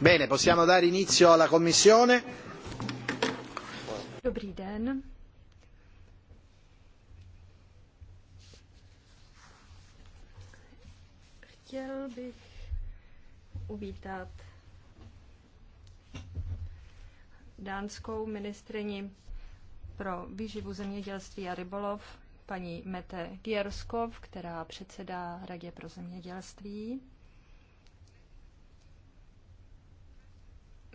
Bene, possiamo dare inizio alla commissione. Dobrý den. Chtěl bych uvítat dánskou ministrini pro výživu zemědělství a rybolov, paní Mete Gierskov, která předsedá Radě pro zemědělství.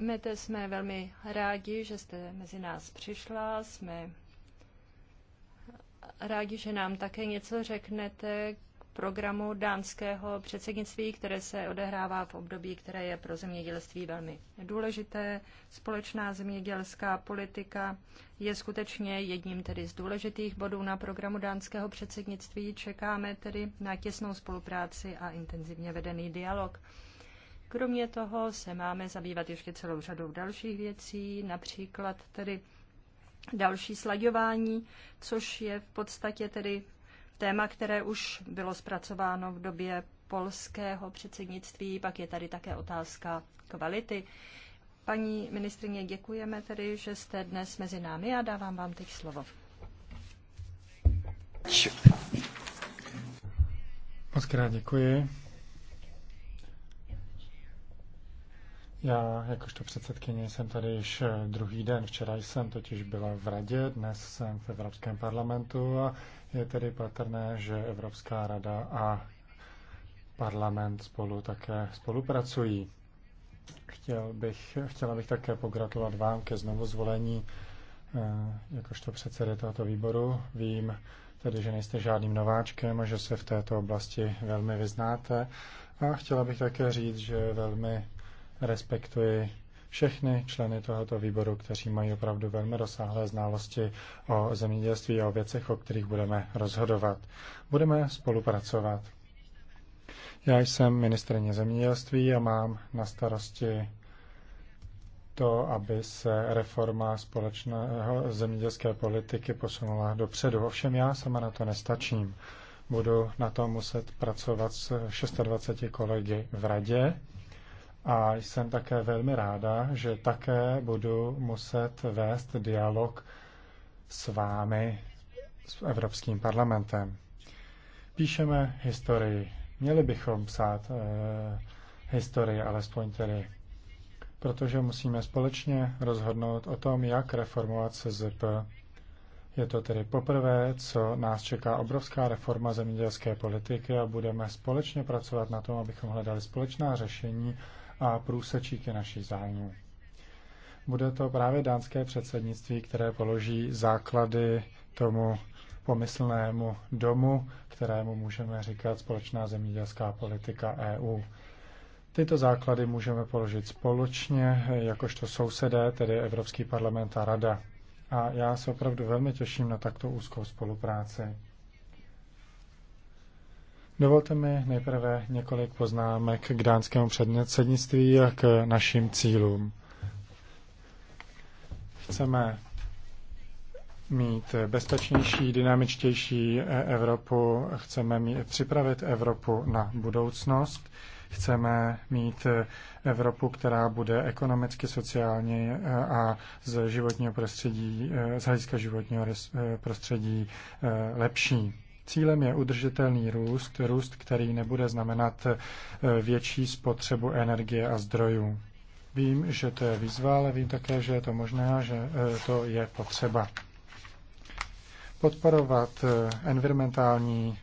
Mete, jsme velmi rádi, že jste mezi nás přišla. Jsme rádi, že nám také něco řeknete k programu dánského předsednictví, které se odehrává v období, které je pro zemědělství velmi důležité. Společná zemědělská politika je skutečně jedním tedy z důležitých bodů na programu dánského předsednictví. Čekáme tedy na těsnou spolupráci a intenzivně vedený dialog. Kromě toho se máme zabývat ještě celou řadou dalších věcí, například tedy další slaďování, což je v podstatě tedy téma, které už bylo zpracováno v době polského předsednictví. Pak je tady také otázka kvality. Paní ministrině, děkujeme tedy, že jste dnes mezi námi a dávám vám teď slovo. Moc krát děkuji. Já jakožto předsedkyně jsem tady již eh, druhý den. Včera jsem totiž byla v radě, dnes jsem v Evropském parlamentu a je tedy patrné, že Evropská rada a parlament spolu také spolupracují. Chtěl bych, chtěla bych také pogratulovat vám ke znovu zvolení eh, jakožto předsedy tohoto výboru. Vím tedy, že nejste žádným nováčkem a že se v této oblasti velmi vyznáte. A chtěla bych také říct, že velmi respektuji všechny členy tohoto výboru, kteří mají opravdu velmi rozsáhlé znalosti o zemědělství a o věcech, o kterých budeme rozhodovat. Budeme spolupracovat. Já jsem ministrně zemědělství a mám na starosti to, aby se reforma společného zemědělské politiky posunula dopředu. Ovšem já sama na to nestačím. Budu na to muset pracovat s 26 kolegy v radě a jsem také velmi ráda, že také budu muset vést dialog s vámi, s Evropským parlamentem. Píšeme historii. Měli bychom psát eh, historii, alespoň tedy, protože musíme společně rozhodnout o tom, jak reformovat CZP. Je to tedy poprvé, co nás čeká obrovská reforma zemědělské politiky a budeme společně pracovat na tom, abychom hledali společná řešení a průsečíky našich zájmů. Bude to právě dánské předsednictví, které položí základy tomu pomyslnému domu, kterému můžeme říkat společná zemědělská politika EU. Tyto základy můžeme položit společně, jakožto sousedé, tedy Evropský parlament a Rada. A já se opravdu velmi těším na takto úzkou spolupráci. Dovolte mi nejprve několik poznámek k dánskému předsednictví a k našim cílům. Chceme mít bezpečnější, dynamičtější Evropu, chceme mít, připravit Evropu na budoucnost, chceme mít Evropu, která bude ekonomicky, sociálně a z životního prostředí, z hlediska životního prostředí eh, lepší. Cílem je udržitelný růst, růst, který nebude znamenat eh, větší spotřebu energie a zdrojů. Vím, že to je výzva, ale vím také, že je to možné a že eh, to je potřeba. Podporovat eh, environmentální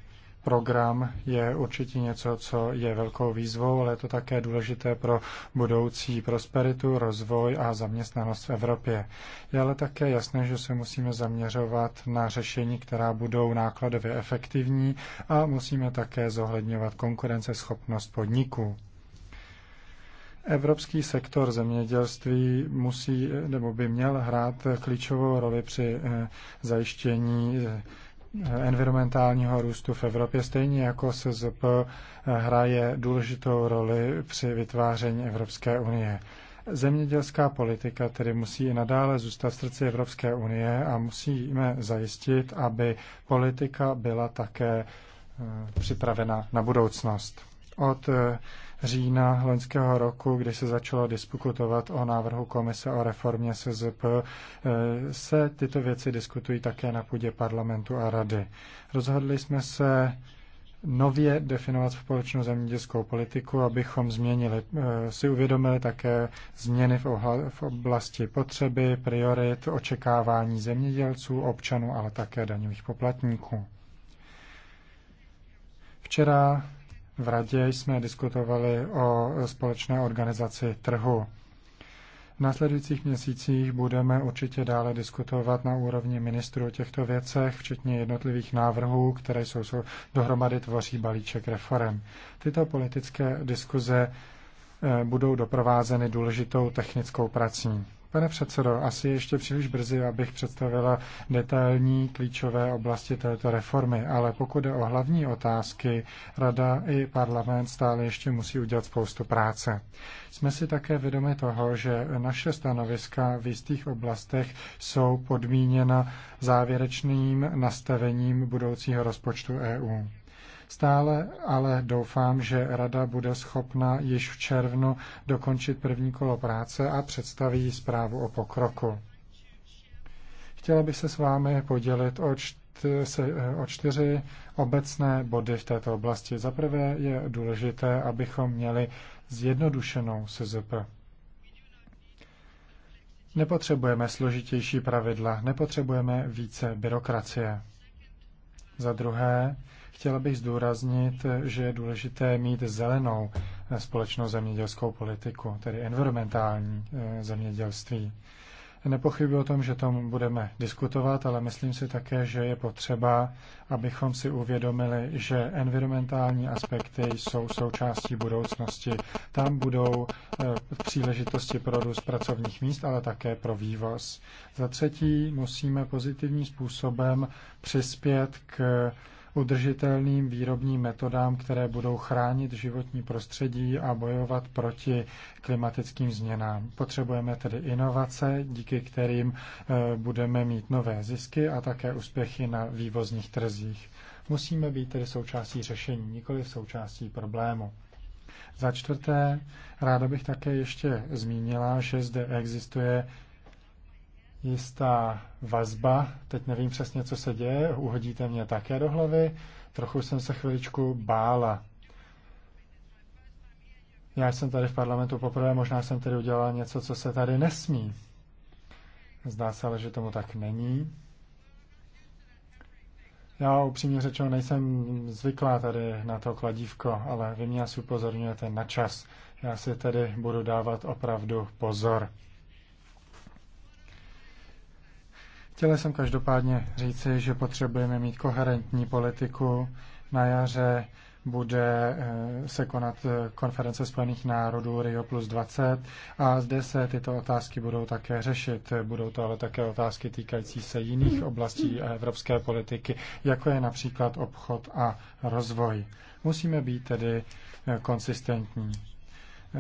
program je určitě něco, co je velkou výzvou, ale je to také důležité pro budoucí prosperitu, rozvoj a zaměstnanost v Evropě. Je ale také jasné, že se musíme zaměřovat na řešení, která budou nákladově efektivní a musíme také zohledňovat konkurenceschopnost podniků. Evropský sektor zemědělství musí nebo by měl hrát klíčovou roli při eh, zajištění eh, environmentálního růstu v Evropě, stejně jako SZP eh, hraje důležitou roli při vytváření Evropské unie. Zemědělská politika tedy musí i nadále zůstat v srdci Evropské unie a musíme zajistit, aby politika byla také eh, připravena na budoucnost. Od eh, října loňského roku, kdy se začalo diskutovat o návrhu komise o reformě SZP, eh, se tyto věci diskutují také na půdě parlamentu a rady. Rozhodli jsme se nově definovat společnou zemědělskou politiku, abychom změnili, eh, si uvědomili také změny v oblasti potřeby, priorit, očekávání zemědělců, občanů, ale také daňových poplatníků. Včera v radě jsme diskutovali o společné organizaci trhu. V následujících měsících budeme určitě dále diskutovat na úrovni ministru o těchto věcech, včetně jednotlivých návrhů, které jsou, jsou dohromady tvoří balíček reform. Tyto politické diskuze eh, budou doprovázeny důležitou technickou prací. Pane předsedo, asi ještě příliš brzy, abych představila detailní klíčové oblasti této reformy, ale pokud jde o hlavní otázky, Rada i parlament stále ještě musí udělat spoustu práce. Jsme si také vědomi toho, že naše stanoviska v jistých oblastech jsou podmíněna závěrečným nastavením budoucího rozpočtu EU. Stále ale doufám, že Rada bude schopna již v červnu dokončit první kolo práce a představí zprávu o pokroku. Chtěla bych se s vámi podělit o čtyři se, o čtyři obecné body v této oblasti. Za prvé je důležité, abychom měli zjednodušenou SZP. Nepotřebujeme složitější pravidla, nepotřebujeme více byrokracie. Za druhé, Chtěla bych zdůraznit, že je důležité mít zelenou eh, společnou zemědělskou politiku, tedy environmentální eh, zemědělství. Nepochybuji o tom, že tomu budeme diskutovat, ale myslím si také, že je potřeba, abychom si uvědomili, že environmentální aspekty jsou součástí budoucnosti. Tam budou eh, příležitosti pro růst pracovních míst, ale také pro vývoz. Za třetí musíme pozitivním způsobem přispět k udržitelným výrobním metodám, které budou chránit životní prostředí a bojovat proti klimatickým změnám. Potřebujeme tedy inovace, díky kterým eh, budeme mít nové zisky a také úspěchy na vývozních trzích. Musíme být tedy součástí řešení, nikoli součástí problému. Za čtvrté, ráda bych také ještě zmínila, že zde existuje jistá vazba, teď nevím přesně, co se děje, uhodíte mě také do hlavy, trochu jsem se chviličku bála. Já jsem tady v parlamentu poprvé, možná jsem tady udělala něco, co se tady nesmí. Zdá se ale, že tomu tak není. Já upřímně řečeno nejsem zvyklá tady na to kladívko, ale vy mě asi upozorňujete na čas. Já si tedy budu dávat opravdu pozor. Chtěl jsem každopádně říci, že potřebujeme mít koherentní politiku. Na jaře bude eh, se konat eh, konference Spojených národů Rio plus 20 a zde se tyto otázky budou také řešit. Budou to ale také otázky týkající se jiných oblastí evropské politiky, jako je například obchod a rozvoj. Musíme být tedy eh, konsistentní.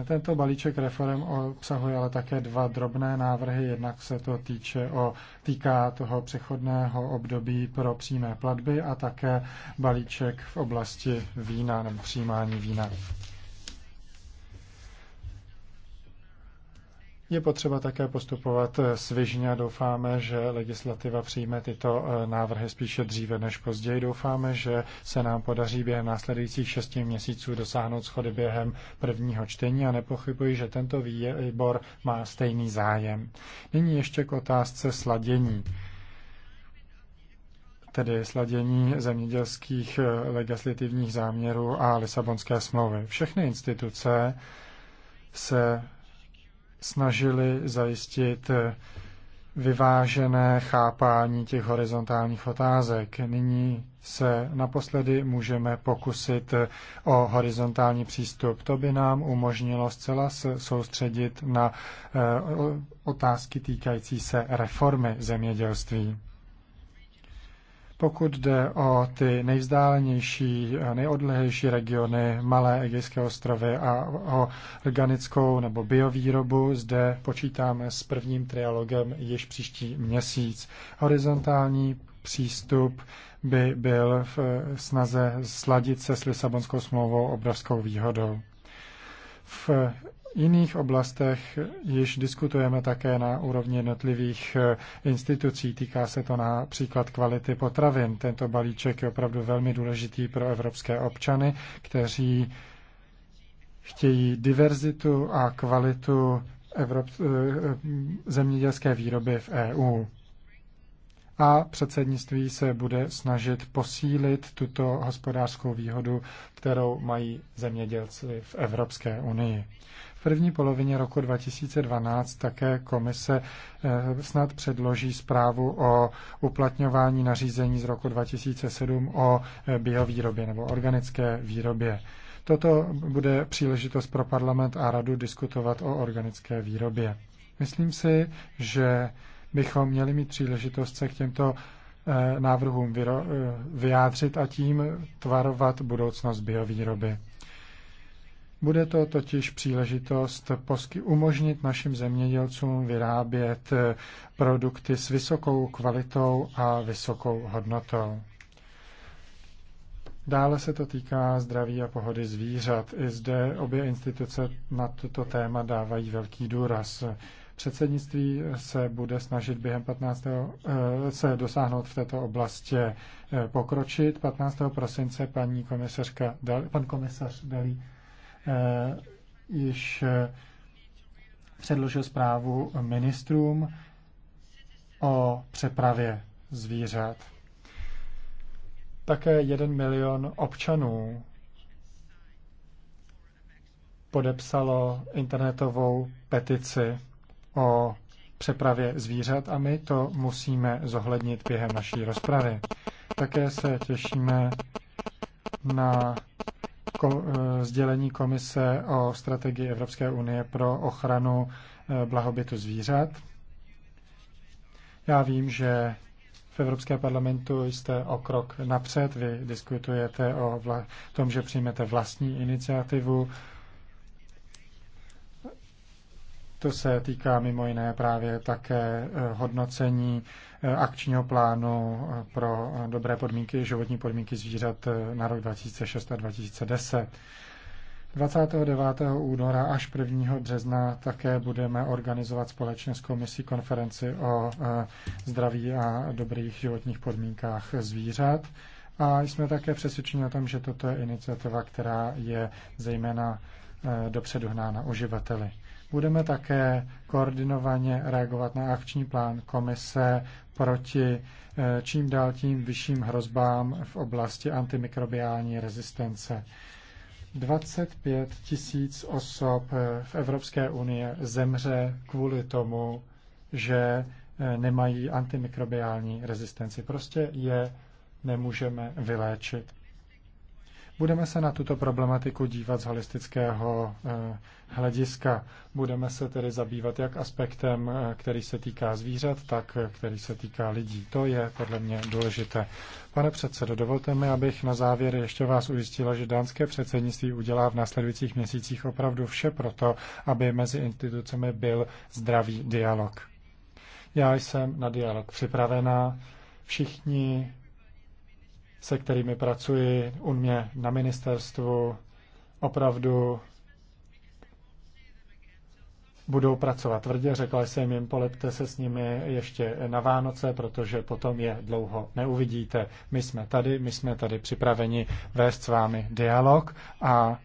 Tento balíček reform obsahuje ale také dva drobné návrhy. Jednak se to týče o, týká toho přechodného období pro přímé platby a také balíček v oblasti vína nebo přijímání vína. Je potřeba také postupovat svižně a doufáme, že legislativa přijme tyto eh, návrhy spíše dříve než později. Doufáme, že se nám podaří během následujících šesti měsíců dosáhnout schody během prvního čtení a nepochybuji, že tento výbor má stejný zájem. Nyní ještě k otázce sladění tedy sladění zemědělských eh, legislativních záměrů a Lisabonské smlouvy. Všechny instituce se snažili zajistit eh, vyvážené chápání těch horizontálních otázek. Nyní se naposledy můžeme pokusit eh, o horizontální přístup. To by nám umožnilo zcela se soustředit na eh, otázky týkající se reformy zemědělství. Pokud jde o ty nejvzdálenější, nejodlehlejší regiony, malé Egejské ostrovy a o organickou nebo biovýrobu, zde počítáme s prvním trialogem již příští měsíc. Horizontální přístup by byl v snaze sladit se s Lisabonskou smlouvou obrovskou výhodou. V jiných oblastech již diskutujeme také na úrovni jednotlivých eh, institucí. Týká se to například kvality potravin. Tento balíček je opravdu velmi důležitý pro evropské občany, kteří chtějí diverzitu a kvalitu Evrop, eh, eh, zemědělské výroby v EU. A předsednictví se bude snažit posílit tuto hospodářskou výhodu, kterou mají zemědělci v Evropské unii první polovině roku 2012 také komise eh, snad předloží zprávu o uplatňování nařízení z roku 2007 o eh, biovýrobě nebo organické výrobě. Toto bude příležitost pro parlament a radu diskutovat o organické výrobě. Myslím si, že bychom měli mít příležitost se k těmto eh, návrhům vyjádřit a tím tvarovat budoucnost biovýroby. Bude to totiž příležitost posky umožnit našim zemědělcům vyrábět eh, produkty s vysokou kvalitou a vysokou hodnotou. Dále se to týká zdraví a pohody zvířat. I zde obě instituce na toto téma dávají velký důraz. Předsednictví se bude snažit během 15. Eh, se dosáhnout v této oblasti eh, pokročit. 15. prosince paní komisařka, pan komisař Dalí Eh, již eh, předložil zprávu ministrům o přepravě zvířat. Také jeden milion občanů podepsalo internetovou petici o přepravě zvířat a my to musíme zohlednit během naší rozpravy. Také se těšíme na Eh, sdělení komise o strategii Evropské unie pro ochranu eh, blahobytu zvířat. Já vím, že v Evropské parlamentu jste o krok napřed, vy diskutujete o tom, že přijmete vlastní iniciativu To se týká mimo jiné právě také eh, hodnocení eh, akčního plánu eh, pro dobré podmínky, životní podmínky zvířat na rok 2006 a 2010. 29. února až 1. března také budeme organizovat společně s komisí konferenci o zdraví a dobrých životních podmínkách zvířat. A jsme také přesvědčeni o tom, že toto je iniciativa, která je zejména dopředuhnána uživateli. Budeme také koordinovaně reagovat na akční plán komise proti eh, čím dál tím vyšším hrozbám v oblasti antimikrobiální rezistence. 25 tisíc osob eh, v Evropské unii zemře kvůli tomu, že eh, nemají antimikrobiální rezistenci. Prostě je nemůžeme vyléčit. Budeme se na tuto problematiku dívat z holistického eh, hlediska. Budeme se tedy zabývat jak aspektem, eh, který se týká zvířat, tak eh, který se týká lidí. To je podle mě důležité. Pane předsedo, dovolte mi, abych na závěr ještě vás ujistila, že dánské předsednictví udělá v následujících měsících opravdu vše proto, aby mezi institucemi byl zdravý dialog. Já jsem na dialog připravená. Všichni se kterými pracuji u mě na ministerstvu, opravdu budou pracovat tvrdě. Řekla jsem jim, polepte se s nimi ještě na Vánoce, protože potom je dlouho neuvidíte. My jsme tady, my jsme tady připraveni vést s vámi dialog a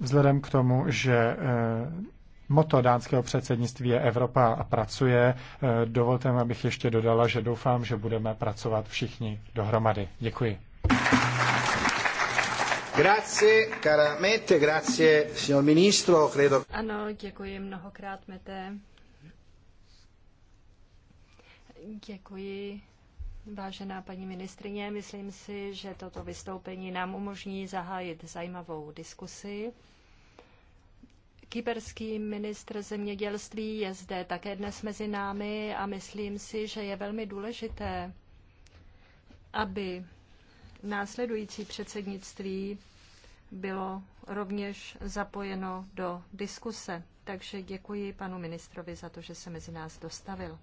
vzhledem k tomu, že eh, Moto dánského předsednictví je Evropa a pracuje. Eh, dovolte mi, abych ještě dodala, že doufám, že budeme pracovat všichni dohromady. Děkuji. Grazie, cara Mette, grazie, signor ministro, credo. Ano, děkuji mnohokrát, Mete. Děkuji, vážená paní ministrině. Myslím si, že toto vystoupení nám umožní zahájit zajímavou diskusi. Kyperský ministr zemědělství je zde také dnes mezi námi a myslím si, že je velmi důležité, aby následující předsednictví bylo rovněž zapojeno do diskuse. Takže děkuji panu ministrovi za to, že se mezi nás dostavil.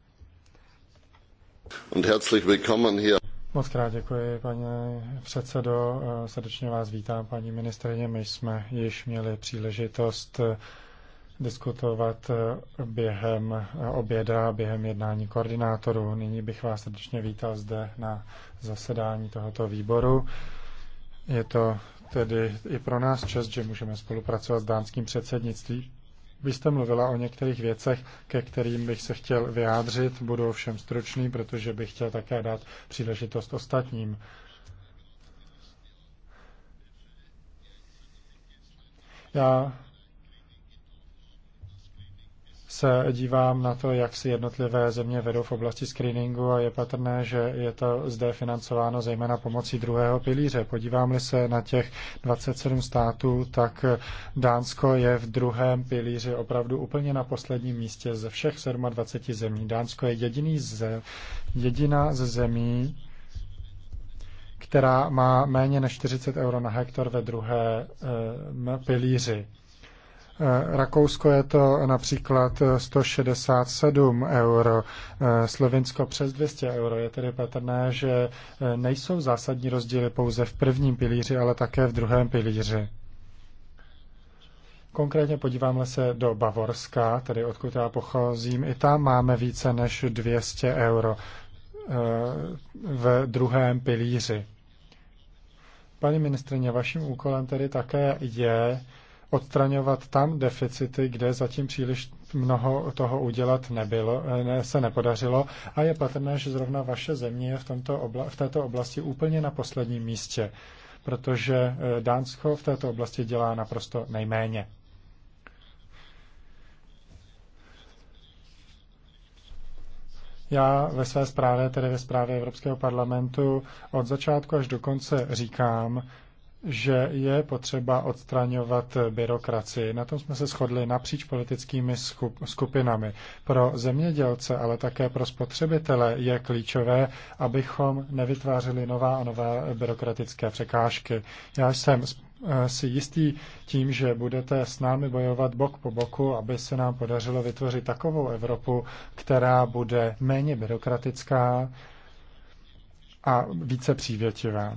Und herzlich willkommen hier. Moc krát děkuji, paní předsedo. Eh, srdečně vás vítám, paní ministrině. My jsme již měli příležitost eh, diskutovat eh, během oběda, během jednání koordinátorů. Nyní bych vás srdečně vítal zde na zasedání tohoto výboru. Je to tedy i pro nás čest, že můžeme spolupracovat s dánským předsednictvím vy jste mluvila o některých věcech, ke kterým bych se chtěl vyjádřit. Budu všem stručný, protože bych chtěl také dát příležitost ostatním. Já se dívám na to, jak si jednotlivé země vedou v oblasti screeningu a je patrné, že je to zde financováno zejména pomocí druhého pilíře. Podívám-li se na těch 27 států, tak Dánsko je v druhém pilíři opravdu úplně na posledním místě ze všech 27 zemí. Dánsko je jediný ze, jediná ze zemí, která má méně než 40 euro na hektar ve druhé e, pilíři. Eh, Rakousko je to například 167 eh, euro, eh, Slovinsko přes 200 euro. Je tedy patrné, že nejsou zásadní rozdíly pouze v prvním pilíři, ale také v druhém pilíři. Konkrétně podíváme se do Bavorska, tedy odkud já pocházím. I tam máme více než 200 euro v druhém pilíři. Paní ministrině, vaším úkolem tedy také je odstraňovat tam deficity, kde zatím příliš mnoho toho udělat nebylo, ne, se nepodařilo a je patrné, že zrovna vaše země je v, tomto obla, v této oblasti úplně na posledním místě, protože eh, Dánsko v této oblasti dělá naprosto nejméně. Já ve své zprávě, tedy ve zprávě Evropského parlamentu, od začátku až do konce říkám, že je potřeba odstraňovat byrokracii. Na tom jsme se shodli napříč politickými skupinami. Pro zemědělce, ale také pro spotřebitele je klíčové, abychom nevytvářeli nová a nová byrokratické překážky. Já jsem eh, si jistý tím, že budete s námi bojovat bok po boku, aby se nám podařilo vytvořit takovou Evropu, která bude méně byrokratická a více přívětivá.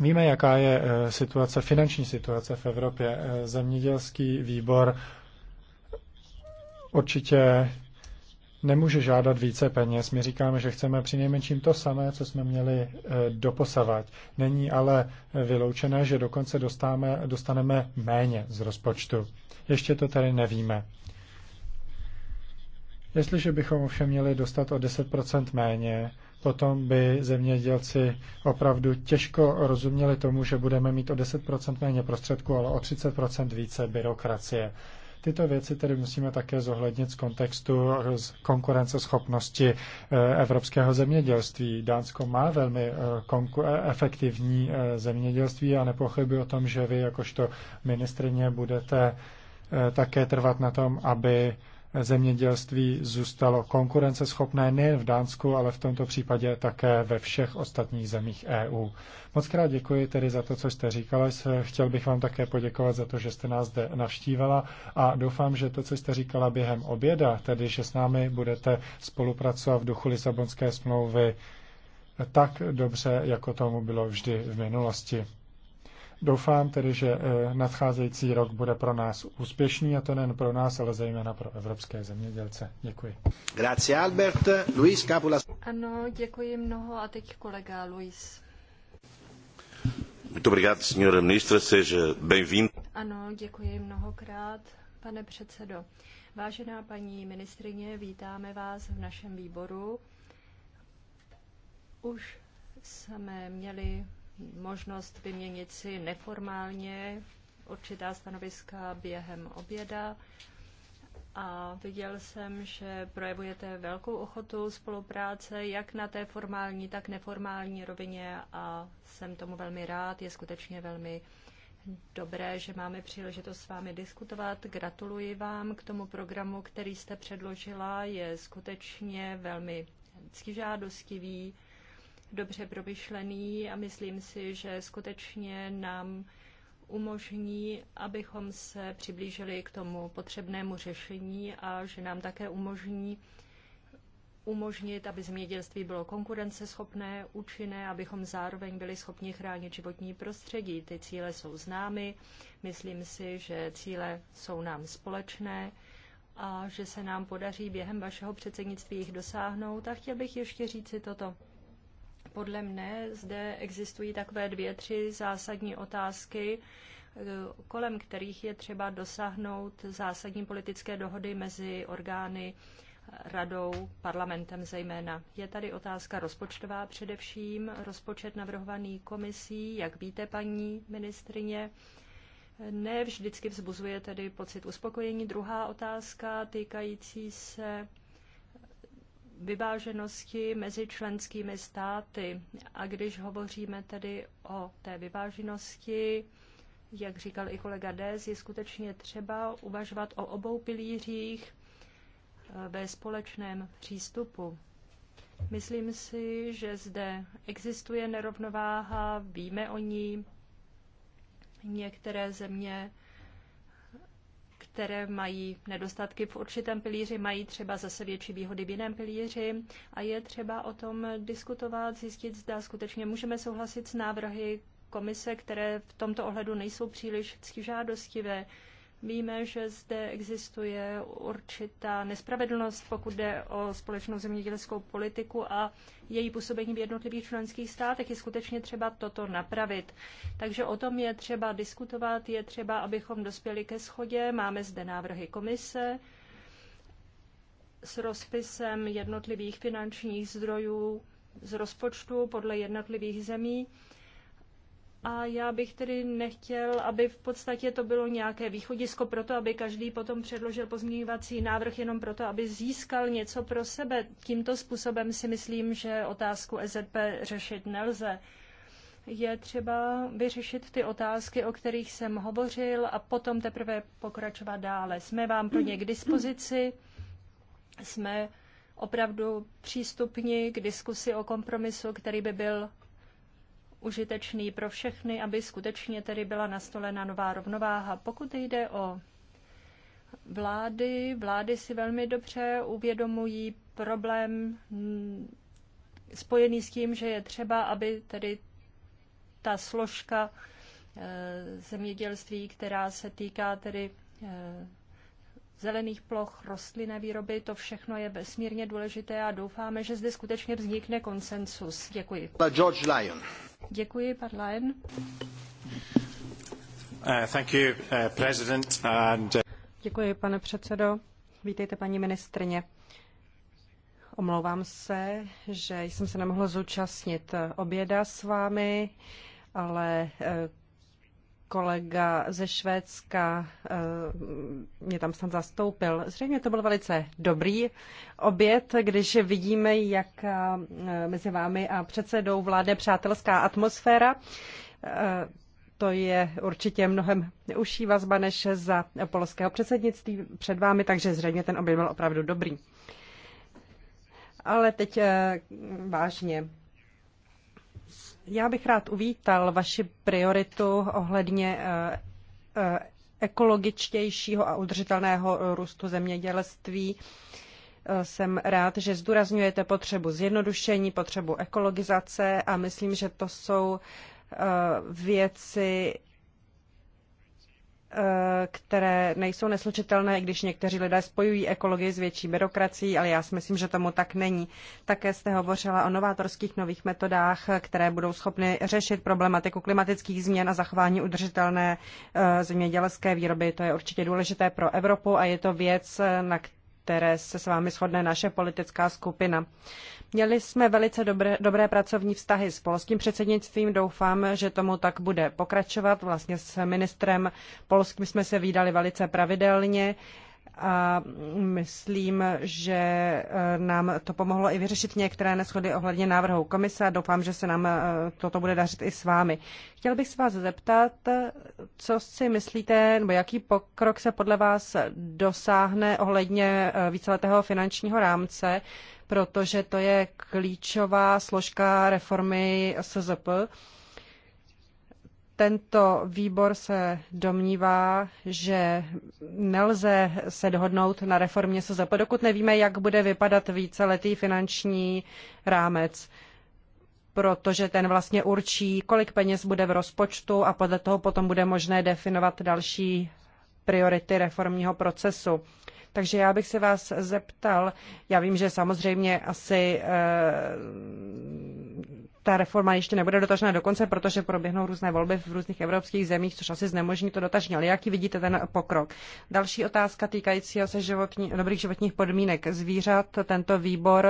Víme, jaká je eh, situace, finanční situace v Evropě. Eh, zemědělský výbor určitě nemůže žádat více peněz. My říkáme, že chceme přinejmenším to samé, co jsme měli eh, doposavat. Není ale vyloučené, že dokonce dostáme, dostaneme méně z rozpočtu. Ještě to tady nevíme. Jestliže bychom ovšem měli dostat o 10% méně, potom by zemědělci opravdu těžko rozuměli tomu, že budeme mít o 10% méně prostředků, ale o 30% více byrokracie. Tyto věci tedy musíme také zohlednit z kontextu z konkurenceschopnosti eh, evropského zemědělství. Dánsko má velmi eh, eh, efektivní zemědělství a nepochybuji o tom, že vy jakožto ministrině budete také trvat na tom, aby zemědělství zůstalo konkurenceschopné nejen v Dánsku, ale v tomto případě také ve všech ostatních zemích EU. Moc krát děkuji tedy za to, co jste říkala. Chtěl bych vám také poděkovat za to, že jste nás zde navštívila a doufám, že to, co jste říkala během oběda, tedy že s námi budete spolupracovat v duchu Lisabonské smlouvy tak dobře, jako tomu bylo vždy v minulosti. Doufám tedy, že eh, nadcházející rok bude pro nás úspěšný a to nejen pro nás, ale zejména pro evropské zemědělce. Děkuji. Grazie Albert. Luis Capula. Ano, děkuji mnoho a teď kolega Luis. Muito obrigado, senhora ministra, seja bem-vindo. Ano, děkuji mnohokrát, pane předsedo. Vážená paní ministrině, vítáme vás v našem výboru. Už jsme měli možnost vyměnit si neformálně určitá stanoviska během oběda a viděl jsem, že projevujete velkou ochotu spolupráce jak na té formální, tak neformální rovině a jsem tomu velmi rád. Je skutečně velmi dobré, že máme příležitost s vámi diskutovat. Gratuluji vám k tomu programu, který jste předložila. Je skutečně velmi ctižádostivý dobře promyšlený a myslím si, že skutečně nám umožní, abychom se přiblížili k tomu potřebnému řešení a že nám také umožní umožnit, aby zemědělství bylo konkurenceschopné, účinné, abychom zároveň byli schopni chránit životní prostředí. Ty cíle jsou známy, myslím si, že cíle jsou nám společné a že se nám podaří během vašeho předsednictví jich dosáhnout. A chtěl bych ještě říci toto. Podle mne zde existují takové dvě, tři zásadní otázky, kolem kterých je třeba dosáhnout zásadní politické dohody mezi orgány radou, parlamentem zejména. Je tady otázka rozpočtová především, rozpočet navrhovaný komisí, jak víte, paní ministrině, ne vždycky vzbuzuje tedy pocit uspokojení. Druhá otázka týkající se vyváženosti mezi členskými státy. A když hovoříme tedy o té vyváženosti, jak říkal i kolega Dez, je skutečně třeba uvažovat o obou pilířích eh, ve společném přístupu. Myslím si, že zde existuje nerovnováha, víme o ní. Některé země které mají nedostatky v určitém pilíři, mají třeba zase větší výhody v jiném pilíři a je třeba o tom diskutovat, zjistit, zda skutečně můžeme souhlasit s návrhy komise, které v tomto ohledu nejsou příliš žádostivé Víme, že zde existuje určitá nespravedlnost, pokud jde o společnou zemědělskou politiku a její působení v jednotlivých členských státech. Je skutečně třeba toto napravit. Takže o tom je třeba diskutovat, je třeba, abychom dospěli ke schodě. Máme zde návrhy komise s rozpisem jednotlivých finančních zdrojů z rozpočtu podle jednotlivých zemí. A já bych tedy nechtěl, aby v podstatě to bylo nějaké východisko pro to, aby každý potom předložil pozměňovací návrh jenom proto, aby získal něco pro sebe. Tímto způsobem si myslím, že otázku EZP řešit nelze. Je třeba vyřešit ty otázky, o kterých jsem hovořil, a potom teprve pokračovat dále. Jsme vám pro ně k dispozici, jsme opravdu přístupni k diskusi o kompromisu, který by byl užitečný pro všechny, aby skutečně tedy byla nastolena nová rovnováha. Pokud jde o vlády, vlády si velmi dobře uvědomují problém mm, spojený s tím, že je třeba, aby tedy ta složka eh, zemědělství, která se týká tedy eh, zelených ploch, rostlinné výroby, to všechno je vesmírně důležité a doufáme, že zde skutečně vznikne konsensus. Děkuji. George Lyon. Děkuji, pan Lyon. Uh, thank you, uh, president and, uh... Děkuji, pane předsedo. Vítejte, paní ministrně. Omlouvám se, že jsem se nemohla zúčastnit oběda s vámi, ale eh, kolega ze Švédska eh, mě tam snad zastoupil. Zřejmě to byl velice dobrý oběd, když vidíme, jak eh, mezi vámi a předsedou vládne přátelská atmosféra. Eh, to je určitě mnohem užší vazba než za polského předsednictví před vámi, takže zřejmě ten oběd byl opravdu dobrý. Ale teď vážně. Já bych rád uvítal vaši prioritu ohledně eh, eh, ekologičtějšího a udržitelného růstu zemědělství. Eh, jsem rád, že zdůrazňujete potřebu zjednodušení, potřebu ekologizace a myslím, že to jsou věci, Eh, které nejsou neslučitelné, i když někteří lidé spojují ekologii s větší byrokracií, ale já si myslím, že tomu tak není. Také jste hovořila o novátorských nových metodách, které budou schopny řešit problematiku klimatických změn a zachování udržitelné eh, zemědělské výroby. To je určitě důležité pro Evropu a je to věc, na které se s vámi shodne naše politická skupina. Měli jsme velice dobré, dobré pracovní vztahy s polským předsednictvím. Doufám, že tomu tak bude pokračovat. Vlastně s ministrem polským jsme se výdali velice pravidelně a myslím, že eh, nám to pomohlo i vyřešit některé neschody ohledně návrhu komise a doufám, že se nám eh, toto bude dařit i s vámi. Chtěl bych se vás zeptat, co si myslíte, nebo jaký pokrok se podle vás dosáhne ohledně eh, víceletého finančního rámce, protože to je klíčová složka reformy SZP tento výbor se domnívá, že nelze se dohodnout na reformě SZP, dokud nevíme, jak bude vypadat víceletý finanční rámec protože ten vlastně určí, kolik peněz bude v rozpočtu a podle toho potom bude možné definovat další priority reformního procesu. Takže já bych se vás zeptal, já vím, že samozřejmě asi eh, ta reforma ještě nebude dotažena do konce, protože proběhnou různé volby v různých evropských zemích, což asi znemožní to dotažně, Ale jaký vidíte ten pokrok? Další otázka týkající se životní, dobrých životních podmínek zvířat. Tento výbor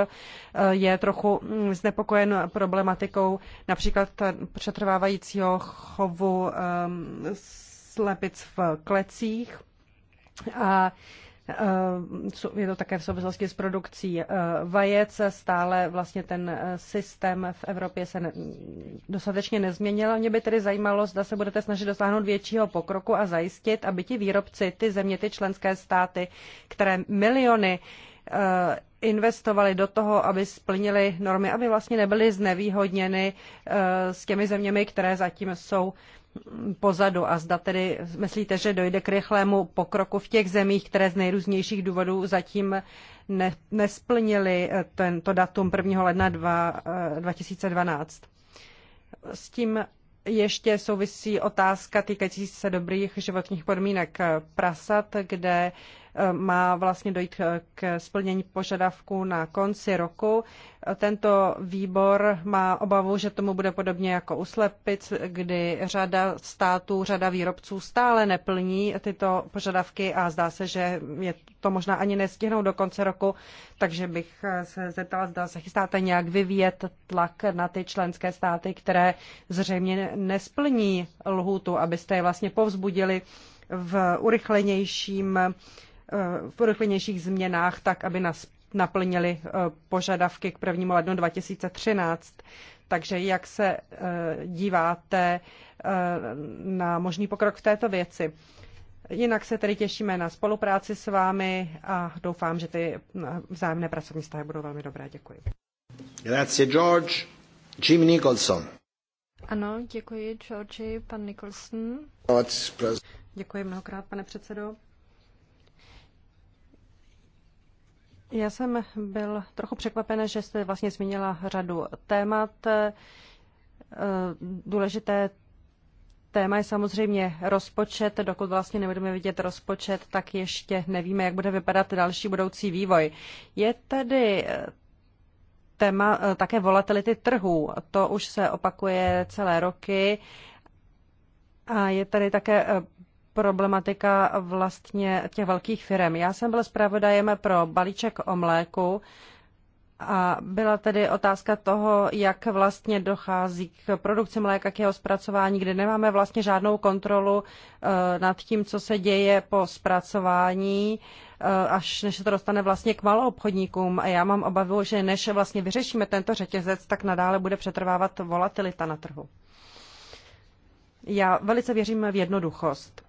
eh, je trochu hm, znepokojen problematikou například přetrvávajícího chovu ehm, slepic v klecích. A Eh, je to také v souvislosti s produkcí eh, vajec. Stále vlastně ten eh, systém v Evropě se dostatečně nezměnil. Mě by tedy zajímalo, zda se budete snažit dosáhnout většího pokroku a zajistit, aby ti výrobci, ty země, ty členské státy, které miliony investovali do toho, aby splnili normy, aby vlastně nebyly znevýhodněny s těmi zeměmi, které zatím jsou pozadu a zda tedy myslíte, že dojde k rychlému pokroku v těch zemích, které z nejrůznějších důvodů zatím ne, nesplnili eh, tento datum 1. ledna 2012. Eh, S tím ještě souvisí otázka týkající se dobrých životních podmínek prasat, kde má vlastně dojít eh, k splnění požadavku na konci roku. Tento výbor má obavu, že tomu bude podobně jako u slepic, kdy řada států, řada výrobců stále neplní tyto požadavky a zdá se, že je to možná ani nestihnou do konce roku, takže bych eh, se zeptala, zda se chystáte nějak vyvíjet tlak na ty členské státy, které zřejmě nesplní lhůtu, abyste je vlastně povzbudili v urychlenějším v urychlenějších změnách, tak aby nás naplnili eh, požadavky k 1. lednu 2013. Takže jak se eh, díváte eh, na možný pokrok v této věci? Jinak se tedy těšíme na spolupráci s vámi a doufám, že ty vzájemné pracovní vztahy budou velmi dobré. Děkuji. Grazie George. Jim Nicholson. Ano, děkuji George, pan Nicholson. Děkuji mnohokrát, pane předsedo. Já jsem byl trochu překvapen, že jste vlastně zmínila řadu témat. Eh, důležité téma je samozřejmě rozpočet. Dokud vlastně nebudeme vidět rozpočet, tak ještě nevíme, jak bude vypadat další budoucí vývoj. Je tedy eh, téma eh, také volatility trhů. To už se opakuje celé roky. A je tady také problematika vlastně těch velkých firm. Já jsem byl zpravodajem pro balíček o mléku a byla tedy otázka toho, jak vlastně dochází k produkci mléka, k jeho zpracování, kde nemáme vlastně žádnou kontrolu eh, nad tím, co se děje po zpracování, eh, až než se to dostane vlastně k malou obchodníkům. A já mám obavu, že než vlastně vyřešíme tento řetězec, tak nadále bude přetrvávat volatilita na trhu. Já velice věřím v jednoduchost.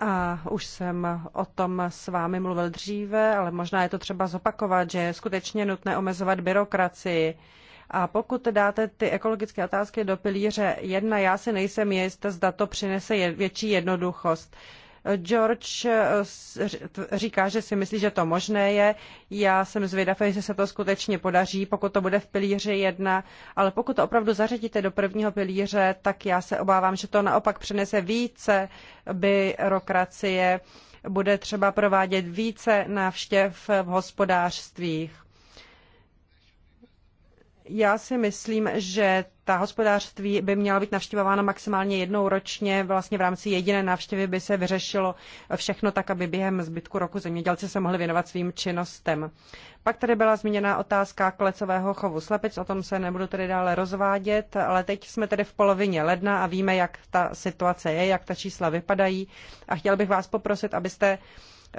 A už jsem o tom s vámi mluvil dříve, ale možná je to třeba zopakovat, že je skutečně nutné omezovat byrokracii. A pokud dáte ty ekologické otázky do pilíře jedna, já si nejsem jist, zda to přinese větší jednoduchost. George eh, říká, že si myslí, že to možné je. Já jsem zvědavý, jestli se to skutečně podaří, pokud to bude v pilíři jedna, ale pokud to opravdu zařadíte do prvního pilíře, tak já se obávám, že to naopak přinese více byrokracie, bude třeba provádět více návštěv v hospodářstvích já si myslím, že ta hospodářství by měla být navštěvována maximálně jednou ročně. Vlastně v rámci jediné návštěvy by se vyřešilo všechno tak, aby během zbytku roku zemědělci se mohli věnovat svým činnostem. Pak tady byla zmíněna otázka klecového chovu slepic, o tom se nebudu tedy dále rozvádět, ale teď jsme tedy v polovině ledna a víme, jak ta situace je, jak ta čísla vypadají. A chtěl bych vás poprosit, abyste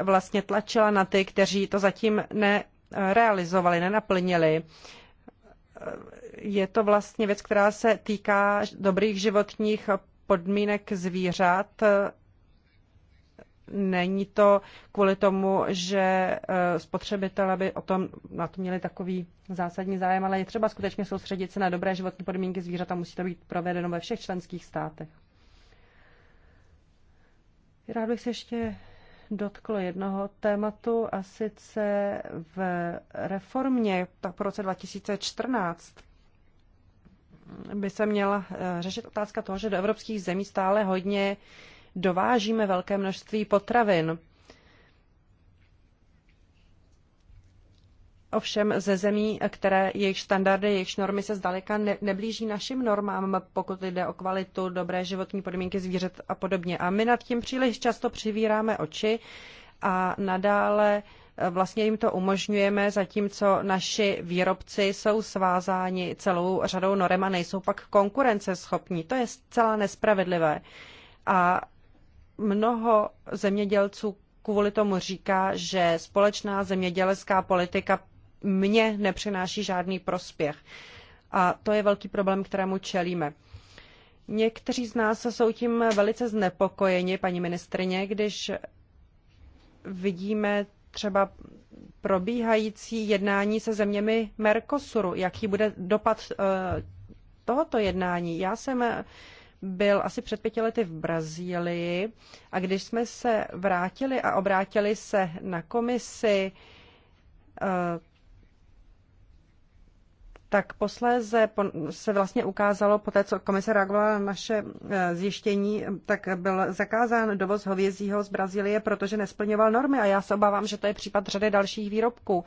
vlastně tlačila na ty, kteří to zatím nerealizovali, nenaplnili je to vlastně věc, která se týká dobrých životních podmínek zvířat. Není to kvůli tomu, že eh, spotřebitelé by o tom na to měli takový zásadní zájem, ale je třeba skutečně soustředit se na dobré životní podmínky zvířat a musí to být provedeno ve všech členských státech. Rád bych se ještě dotklo jednoho tématu a sice v reformě v roce 2014 by se měla eh, řešit otázka toho, že do evropských zemí stále hodně dovážíme velké množství potravin. ovšem ze zemí, které jejich standardy, jejich normy se zdaleka ne, neblíží našim normám, pokud jde o kvalitu, dobré životní podmínky zvířat a podobně. A my nad tím příliš často přivíráme oči a nadále eh, vlastně jim to umožňujeme, zatímco naši výrobci jsou svázáni celou řadou norem a nejsou pak konkurenceschopní. To je zcela nespravedlivé. A mnoho zemědělců kvůli tomu říká, že společná zemědělská politika mně nepřináší žádný prospěch. A to je velký problém, kterému čelíme. Někteří z nás jsou tím velice znepokojeni, paní ministrině, když vidíme třeba probíhající jednání se zeměmi Mercosuru, jaký bude dopad eh, tohoto jednání. Já jsem eh, byl asi před pěti lety v Brazílii a když jsme se vrátili a obrátili se na komisi, eh, tak posléze se vlastně ukázalo, po té, co komise reagovala na naše eh, zjištění, tak byl zakázán dovoz hovězího z Brazílie, protože nesplňoval normy a já se obávám, že to je případ řady dalších výrobků.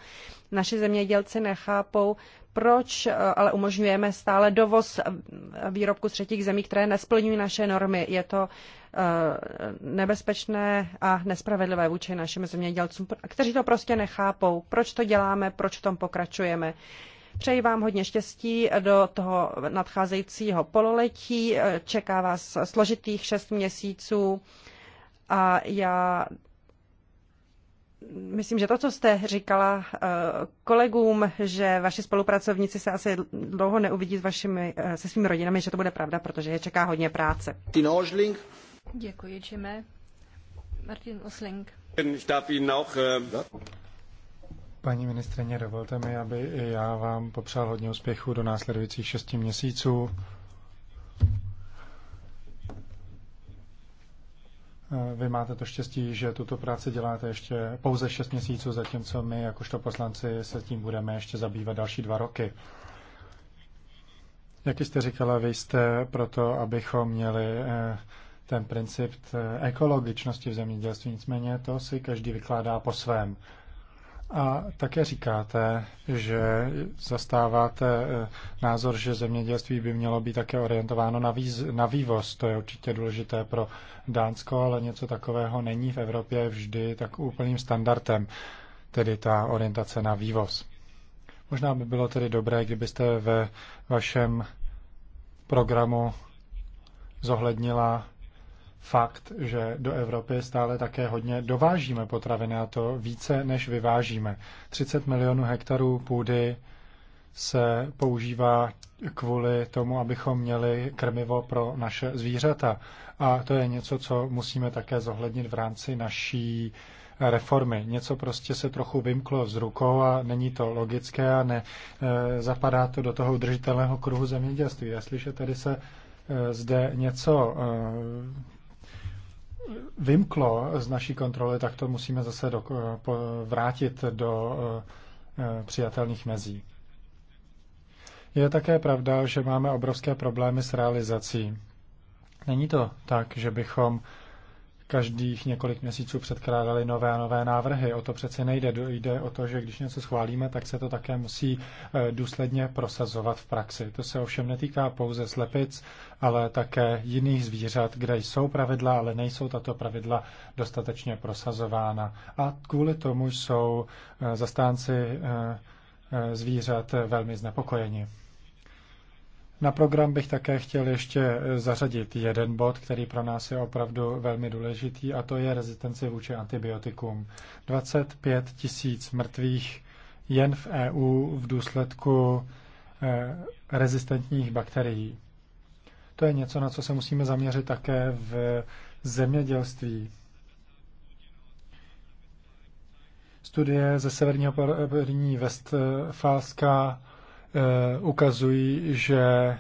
Naši zemědělci nechápou, proč eh, ale umožňujeme stále dovoz eh, výrobků z třetích zemí, které nesplňují naše normy. Je to nebezpečné a nespravedlivé vůči našim zemědělcům, kteří to prostě nechápou, proč to děláme, proč v tom pokračujeme. Přeji vám hodně štěstí do toho nadcházejícího pololetí. Čeká vás složitých šest měsíců a já myslím, že to, co jste říkala eh, kolegům, že vaši spolupracovníci se asi dlouho neuvidí s vašimi, eh, se svými rodinami, že to bude pravda, protože je čeká hodně práce. Tino Ožling. Děkuji, Jimmy. Martin Osling. Eh, Paní ministrině, dovolte mi, aby i já vám popřál hodně úspěchu do následujících šesti měsíců. Vy máte to štěstí, že tuto práci děláte ještě pouze šest měsíců, zatímco my, jakožto poslanci, se tím budeme ještě zabývat další dva roky. Jak jste říkala, vy jste proto, abychom měli eh, ten princip ekologičnosti v zemědělství, nicméně to si každý vykládá po svém. A také říkáte, že zastáváte eh, názor, že zemědělství by mělo být také orientováno na, výz, na vývoz. To je určitě důležité pro Dánsko, ale něco takového není v Evropě vždy tak úplným standardem, tedy ta orientace na vývoz. Možná by bylo tedy dobré, kdybyste ve vašem programu zohlednila fakt, že do Evropy stále také hodně dovážíme potraviny a to více, než vyvážíme. 30 milionů hektarů půdy se používá kvůli tomu, abychom měli krmivo pro naše zvířata. A to je něco, co musíme také zohlednit v rámci naší reformy. Něco prostě se trochu vymklo z rukou a není to logické a ne, e, zapadá to do toho udržitelného kruhu zemědělství. Jestliže tady se e, zde něco e, vymklo z naší kontroly, tak to musíme zase do, eh, po, vrátit do e, přijatelných mezí. Je také pravda, že máme obrovské problémy s realizací. Není to tak, že bychom každých několik měsíců předkládali nové a nové návrhy. O to přece nejde. Jde o to, že když něco schválíme, tak se to také musí e, důsledně prosazovat v praxi. To se ovšem netýká pouze slepic, ale také jiných zvířat, kde jsou pravidla, ale nejsou tato pravidla dostatečně prosazována. A kvůli tomu jsou e, zastánci e, zvířat velmi znepokojeni. Na program bych také chtěl ještě eh, zařadit jeden bod, který pro nás je opravdu velmi důležitý, a to je rezistence vůči antibiotikům. 25 tisíc mrtvých jen v EU v důsledku eh, rezistentních bakterií. To je něco, na co se musíme zaměřit také v zemědělství. Studie ze severního Perní Westfalska Eh, ukazují, že eh,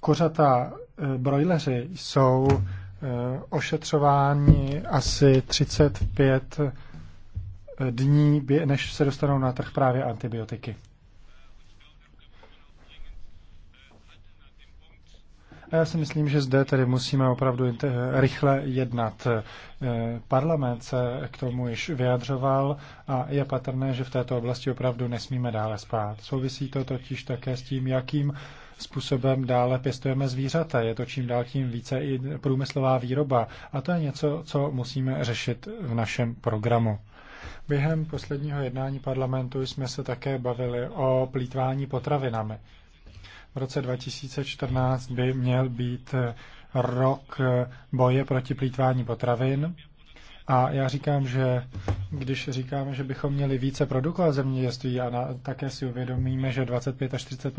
kořata eh, brojleři jsou ošetřováni asi 35 dní, než se dostanou na trh právě antibiotiky. A já si myslím, že zde tedy musíme opravdu rychle jednat. E, parlament se k tomu již vyjadřoval a je patrné, že v této oblasti opravdu nesmíme dále spát. Souvisí to totiž také s tím, jakým způsobem dále pěstujeme zvířata. Je to čím dál tím více i průmyslová výroba. A to je něco, co musíme řešit v našem programu. Během posledního jednání parlamentu jsme se také bavili o plítvání potravinami v roce 2014 by měl být rok boje proti plítvání potravin. A já říkám, že když říkáme, že bychom měli více produkovat zemědělství a na, také si uvědomíme, že 25 až 30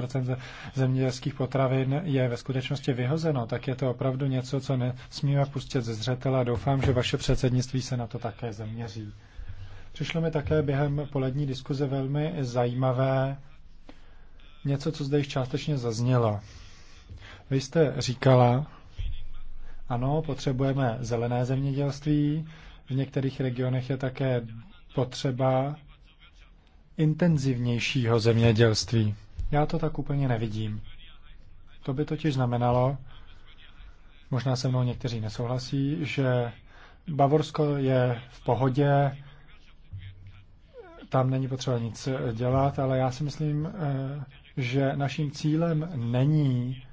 zemědělských potravin je ve skutečnosti vyhozeno, tak je to opravdu něco, co nesmíme pustit ze zřetela. a doufám, že vaše předsednictví se na to také zaměří. Přišlo mi také během polední diskuze velmi zajímavé něco, co zde již částečně zaznělo. Vy jste říkala, ano, potřebujeme zelené zemědělství, v některých regionech je také potřeba intenzivnějšího zemědělství. Já to tak úplně nevidím. To by totiž znamenalo, možná se mnou někteří nesouhlasí, že Bavorsko je v pohodě, tam není potřeba nic dělat, ale já si myslím, eh, že naším cílem není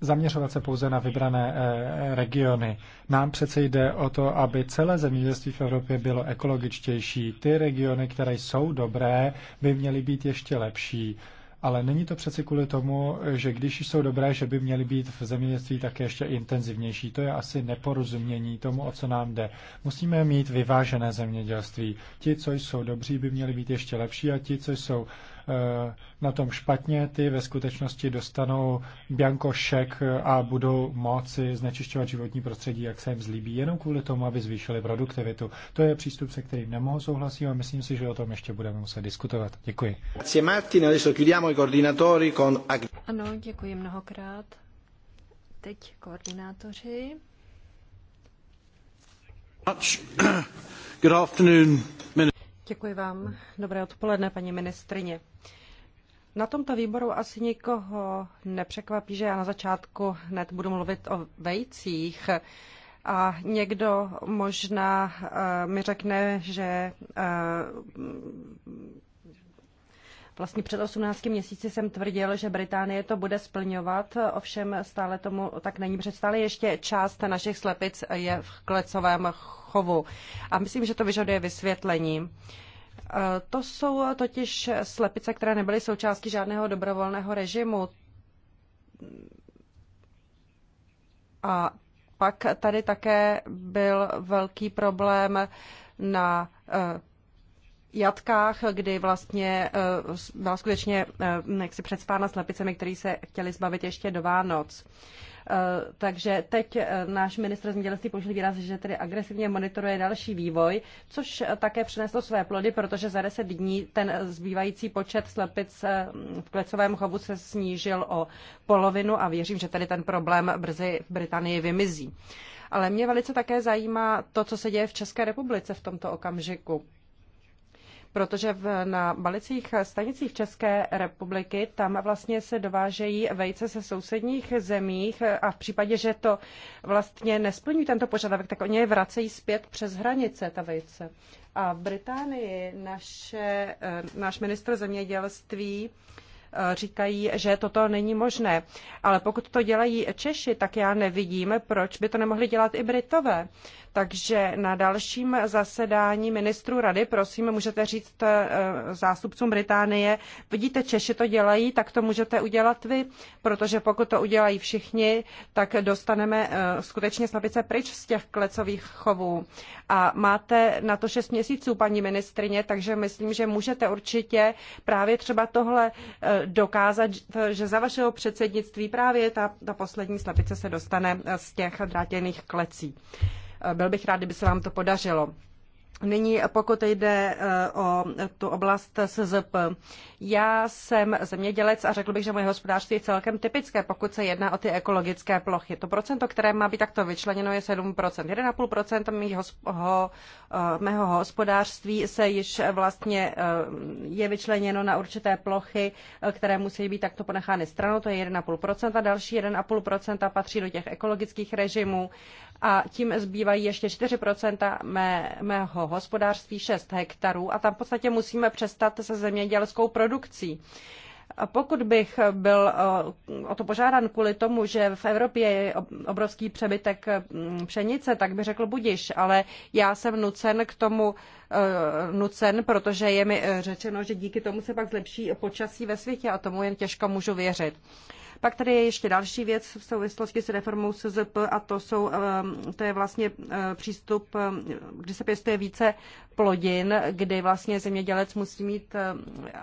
zaměřovat se pouze na vybrané eh, regiony. Nám přece jde o to, aby celé zemědělství v Evropě bylo ekologičtější. Ty regiony, které jsou dobré, by měly být ještě lepší. Ale není to přeci kvůli tomu, že když jsou dobré, že by měly být v zemědělství také ještě intenzivnější. To je asi neporozumění tomu, o co nám jde. Musíme mít vyvážené zemědělství. Ti, co jsou dobří, by měli být ještě lepší a ti, co jsou Eh, na tom špatně, ty ve skutečnosti dostanou biankošek a budou moci znečišťovat životní prostředí, jak se jim zlíbí, jenom kvůli tomu, aby zvýšili produktivitu. To je přístup, se kterým nemohu souhlasit a myslím si, že o tom ještě budeme muset diskutovat. Děkuji. Ano, děkuji mnohokrát. Teď koordinátoři. Good afternoon, Děkuji vám. Dobré odpoledne, paní ministrině. Na tomto výboru asi nikoho nepřekvapí, že já na začátku hned budu mluvit o vejcích. A někdo možná uh, mi řekne, že uh, Vlastně před 18 měsíci jsem tvrdil, že Británie to bude splňovat, ovšem stále tomu tak není, protože stále ještě část našich slepic je v klecovém chovu. A myslím, že to vyžaduje vysvětlení. E, to jsou totiž slepice, které nebyly součástí žádného dobrovolného režimu. A pak tady také byl velký problém na e, jatkách, kdy vlastně eh, byla skutečně eh, jaksi předspána lepicemi, který se chtěli zbavit ještě do Vánoc. Eh, takže teď náš ministr zemědělství použil výraz, že tedy agresivně monitoruje další vývoj, což také přineslo své plody, protože za 10 dní ten zbývající počet slepic v klecovém chovu se snížil o polovinu a věřím, že tedy ten problém brzy v Británii vymizí. Ale mě velice také zajímá to, co se děje v České republice v tomto okamžiku protože v, na balicích stanicích České republiky tam vlastně se dovážejí vejce se sousedních zemích a v případě, že to vlastně nesplní tento požadavek, tak oni je vracejí zpět přes hranice, ta vejce. A v Británii naše, eh, náš ministr zemědělství eh, říkají, že toto není možné. Ale pokud to dělají Češi, tak já nevidím, proč by to nemohli dělat i Britové. Takže na dalším zasedání ministrů rady, prosím, můžete říct eh, zástupcům Británie, vidíte, Češi to dělají, tak to můžete udělat vy, protože pokud to udělají všichni, tak dostaneme eh, skutečně slabice pryč z těch klecových chovů. A máte na to šest měsíců, paní ministrině, takže myslím, že můžete určitě právě třeba tohle eh, dokázat, že za vašeho předsednictví právě ta, ta poslední slabice se dostane z těch drátěných klecí byl bych rád, kdyby se vám to podařilo. Nyní, pokud jde eh, o tu oblast SZP, já jsem zemědělec a řekl bych, že moje hospodářství je celkem typické, pokud se jedná o ty ekologické plochy. To procento, které má být takto vyčleněno, je 7%. 1,5% mýho, ho, eh, mého hospodářství se již vlastně eh, je vyčleněno na určité plochy, které musí být takto ponechány stranou, to je 1,5%. A další 1,5% patří do těch ekologických režimů a tím zbývají ještě 4% mé, mého hospodářství 6 hektarů a tam v podstatě musíme přestat se zemědělskou produkcí. A pokud bych byl o to požádán kvůli tomu, že v Evropě je obrovský přebytek mm, pšenice, tak bych řekl budiš, ale já jsem nucen k tomu e, nucen, protože je mi e, řečeno, že díky tomu se pak zlepší počasí ve světě a tomu jen těžko můžu věřit. Pak tady je ještě další věc v souvislosti s reformou SZP a to, jsou, eh, to je vlastně eh, přístup, eh, kdy se pěstuje více plodin, kdy vlastně zemědělec musí mít eh,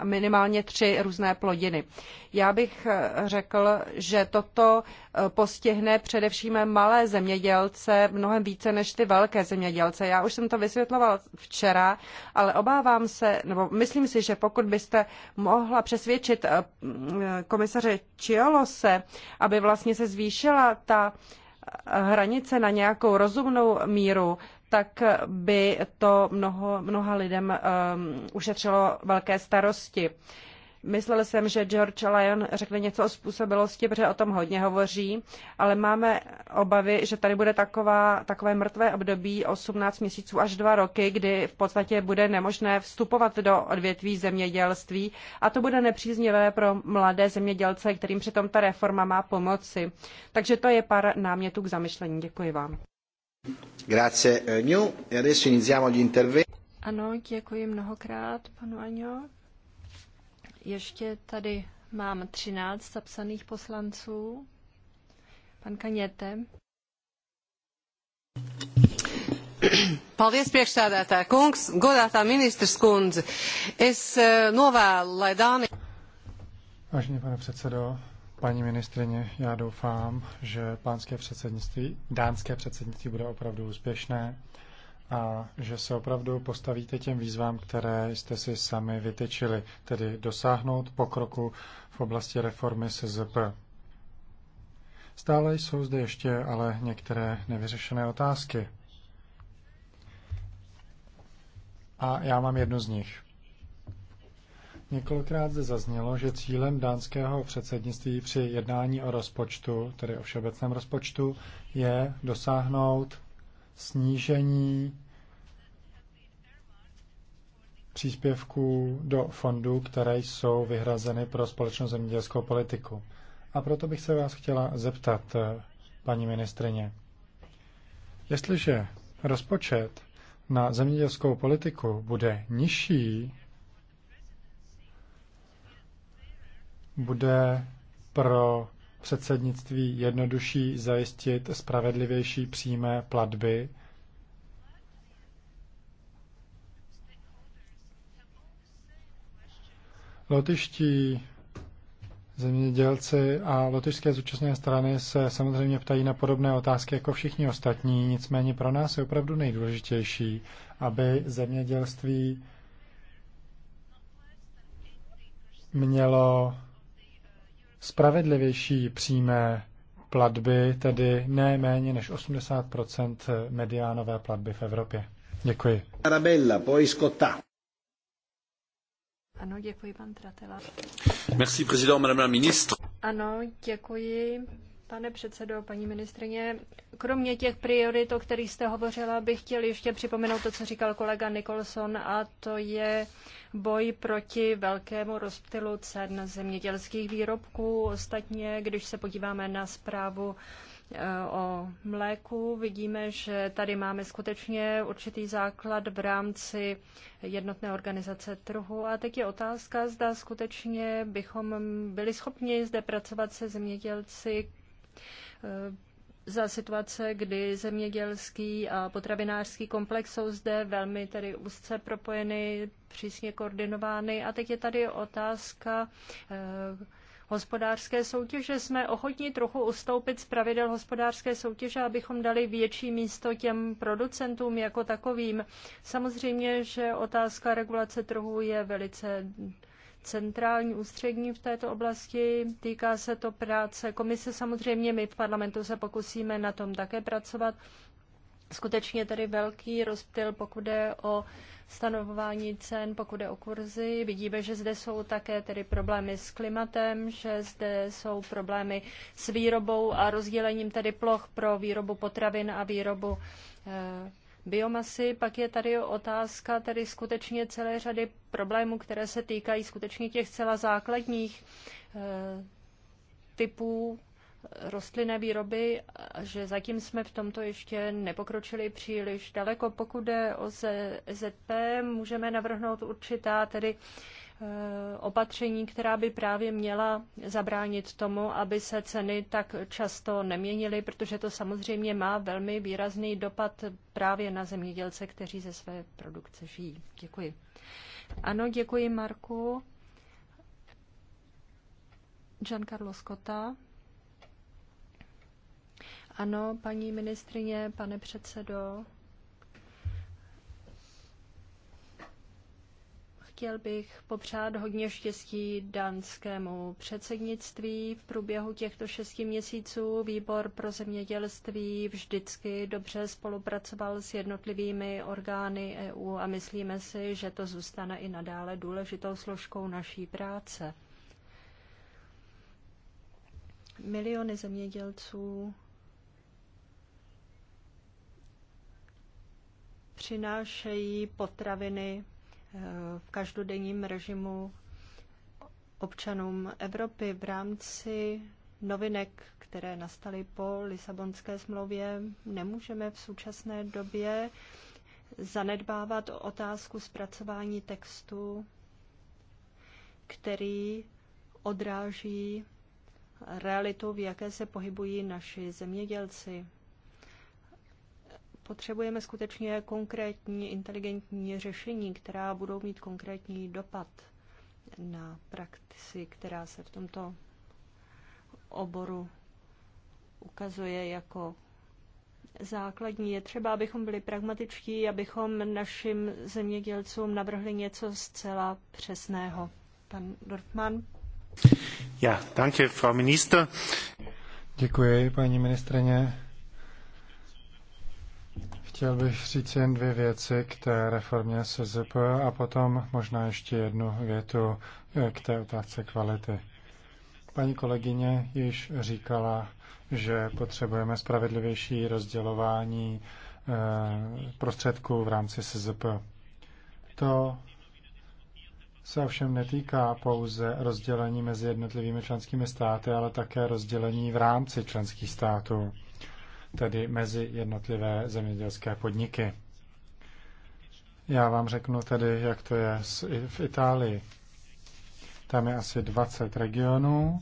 minimálně tři různé plodiny. Já bych eh, řekl, že toto eh, postihne především malé zemědělce mnohem více než ty velké zemědělce. Já už jsem to vysvětloval včera, ale obávám se, nebo myslím si, že pokud byste mohla přesvědčit mm, komisaře Čiolose, aby vlastně se zvýšila ta hranice na nějakou rozumnou míru, tak by to mnoho, mnoha lidem um, ušetřilo velké starosti. Myslel jsem, že George Lyon řekne něco o způsobilosti, protože o tom hodně hovoří, ale máme obavy, že tady bude taková, takové mrtvé období 18 měsíců až 2 roky, kdy v podstatě bude nemožné vstupovat do odvětví zemědělství a to bude nepříznivé pro mladé zemědělce, kterým přitom ta reforma má pomoci. Takže to je pár námětů k zamyšlení. Děkuji vám. Grazie, Agnew. Eh, e adesso iniziamo gli interventi. Ano, děkuji mnohokrát, panu Aňo. Ještě tady mám 13 zapsaných poslanců. Pan Kaněte. Paldies, priekšstādātāja kungs, godātā ministrs kundze. Es eh, novēlu, lai Dāni... Vážený pane předsedo, Paní ministrině, já doufám, že pánské předsednictví, dánské předsednictví bude opravdu úspěšné a že se opravdu postavíte těm výzvám, které jste si sami vytyčili, tedy dosáhnout pokroku v oblasti reformy SZP. Stále jsou zde ještě ale některé nevyřešené otázky. A já mám jednu z nich. Několikrát zde zaznělo, že cílem dánského předsednictví při jednání o rozpočtu, tedy o všeobecném rozpočtu, je dosáhnout snížení příspěvků do fondů, které jsou vyhrazeny pro společnou zemědělskou politiku. A proto bych se vás chtěla zeptat, paní ministrině, jestliže rozpočet na zemědělskou politiku bude nižší bude pro předsednictví jednodušší zajistit spravedlivější přímé platby Lotyští zemědělci a lotyšské zúčastněné strany se samozřejmě ptají na podobné otázky jako všichni ostatní, nicméně pro nás je opravdu nejdůležitější, aby zemědělství mělo spravedlivější přímé platby, tedy ne méně než 80 mediánové platby v Evropě. Děkuji. Arabella, poi Scotta. Ano, děkuji, pan Tratela. Merci, président, madame la ministre. Ano, děkuji, Pane předsedo, paní ministrině, kromě těch priorit, o kterých jste hovořila, bych chtěl ještě připomenout to, co říkal kolega Nicholson, a to je boj proti velkému rozptylu cen zemědělských výrobků. Ostatně, když se podíváme na zprávu eh, o mléku. Vidíme, že tady máme skutečně určitý základ v rámci jednotné organizace trhu. A teď je otázka, zda skutečně bychom byli schopni zde pracovat se zemědělci, Eh, za situace, kdy zemědělský a potravinářský komplex jsou zde velmi tedy úzce propojeny, přísně koordinovány. A teď je tady otázka eh, hospodářské soutěže. Jsme ochotní trochu ustoupit z pravidel hospodářské soutěže, abychom dali větší místo těm producentům jako takovým. Samozřejmě, že otázka regulace trhu je velice centrální, ústřední v této oblasti. Týká se to práce komise samozřejmě, my v parlamentu se pokusíme na tom také pracovat. Skutečně tady velký rozptyl, pokud je o stanovování cen, pokud je o kurzy. Vidíme, že zde jsou také tedy problémy s klimatem, že zde jsou problémy s výrobou a rozdělením tedy ploch pro výrobu potravin a výrobu eh, biomasy. Pak je tady otázka tedy skutečně celé řady problémů, které se týkají skutečně těch celá základních eh, typů rostlinné výroby, že zatím jsme v tomto ještě nepokročili příliš daleko. Pokud jde o ZP, můžeme navrhnout určitá tedy Eh, opatření, která by právě měla zabránit tomu, aby se ceny tak často neměnily, protože to samozřejmě má velmi výrazný dopad právě na zemědělce, kteří ze své produkce žijí. Děkuji. Ano, děkuji Marku. Giancarlo Scotta. Ano, paní ministrině, pane předsedo. Chtěl bych popřát hodně štěstí danskému předsednictví. V průběhu těchto šesti měsíců výbor pro zemědělství vždycky dobře spolupracoval s jednotlivými orgány EU a myslíme si, že to zůstane i nadále důležitou složkou naší práce. Miliony zemědělců přinášejí potraviny v každodenním režimu občanům Evropy v rámci novinek, které nastaly po Lisabonské smlouvě, nemůžeme v současné době zanedbávat otázku zpracování textu, který odráží realitu, v jaké se pohybují naši zemědělci. Potřebujeme skutečně konkrétní inteligentní řešení, která budou mít konkrétní dopad na praxi, která se v tomto oboru ukazuje jako základní. Je třeba, abychom byli pragmatičtí, abychom našim zemědělcům navrhli něco zcela přesného. Pan Dorfman. Ja, danke, Frau Minister. Děkuji, paní ministrině. Chtěl bych říct jen dvě věci k té reformě SZP a potom možná ještě jednu větu eh, k té otázce kvality. Paní kolegyně již říkala, že potřebujeme spravedlivější rozdělování eh, prostředků v rámci SZP. To se ovšem netýká pouze rozdělení mezi jednotlivými členskými státy, ale také rozdělení v rámci členských států tedy mezi jednotlivé zemědělské podniky. Já vám řeknu tedy, jak to je v Itálii. Tam je asi 20 regionů.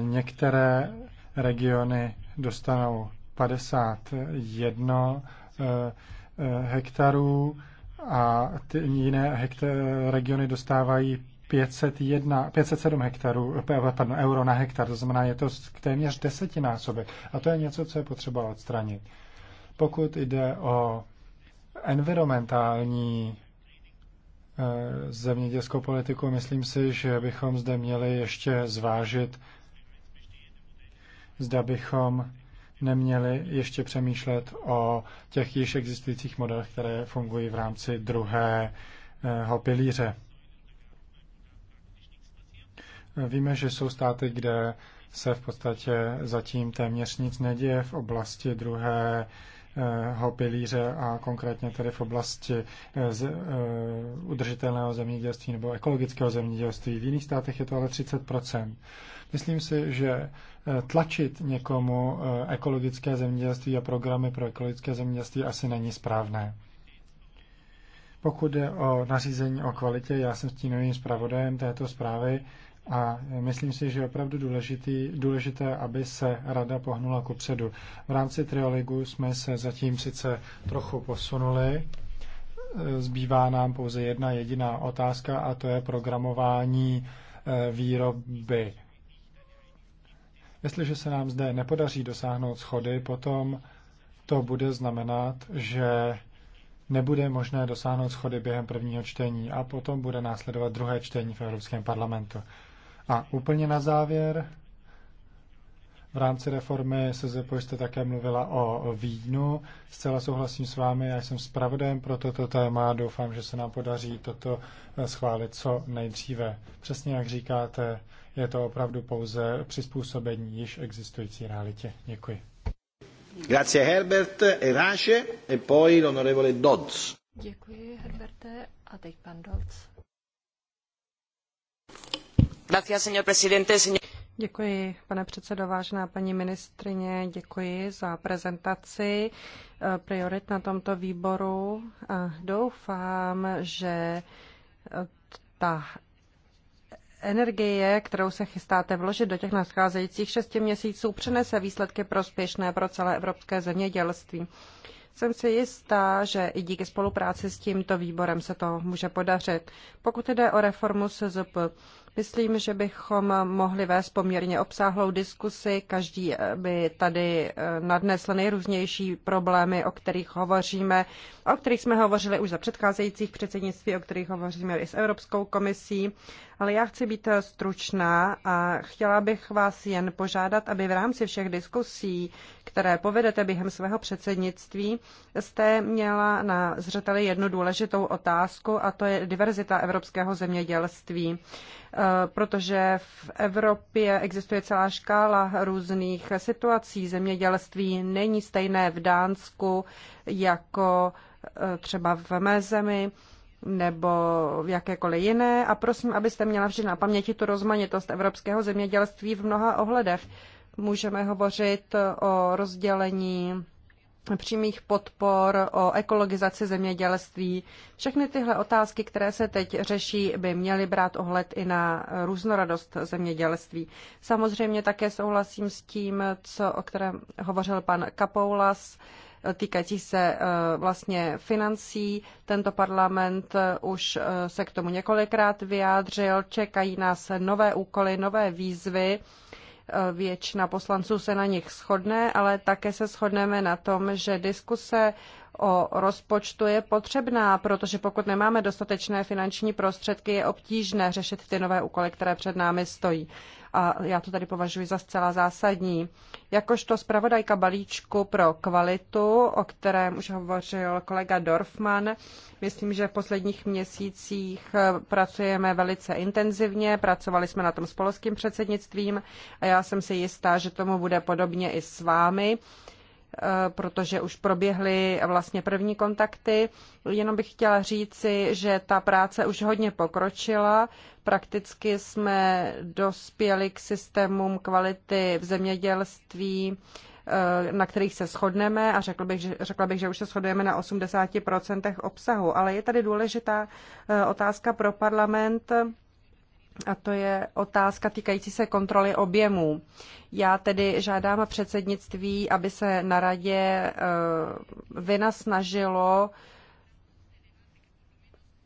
Některé regiony dostanou 51 eh, eh, hektarů a ty jiné hektar, regiony dostávají 501, 507 hektarů, eh, pardon, euro na hektar, to znamená, je to téměř desetinásobek. A to je něco, co je potřeba odstranit. Pokud jde o environmentální eh, zemědělskou politiku, myslím si, že bychom zde měli ještě zvážit, zda bychom neměli ještě přemýšlet o těch již existujících modelech, které fungují v rámci druhého eh, pilíře. Víme, že jsou státy, kde se v podstatě zatím téměř nic neděje v oblasti druhé pilíře a konkrétně tedy v oblasti eh, z, eh, udržitelného zemědělství nebo ekologického zemědělství. V jiných státech je to ale 30 Myslím si, že eh, tlačit někomu ekologické zemědělství a programy pro ekologické zemědělství asi není správné. Pokud je o nařízení o kvalitě, já jsem stínovým zpravodajem této zprávy a myslím si, že je opravdu důležitý, důležité, aby se rada pohnula ku předu. V rámci triologu jsme se zatím sice trochu posunuli, zbývá nám pouze jedna jediná otázka a to je programování e, výroby. Jestliže se nám zde nepodaří dosáhnout schody, potom to bude znamenat, že nebude možné dosáhnout schody během prvního čtení a potom bude následovat druhé čtení v Evropském parlamentu. A úplně na závěr, v rámci reformy se jste také mluvila o vínu. Zcela souhlasím s vámi, já jsem zpravodajem pro toto téma. Doufám, že se nám podaří toto eh, schválit co nejdříve. Přesně jak říkáte, je to opravdu pouze přizpůsobení již existující realitě. Děkuji. Grazie Herbert Rache, e poi l'onorevole Dodds. Děkuji Herberte a teď pan Dodds. Děkuji, pane předsedající vážená paní ministryně děkuji za prezentaci eh, priorit na tomto výboru a doufám, že eh, ta energie, kterou se chystáte vložit do těch nadcházejících šesti měsíců, přinese výsledky prospěšné pro celé evropské zemědělství. Jsem si jistá, že i díky spolupráci s tímto výborem se to může podařit. Pokud jde o reformu SZP, Myslím, že bychom mohli vést poměrně obsáhlou diskusi. Každý eh, by tady eh, nadnesl nejrůznější problémy, o kterých hovoříme, o kterých jsme hovořili už za předcházejících předsednictví, o kterých hovoříme i s Evropskou komisí. Ale já chci být eh, stručná a chtěla bych vás jen požádat, aby v rámci všech diskusí, které povedete během svého předsednictví, jste měla na zřeteli jednu důležitou otázku a to je diverzita evropského zemědělství, e, protože v Evropě existuje celá škála různých situací. Zemědělství není stejné v Dánsku jako e, třeba v mé zemi nebo v jakékoliv jiné. A prosím, abyste měla vždy na paměti tu rozmanitost evropského zemědělství v mnoha ohledech můžeme hovořit o rozdělení přímých podpor, o ekologizaci zemědělství. Všechny tyhle otázky, které se teď řeší, by měly brát ohled i na různorodost zemědělství. Samozřejmě také souhlasím s tím, co, o kterém hovořil pan Kapoulas, týkající se e, vlastně financí. Tento parlament e, už e, se k tomu několikrát vyjádřil. Čekají nás nové úkoly, nové výzvy většina poslanců se na nich shodne, ale také se shodneme na tom, že diskuse o rozpočtu je potřebná, protože pokud nemáme dostatečné finanční prostředky, je obtížné řešit ty nové úkoly, které před námi stojí a já to tady považuji za zcela zásadní. Jakožto zpravodajka balíčku pro kvalitu, o kterém už hovořil kolega Dorfman, myslím, že v posledních měsících eh, pracujeme velice intenzivně, pracovali jsme na tom s polským předsednictvím a já jsem si jistá, že tomu bude podobně i s vámi. Eh, protože už proběhly vlastně první kontakty. Jenom bych chtěla říci, že ta práce už hodně pokročila. Prakticky jsme dospěli k systémům kvality v zemědělství, eh, na kterých se shodneme a řekl bych, že, řekla bych, že už se shodujeme na 80% obsahu. Ale je tady důležitá eh, otázka pro parlament, a to je otázka týkající se kontroly objemů. Já tedy žádám předsednictví, aby se na radě eh, vynasnažilo,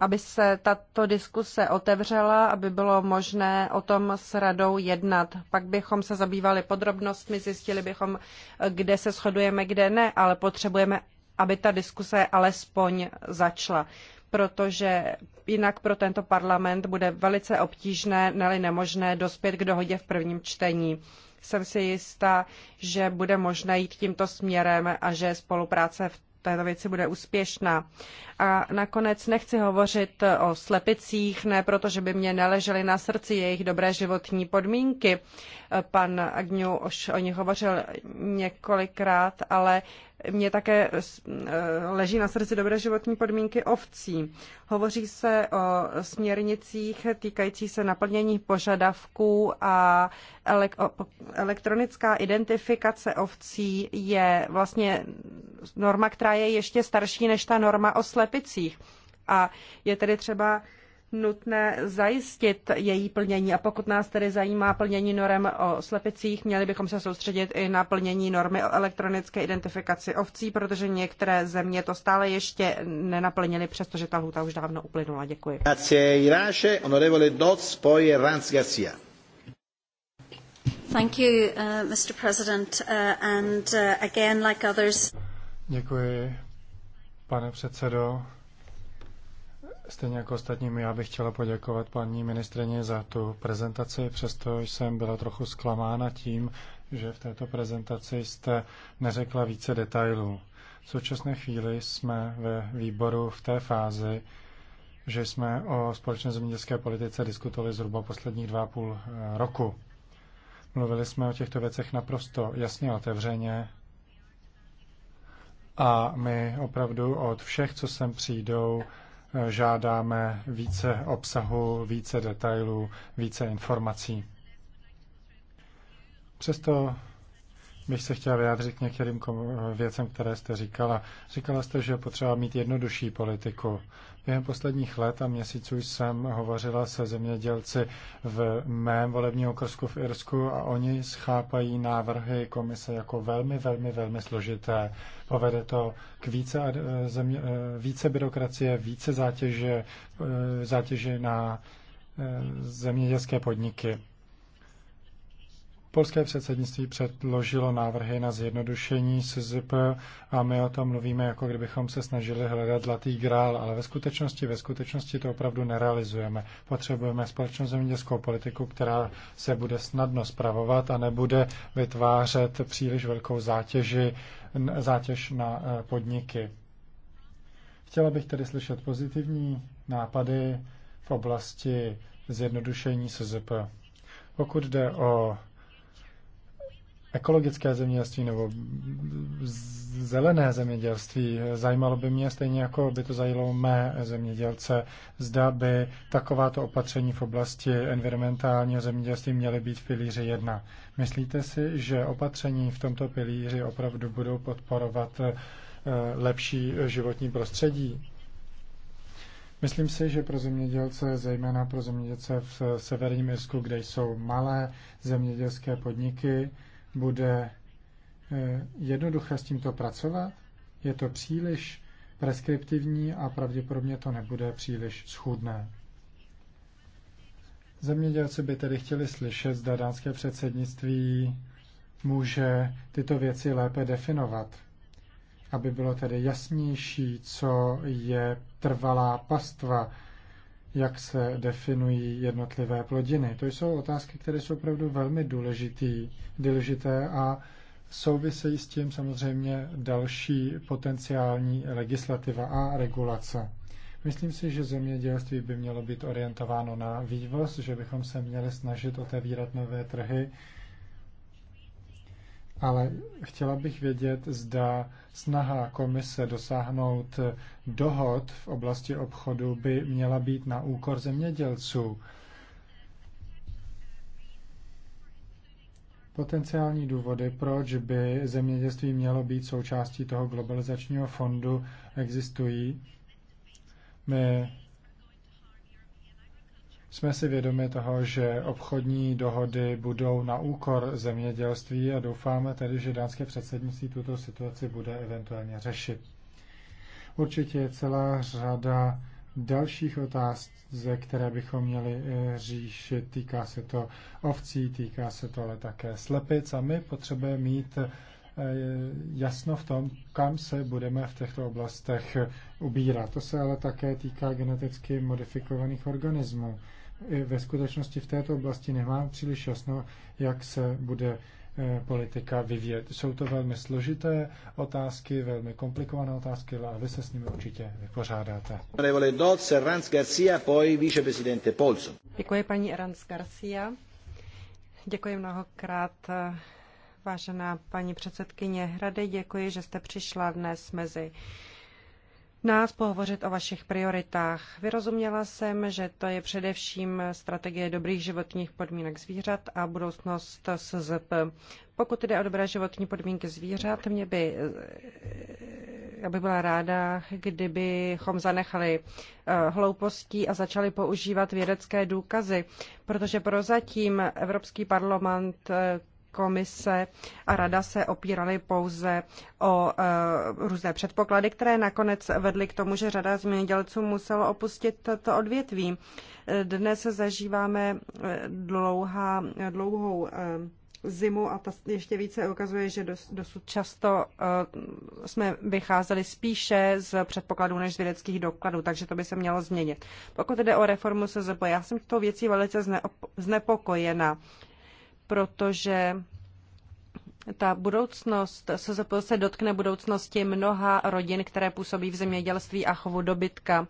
aby se tato diskuse otevřela, aby bylo možné o tom s radou jednat. Pak bychom se zabývali podrobnostmi, zjistili bychom, kde se shodujeme, kde ne, ale potřebujeme aby ta diskuse alespoň začala protože jinak pro tento parlament bude velice obtížné, neli nemožné, dospět k dohodě v prvním čtení. Jsem si jistá, že bude možné jít tímto směrem a že spolupráce v této věci bude úspěšná. A nakonec nechci hovořit o slepicích, ne proto, že by mě neležely na srdci jejich dobré životní podmínky. Pan Agňu už o nich hovořil několikrát, ale mě také eh, leží na srdci dobré životní podmínky ovcí. Hovoří se o směrnicích týkajících se naplnění požadavků a elektronická identifikace ovcí je vlastně norma, která je ještě starší než ta norma o slepicích. A je tedy třeba nutné zajistit její plnění. A pokud nás tedy zajímá plnění norem o slepicích, měli bychom se soustředit i na plnění normy o elektronické identifikaci ovcí, protože některé země to stále ještě nenaplnily, přestože ta lhůta už dávno uplynula. Děkuji. Thank you, uh, Mr. President, uh, and uh, again, like others. Děkuji, pane předsedo. Stejně jako ostatním, já bych chtěla poděkovat paní ministrině za tu prezentaci, přesto jsem byla trochu zklamána tím, že v této prezentaci jste neřekla více detailů. V současné chvíli jsme ve výboru v té fázi, že jsme o společné zemědělské politice diskutovali zhruba posledních dva půl eh, roku. Mluvili jsme o těchto věcech naprosto jasně a otevřeně a my opravdu od všech, co sem přijdou, žádáme více obsahu, více detailů, více informací. Přesto bych se chtěl vyjádřit k některým věcem, které jste říkala. Říkala jste, že potřeba mít jednodušší politiku. Během posledních let a měsíců jsem hovořila se zemědělci v mém volebním okrsku v Irsku a oni schápají návrhy komise jako velmi, velmi, velmi složité. Povede to k více, země, více byrokracie, více zátěže, e, zátěže na e, zemědělské podniky. Polské předsednictví předložilo návrhy na zjednodušení SZP a my o tom mluvíme, jako kdybychom se snažili hledat zlatý grál, ale ve skutečnosti, ve skutečnosti to opravdu nerealizujeme. Potřebujeme společnou zemědělskou politiku, která se bude snadno spravovat a nebude vytvářet příliš velkou zátěži, zátěž na eh, podniky. Chtěla bych tedy slyšet pozitivní nápady v oblasti zjednodušení SZP. Pokud jde o ekologické zemědělství nebo zelené zemědělství. Zajímalo by mě, stejně jako by to zajímalo mé zemědělce, zda by takováto opatření v oblasti environmentálního zemědělství měly být v pilíři 1. Myslíte si, že opatření v tomto pilíři opravdu budou podporovat eh, lepší životní prostředí? Myslím si, že pro zemědělce, zejména pro zemědělce v severním Irsku, kde jsou malé zemědělské podniky, bude eh, jednoduché s tímto pracovat? Je to příliš preskriptivní a pravděpodobně to nebude příliš schůdné. Zemědělci by tedy chtěli slyšet, zda dánské předsednictví může tyto věci lépe definovat, aby bylo tedy jasnější, co je trvalá pastva, jak se definují jednotlivé plodiny. To jsou otázky, které jsou opravdu velmi důležitý, důležité a souvisejí s tím samozřejmě další potenciální legislativa a regulace. Myslím si, že zemědělství by mělo být orientováno na vývoz, že bychom se měli snažit otevírat nové trhy ale chtěla bych vědět, zda snaha komise dosáhnout dohod v oblasti obchodu by měla být na úkor zemědělců. Potenciální důvody, proč by zemědělství mělo být součástí toho globalizačního fondu, existují. My jsme si vědomi toho, že obchodní dohody budou na úkor zemědělství a doufáme tedy, že dánské předsednictví tuto situaci bude eventuálně řešit. Určitě je celá řada dalších otázek, ze které bychom měli eh, říšit. Týká se to ovcí, týká se to ale také slepic a my potřebujeme mít eh, jasno v tom, kam se budeme v těchto oblastech ubírat. To se ale také týká geneticky modifikovaných organismů i ve skutečnosti v této oblasti nemá příliš jasno, jak se bude eh, politika vyvíjet. Jsou to velmi složité otázky, velmi komplikované otázky, ale vy se s nimi určitě vypořádáte. Děkuji paní Erans Garcia. Děkuji mnohokrát vážená paní předsedkyně Hrady. Děkuji, že jste přišla dnes mezi nás pohovořit o vašich prioritách. Vyrozuměla jsem, že to je především strategie dobrých životních podmínek zvířat a budoucnost SZP. Pokud jde o dobré životní podmínky zvířat, mě by, já bych byla ráda, kdybychom zanechali eh, hloupostí a začali používat vědecké důkazy, protože prozatím Evropský parlament eh, komise a rada se opíraly pouze o e, různé předpoklady, které nakonec vedly k tomu, že řada zemědělců musela opustit toto odvětví. E, dnes zažíváme e, dlouhá, dlouhou zimu a ta ještě více ukazuje, že dosud často jsme vycházeli spíše z předpokladů než z vědeckých dokladů, takže to by se mělo změnit. Pokud jde o reformu SZP, já jsem tou věcí velice znepokojena protože ta budoucnost se, se dotkne budoucnosti mnoha rodin, které působí v zemědělství a chovu dobytka.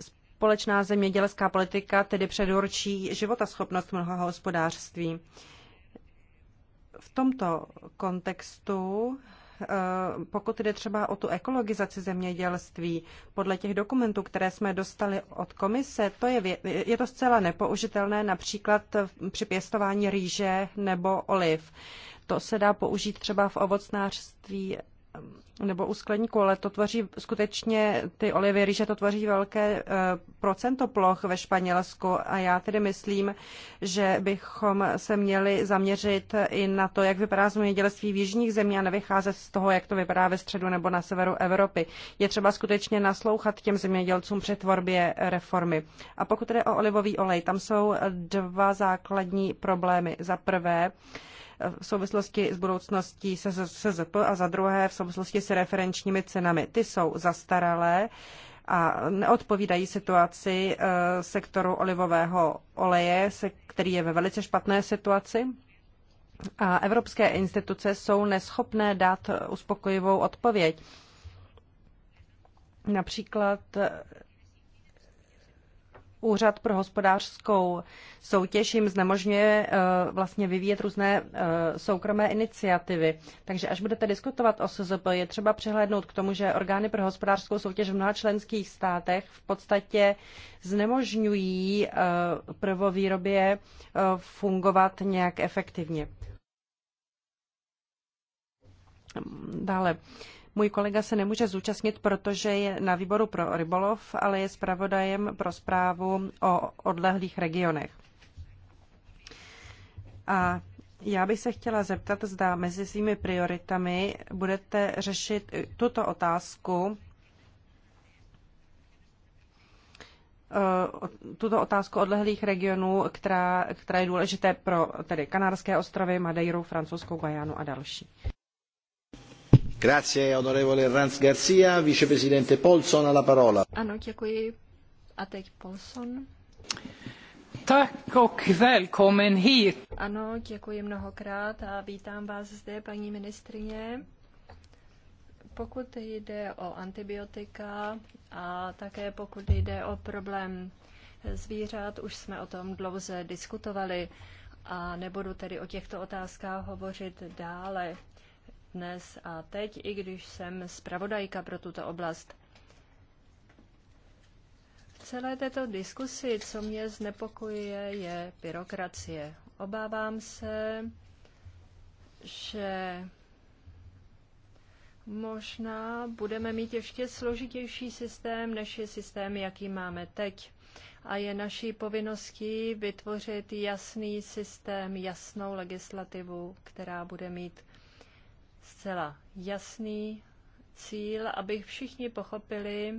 Společná zemědělská politika tedy předurčí životaschopnost mnoha hospodářství. V tomto kontextu Eh, pokud jde třeba o tu ekologizaci zemědělství, podle těch dokumentů, které jsme dostali od komise, to je, je to zcela nepoužitelné například při pěstování rýže nebo oliv. To se dá použít třeba v ovocnářství nebo u skleníku, ale to tvoří skutečně, ty olivy rýže to tvoří velké eh, procento ploch ve Španělsku a já tedy myslím, že bychom se měli zaměřit i na to, jak vypadá zemědělství v jižních zemí a nevycházet z toho, jak to vypadá ve středu nebo na severu Evropy. Je třeba skutečně naslouchat těm zemědělcům při tvorbě reformy. A pokud jde o olivový olej, tam jsou dva základní problémy. Za prvé, v souvislosti s budoucností SZP a za druhé v souvislosti s referenčními cenami. Ty jsou zastaralé a neodpovídají situaci eh, sektoru olivového oleje, který je ve velice špatné situaci. A evropské instituce jsou neschopné dát uspokojivou odpověď. Například Úřad pro hospodářskou soutěž jim znemožňuje eh, vlastně vyvíjet různé eh, soukromé iniciativy. Takže až budete diskutovat o SZP, je třeba přihlédnout k tomu, že orgány pro hospodářskou soutěž v mnoha členských státech v podstatě znemožňují eh, prvovýrobě fungovat nějak efektivně. Dále můj kolega se nemůže zúčastnit, protože je na výboru pro rybolov, ale je zpravodajem pro zprávu o odlehlých regionech. A já bych se chtěla zeptat, zda mezi svými prioritami budete řešit tuto otázku, eh, tuto otázku odlehlých regionů, která, která je důležité pro tedy Kanárské ostrovy, Madeiru, francouzskou Guajánu a další. Grazie, onorevole Ranz Garcia, viceprezidente Polson alla parola. Ano, děkuji. A teď Polson. Tak och välkommen hit. Ano, děkuji mnohokrát a vítám vás zde, paní ministrině. Pokud jde o antibiotika a také pokud jde o problém zvířat, už jsme o tom dlouze diskutovali a nebudu tedy o těchto otázkách hovořit dále dnes a teď, i když jsem zpravodajka pro tuto oblast. V celé této diskusi, co mě znepokojuje, je byrokracie. Obávám se, že možná budeme mít ještě složitější systém, než je systém, jaký máme teď. A je naší povinností vytvořit jasný systém, jasnou legislativu, která bude mít zcela jasný cíl, aby všichni pochopili,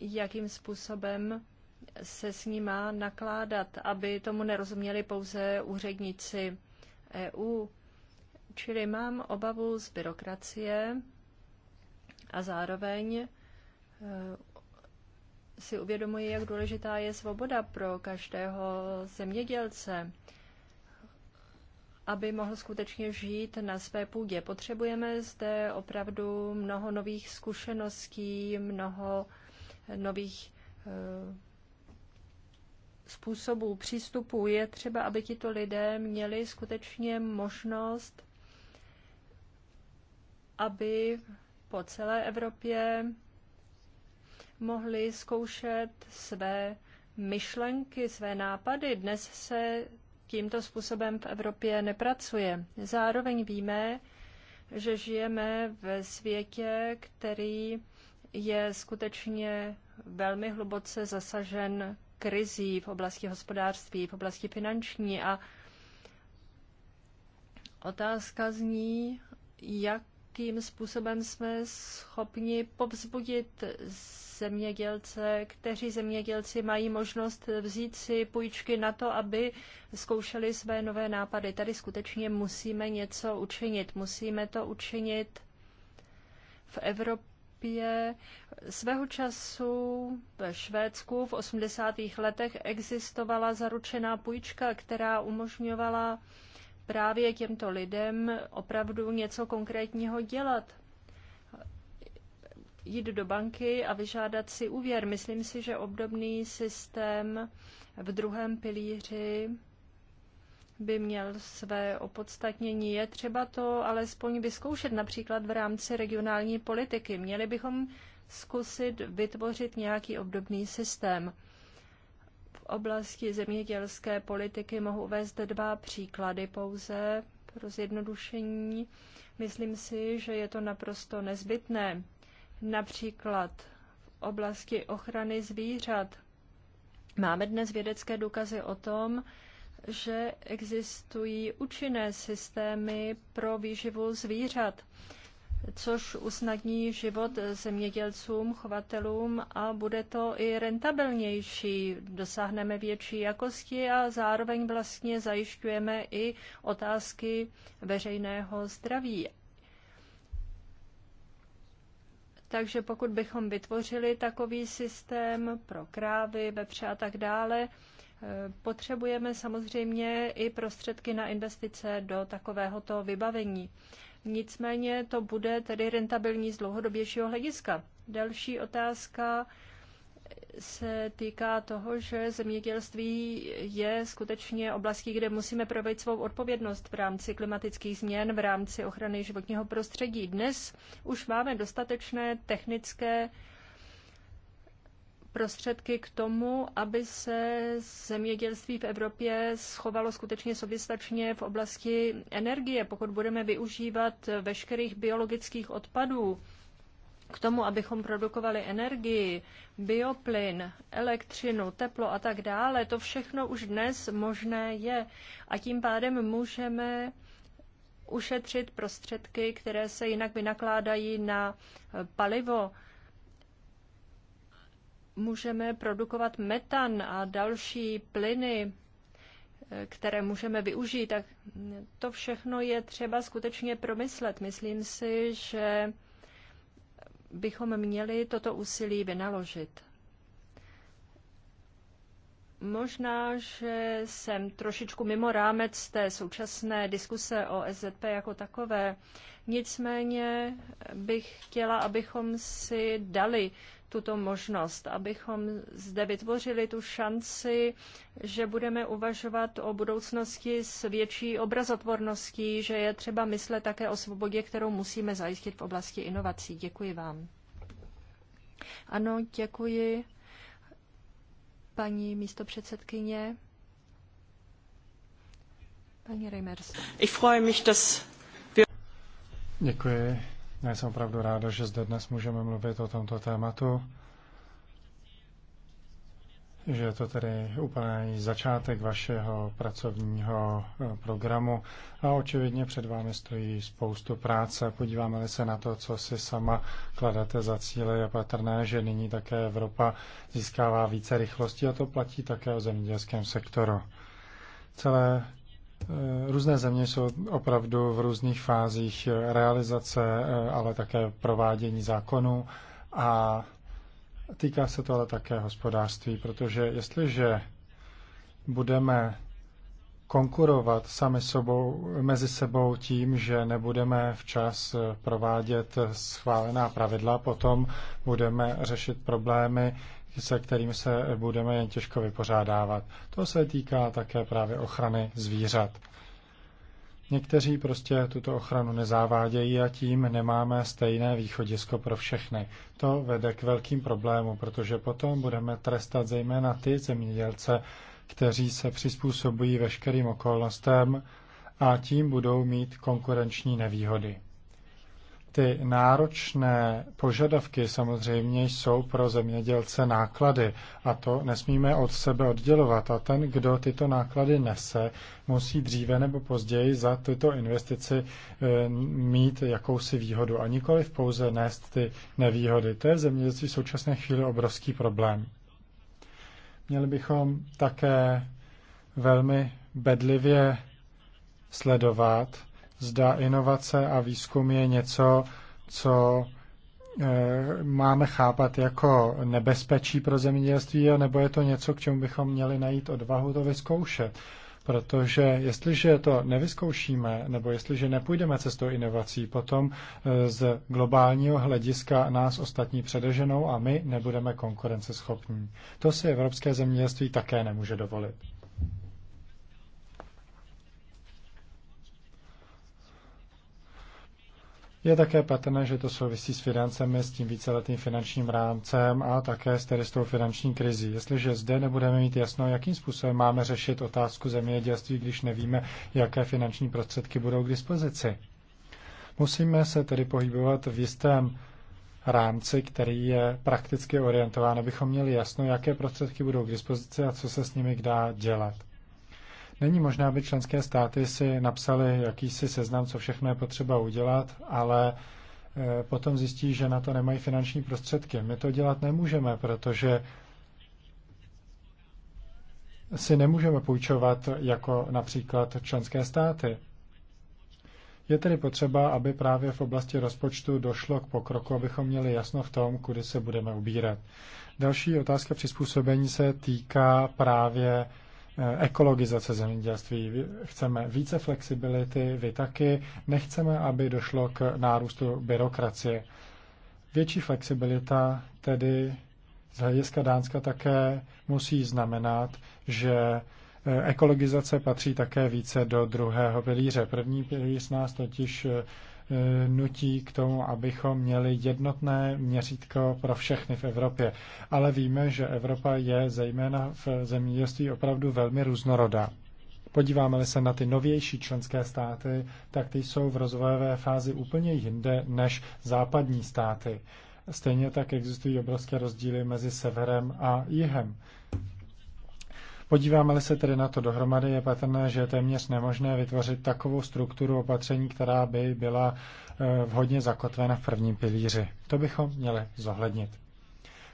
jakým způsobem se s ním má nakládat, aby tomu nerozuměli pouze úředníci EU. Čili mám obavu z byrokracie a zároveň e, si uvědomuji, jak důležitá je svoboda pro každého zemědělce aby mohl skutečně žít na své půdě. Potřebujeme zde opravdu mnoho nových zkušeností, mnoho eh, nových eh, způsobů, přístupů. Je třeba, aby tito lidé měli skutečně možnost, aby po celé Evropě mohli zkoušet své myšlenky, své nápady. Dnes se tímto způsobem v Evropě nepracuje. Zároveň víme, že žijeme ve světě, který je skutečně velmi hluboce zasažen krizí v oblasti hospodářství, v oblasti finanční a otázka zní, jak jakým způsobem jsme schopni povzbudit zemědělce, kteří zemědělci mají možnost vzít si půjčky na to, aby zkoušeli své nové nápady. Tady skutečně musíme něco učinit. Musíme to učinit v Evropě. Svého času ve Švédsku v 80. letech existovala zaručená půjčka, která umožňovala právě těmto lidem opravdu něco konkrétního dělat. Jít do banky a vyžádat si úvěr. Myslím si, že obdobný systém v druhém pilíři by měl své opodstatnění. Je třeba to alespoň vyzkoušet například v rámci regionální politiky. Měli bychom zkusit vytvořit nějaký obdobný systém. V oblasti zemědělské politiky mohu uvést dva příklady pouze pro zjednodušení. Myslím si, že je to naprosto nezbytné. Například v oblasti ochrany zvířat. Máme dnes vědecké důkazy o tom, že existují účinné systémy pro výživu zvířat což usnadní život zemědělcům, chovatelům a bude to i rentabilnější. Dosáhneme větší jakosti a zároveň vlastně zajišťujeme i otázky veřejného zdraví. Takže pokud bychom vytvořili takový systém pro krávy, vepře a tak dále, eh, potřebujeme samozřejmě i prostředky na investice do takovéhoto vybavení. Nicméně to bude tedy rentabilní z dlouhodobějšího hlediska. Další otázka se týká toho, že zemědělství je skutečně oblastí, kde musíme provést svou odpovědnost v rámci klimatických změn, v rámci ochrany životního prostředí. Dnes už máme dostatečné technické prostředky k tomu, aby se zemědělství v Evropě schovalo skutečně soběstačně v oblasti energie. Pokud budeme využívat veškerých biologických odpadů k tomu, abychom produkovali energii, bioplyn, elektřinu, teplo a tak dále, to všechno už dnes možné je. A tím pádem můžeme ušetřit prostředky, které se jinak vynakládají na palivo můžeme produkovat metan a další plyny, eh, které můžeme využít, tak to všechno je třeba skutečně promyslet. Myslím si, že bychom měli toto úsilí vynaložit. Možná, že jsem trošičku mimo rámec té současné diskuse o SZP jako takové. Nicméně bych chtěla, abychom si dali tuto možnost, abychom zde vytvořili tu šanci, že budeme uvažovat o budoucnosti s větší obrazotvorností, že je třeba myslet také o svobodě, kterou musíme zajistit v oblasti inovací. Děkuji vám. Ano, děkuji. Paní místopředsedkyně. Paní Reimers. Ich freue mich, dass Děkuji. Já jsem opravdu ráda, že zde dnes můžeme mluvit o tomto tématu, že je to tedy úplný začátek vašeho pracovního eh, programu a očividně před vámi stojí spoustu práce. Podíváme se na to, co si sama kladete za cíle. Je patrné, že nyní také Evropa získává více rychlosti a to platí také o zemědělském sektoru. Celé Eh, různé země jsou opravdu v různých fázích realizace, eh, ale také provádění zákonů a týká se to ale také hospodářství, protože jestliže budeme konkurovat sami sobou, mezi sebou tím, že nebudeme včas eh, provádět schválená pravidla, potom budeme řešit problémy, se kterým se budeme jen těžko vypořádávat. To se týká také právě ochrany zvířat. Někteří prostě tuto ochranu nezávádějí a tím nemáme stejné východisko pro všechny. To vede k velkým problémům, protože potom budeme trestat zejména ty zemědělce, kteří se přizpůsobují veškerým okolnostem a tím budou mít konkurenční nevýhody. Ty náročné požadavky samozřejmě jsou pro zemědělce náklady a to nesmíme od sebe oddělovat. A ten, kdo tyto náklady nese, musí dříve nebo později za tyto investici eh, mít jakousi výhodu a nikoli pouze nést ty nevýhody. To je v zemědělství v současné chvíli obrovský problém. Měli bychom také velmi bedlivě sledovat, zda inovace a výzkum je něco, co eh, máme chápat jako nebezpečí pro zemědělství, nebo je to něco, k čemu bychom měli najít odvahu to vyzkoušet. Protože jestliže to nevyzkoušíme, nebo jestliže nepůjdeme cestou inovací, potom eh, z globálního hlediska nás ostatní předeženou a my nebudeme konkurenceschopní. To si evropské zemědělství také nemůže dovolit. Je také patrné, že to souvisí s financemi, s tím víceletým finančním rámcem a také s tedy s tou finanční krizí. Jestliže zde nebudeme mít jasno, jakým způsobem máme řešit otázku zemědělství, když nevíme, jaké finanční prostředky budou k dispozici. Musíme se tedy pohybovat v jistém rámci, který je prakticky orientován, abychom měli jasno, jaké prostředky budou k dispozici a co se s nimi dá dělat. Není možné, aby členské státy si napsali jakýsi seznam, co všechno je potřeba udělat, ale e, potom zjistí, že na to nemají finanční prostředky. My to dělat nemůžeme, protože si nemůžeme půjčovat jako například členské státy. Je tedy potřeba, aby právě v oblasti rozpočtu došlo k pokroku, abychom měli jasno v tom, kudy se budeme ubírat. Další otázka přizpůsobení se týká právě Eh, ekologizace zemědělství. Chceme více flexibility, vy taky. Nechceme, aby došlo k nárůstu byrokracie. Větší flexibilita tedy z hlediska Dánska také musí znamenat, že eh, ekologizace patří také více do druhého pilíře. První pilíř nás totiž eh, Eh, nutí k tomu, abychom měli jednotné měřítko pro všechny v Evropě. Ale víme, že Evropa je zejména v zemědělství opravdu velmi různorodá. Podíváme-li se na ty novější členské státy, tak ty jsou v rozvojové fázi úplně jinde než západní státy. Stejně tak existují obrovské rozdíly mezi severem a jihem. Podíváme-li se tedy na to dohromady, je patrné, že je téměř nemožné vytvořit takovou strukturu opatření, která by byla eh, vhodně zakotvena v prvním pilíři. To bychom měli zohlednit.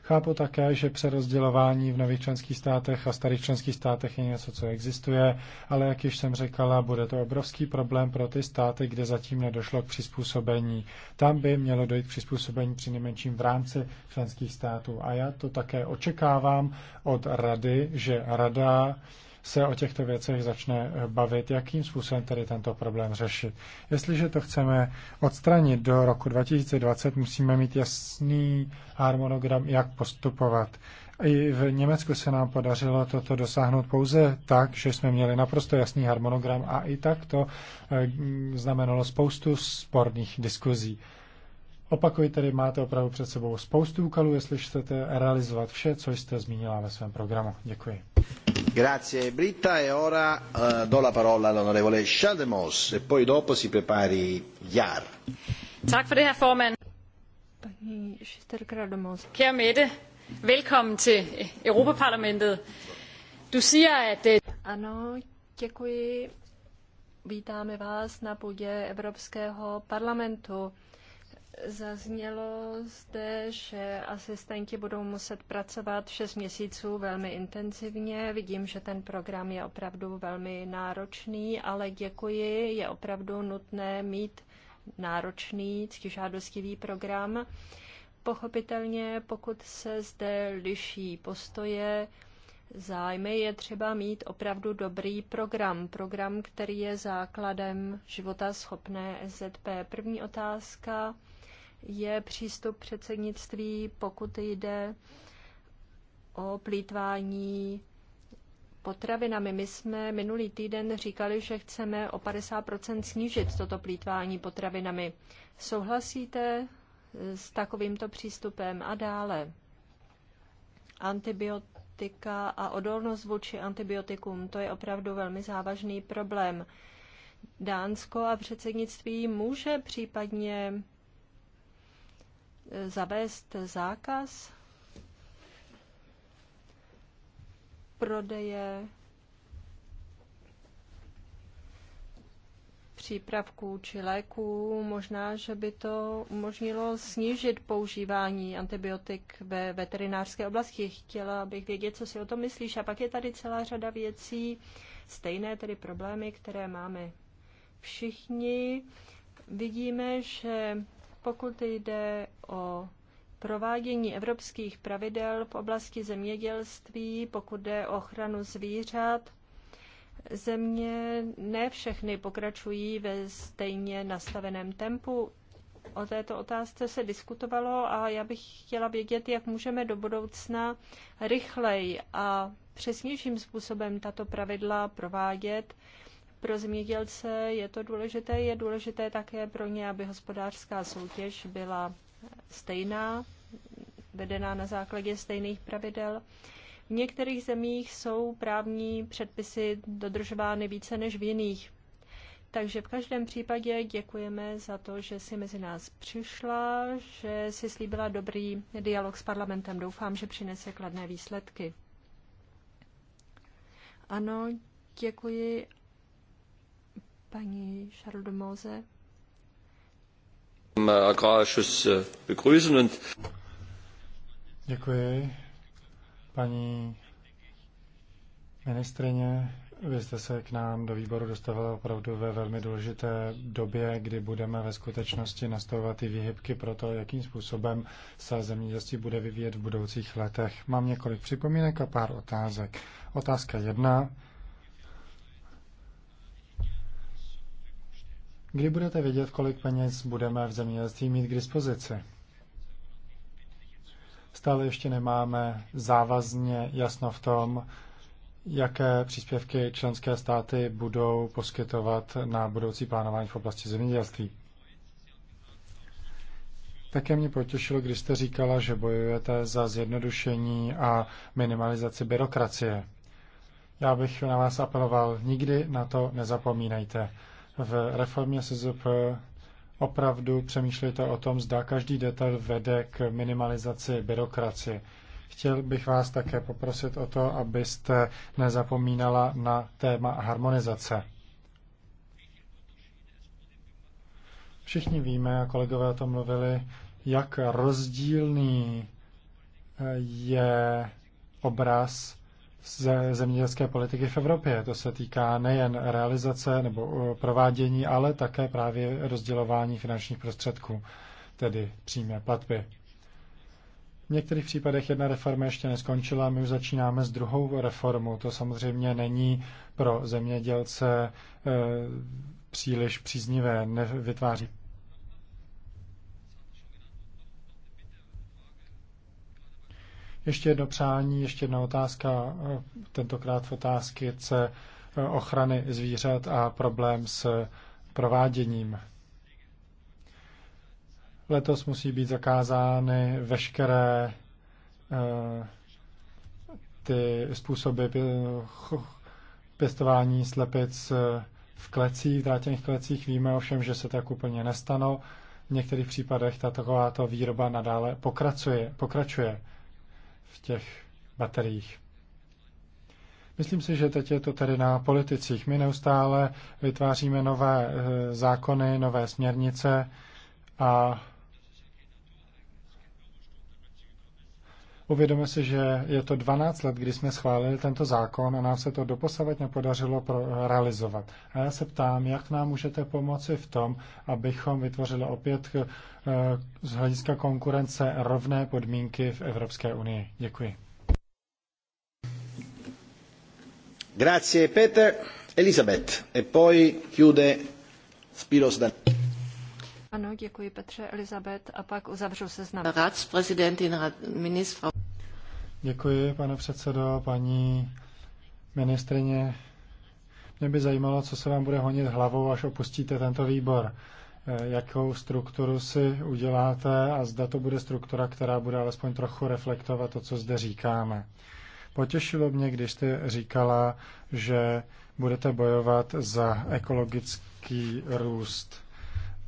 Chápu také, že přerozdělování v nových členských státech a starých členských státech je něco, co existuje, ale jak již jsem řekla, bude to obrovský problém pro ty státy, kde zatím nedošlo k přizpůsobení. Tam by mělo dojít k přizpůsobení při nejmenším v rámci členských států. A já to také očekávám od Rady, že Rada se o těchto věcech začne eh, bavit, jakým způsobem tedy tento problém řešit. Jestliže to chceme odstranit do roku 2020, musíme mít jasný harmonogram, jak postupovat. I v Německu se nám podařilo toto dosáhnout pouze tak, že jsme měli naprosto jasný harmonogram a i tak to eh, znamenalo spoustu sporných diskuzí. Opakuji tedy, máte opravdu před sebou spoustu úkolů, jestli chcete realizovat vše, co jste zmínila ve svém programu. Děkuji. Grazie Britta e ora eh, do la parola all'onorevole Schaldemos e poi dopo si prepari Jar. Tak for det her formand. Kære Mette, velkommen til Europaparlamentet. Du siger, at... Øh, ano, děkuji. Vítáme vás na půdě Evropského parlamentu. Zaznělo zde, že asistenti budou muset pracovat 6 měsíců velmi intenzivně. Vidím, že ten program je opravdu velmi náročný, ale děkuji. Je opravdu nutné mít náročný, ctižádostivý program. Pochopitelně, pokud se zde liší postoje, zájmy, je třeba mít opravdu dobrý program. Program, který je základem života schopné SZP. První otázka je přístup předsednictví, pokud jde o plítvání potravinami. My jsme minulý týden říkali, že chceme o 50 snížit toto plítvání potravinami. Souhlasíte s takovýmto přístupem a dále? Antibiotika a odolnost vůči antibiotikům, to je opravdu velmi závažný problém. Dánsko a předsednictví může případně Eh, zavést zákaz prodeje přípravků či léků. Možná, že by to umožnilo snížit používání antibiotik ve veterinářské oblasti. Chtěla bych vědět, co si o tom myslíš. A pak je tady celá řada věcí, stejné tedy problémy, které máme všichni. Vidíme, že pokud jde o provádění evropských pravidel v oblasti zemědělství, pokud jde o ochranu zvířat, země ne všechny pokračují ve stejně nastaveném tempu. O této otázce se diskutovalo a já bych chtěla vědět, jak můžeme do budoucna rychleji a přesnějším způsobem tato pravidla provádět pro zemědělce je to důležité. Je důležité také pro ně, aby hospodářská soutěž byla stejná, vedená na základě stejných pravidel. V některých zemích jsou právní předpisy dodržovány více než v jiných. Takže v každém případě děkujeme za to, že si mezi nás přišla, že si slíbila dobrý dialog s parlamentem. Doufám, že přinese kladné výsledky. Ano, děkuji Paní Charlotte Mose. Äh, äh, Děkuji. Paní ministrině, vy jste se k nám do výboru dostavila opravdu ve velmi důležité době, kdy budeme ve skutečnosti nastavovat i výhybky pro to, jakým způsobem se zemědělství bude vyvíjet v budoucích letech. Mám několik připomínek a pár otázek. Otázka jedna. Kdy budete vědět, kolik peněz budeme v zemědělství mít k dispozici? Stále ještě nemáme závazně jasno v tom, jaké příspěvky členské státy budou poskytovat na budoucí plánování v oblasti zemědělství. Také mě potěšilo, když jste říkala, že bojujete za zjednodušení a minimalizaci byrokracie. Já bych na vás apeloval, nikdy na to nezapomínejte v reformě SZP opravdu přemýšlíte o tom, zda každý detail vede k minimalizaci byrokracie. Chtěl bych vás také poprosit o to, abyste nezapomínala na téma harmonizace. Všichni víme, a kolegové o tom mluvili, jak rozdílný je obraz ze zemědělské politiky v Evropě. To se týká nejen realizace nebo uh, provádění, ale také právě rozdělování finančních prostředků, tedy přímé platby. V některých případech jedna reforma ještě neskončila, my už začínáme s druhou reformu. To samozřejmě není pro zemědělce e, příliš příznivé, nevytváří Ještě jedno přání, ještě jedna otázka, tentokrát v otázky C eh, ochrany zvířat a problém s prováděním. Letos musí být zakázány veškeré eh, ty způsoby pěstování slepic eh, v klecích, v drátěných klecích. Víme ovšem, že se tak úplně nestanou. V některých případech ta takováto výroba nadále pokracuje. pokračuje v těch bateriích. Myslím si, že teď je to tedy na politicích. My neustále vytváříme nové eh, zákony, nové směrnice a Uvědomme si, že je to 12 let, kdy jsme schválili tento zákon a nám se to doposavat nepodařilo pro, realizovat. A já se ptám, jak nám můžete pomoci v tom, abychom vytvořili opět eh, z hlediska konkurence rovné podmínky v Evropské unii. Děkuji. Grazie Peter. Elisabeth. E poi chiude Spiros Daniele. Ano, děkuji Petře, Elizabet a pak uzavřu se Ratsprezidentin, ministra. Děkuji, pane předsedo, paní ministrině. Mě by zajímalo, co se vám bude honit hlavou, až opustíte tento výbor. Eh, jakou strukturu si uděláte a zda to bude struktura, která bude alespoň trochu reflektovat to, co zde říkáme. Potěšilo mě, když jste říkala, že budete bojovat za ekologický růst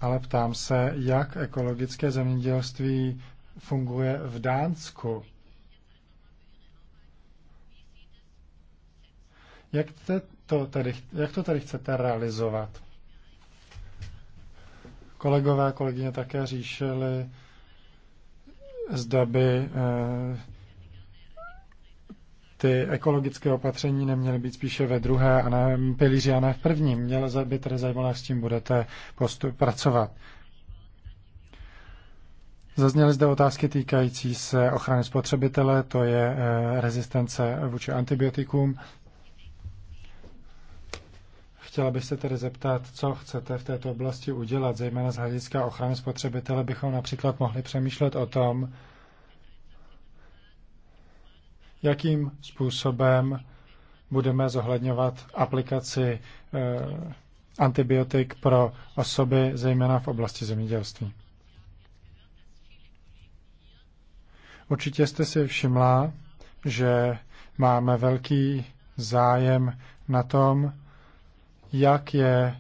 ale ptám se, jak ekologické zemědělství funguje v Dánsku. Jak, to tady, jak to tady chcete realizovat? Kolegové a kolegyně také říšili, zda by eh, ty ekologické opatření neměly být spíše ve druhé a ne pilíři a ne v prvním. Měl by tedy zajímavé, jak s tím budete postup, pracovat. Zazněly zde otázky týkající se ochrany spotřebitele, to je eh, rezistence vůči antibiotikům. Chtěla bych se tedy zeptat, co chcete v této oblasti udělat, zejména z hlediska ochrany spotřebitele bychom například mohli přemýšlet o tom, jakým způsobem budeme zohledňovat aplikaci eh, antibiotik pro osoby, zejména v oblasti zemědělství. Určitě jste si všimla, že máme velký zájem na tom, jak je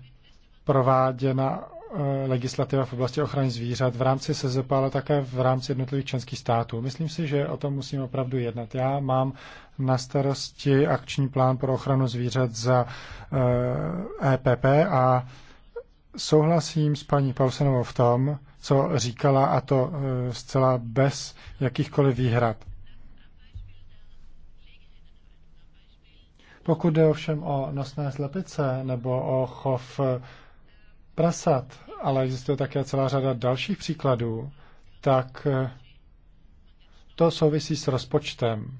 prováděna Eh, legislativa v oblasti ochrany zvířat v rámci SZP, ale také v rámci jednotlivých členských států. Myslím si, že o tom musím opravdu jednat. Já mám na starosti akční plán pro ochranu zvířat za EPP eh, e a souhlasím s paní Pausenovou v tom, co říkala, a to eh, zcela bez jakýchkoliv výhrad. Pokud jde ovšem o nosné slepice nebo o chov prasat, ale existuje také celá řada dalších příkladů, tak eh, to souvisí s rozpočtem.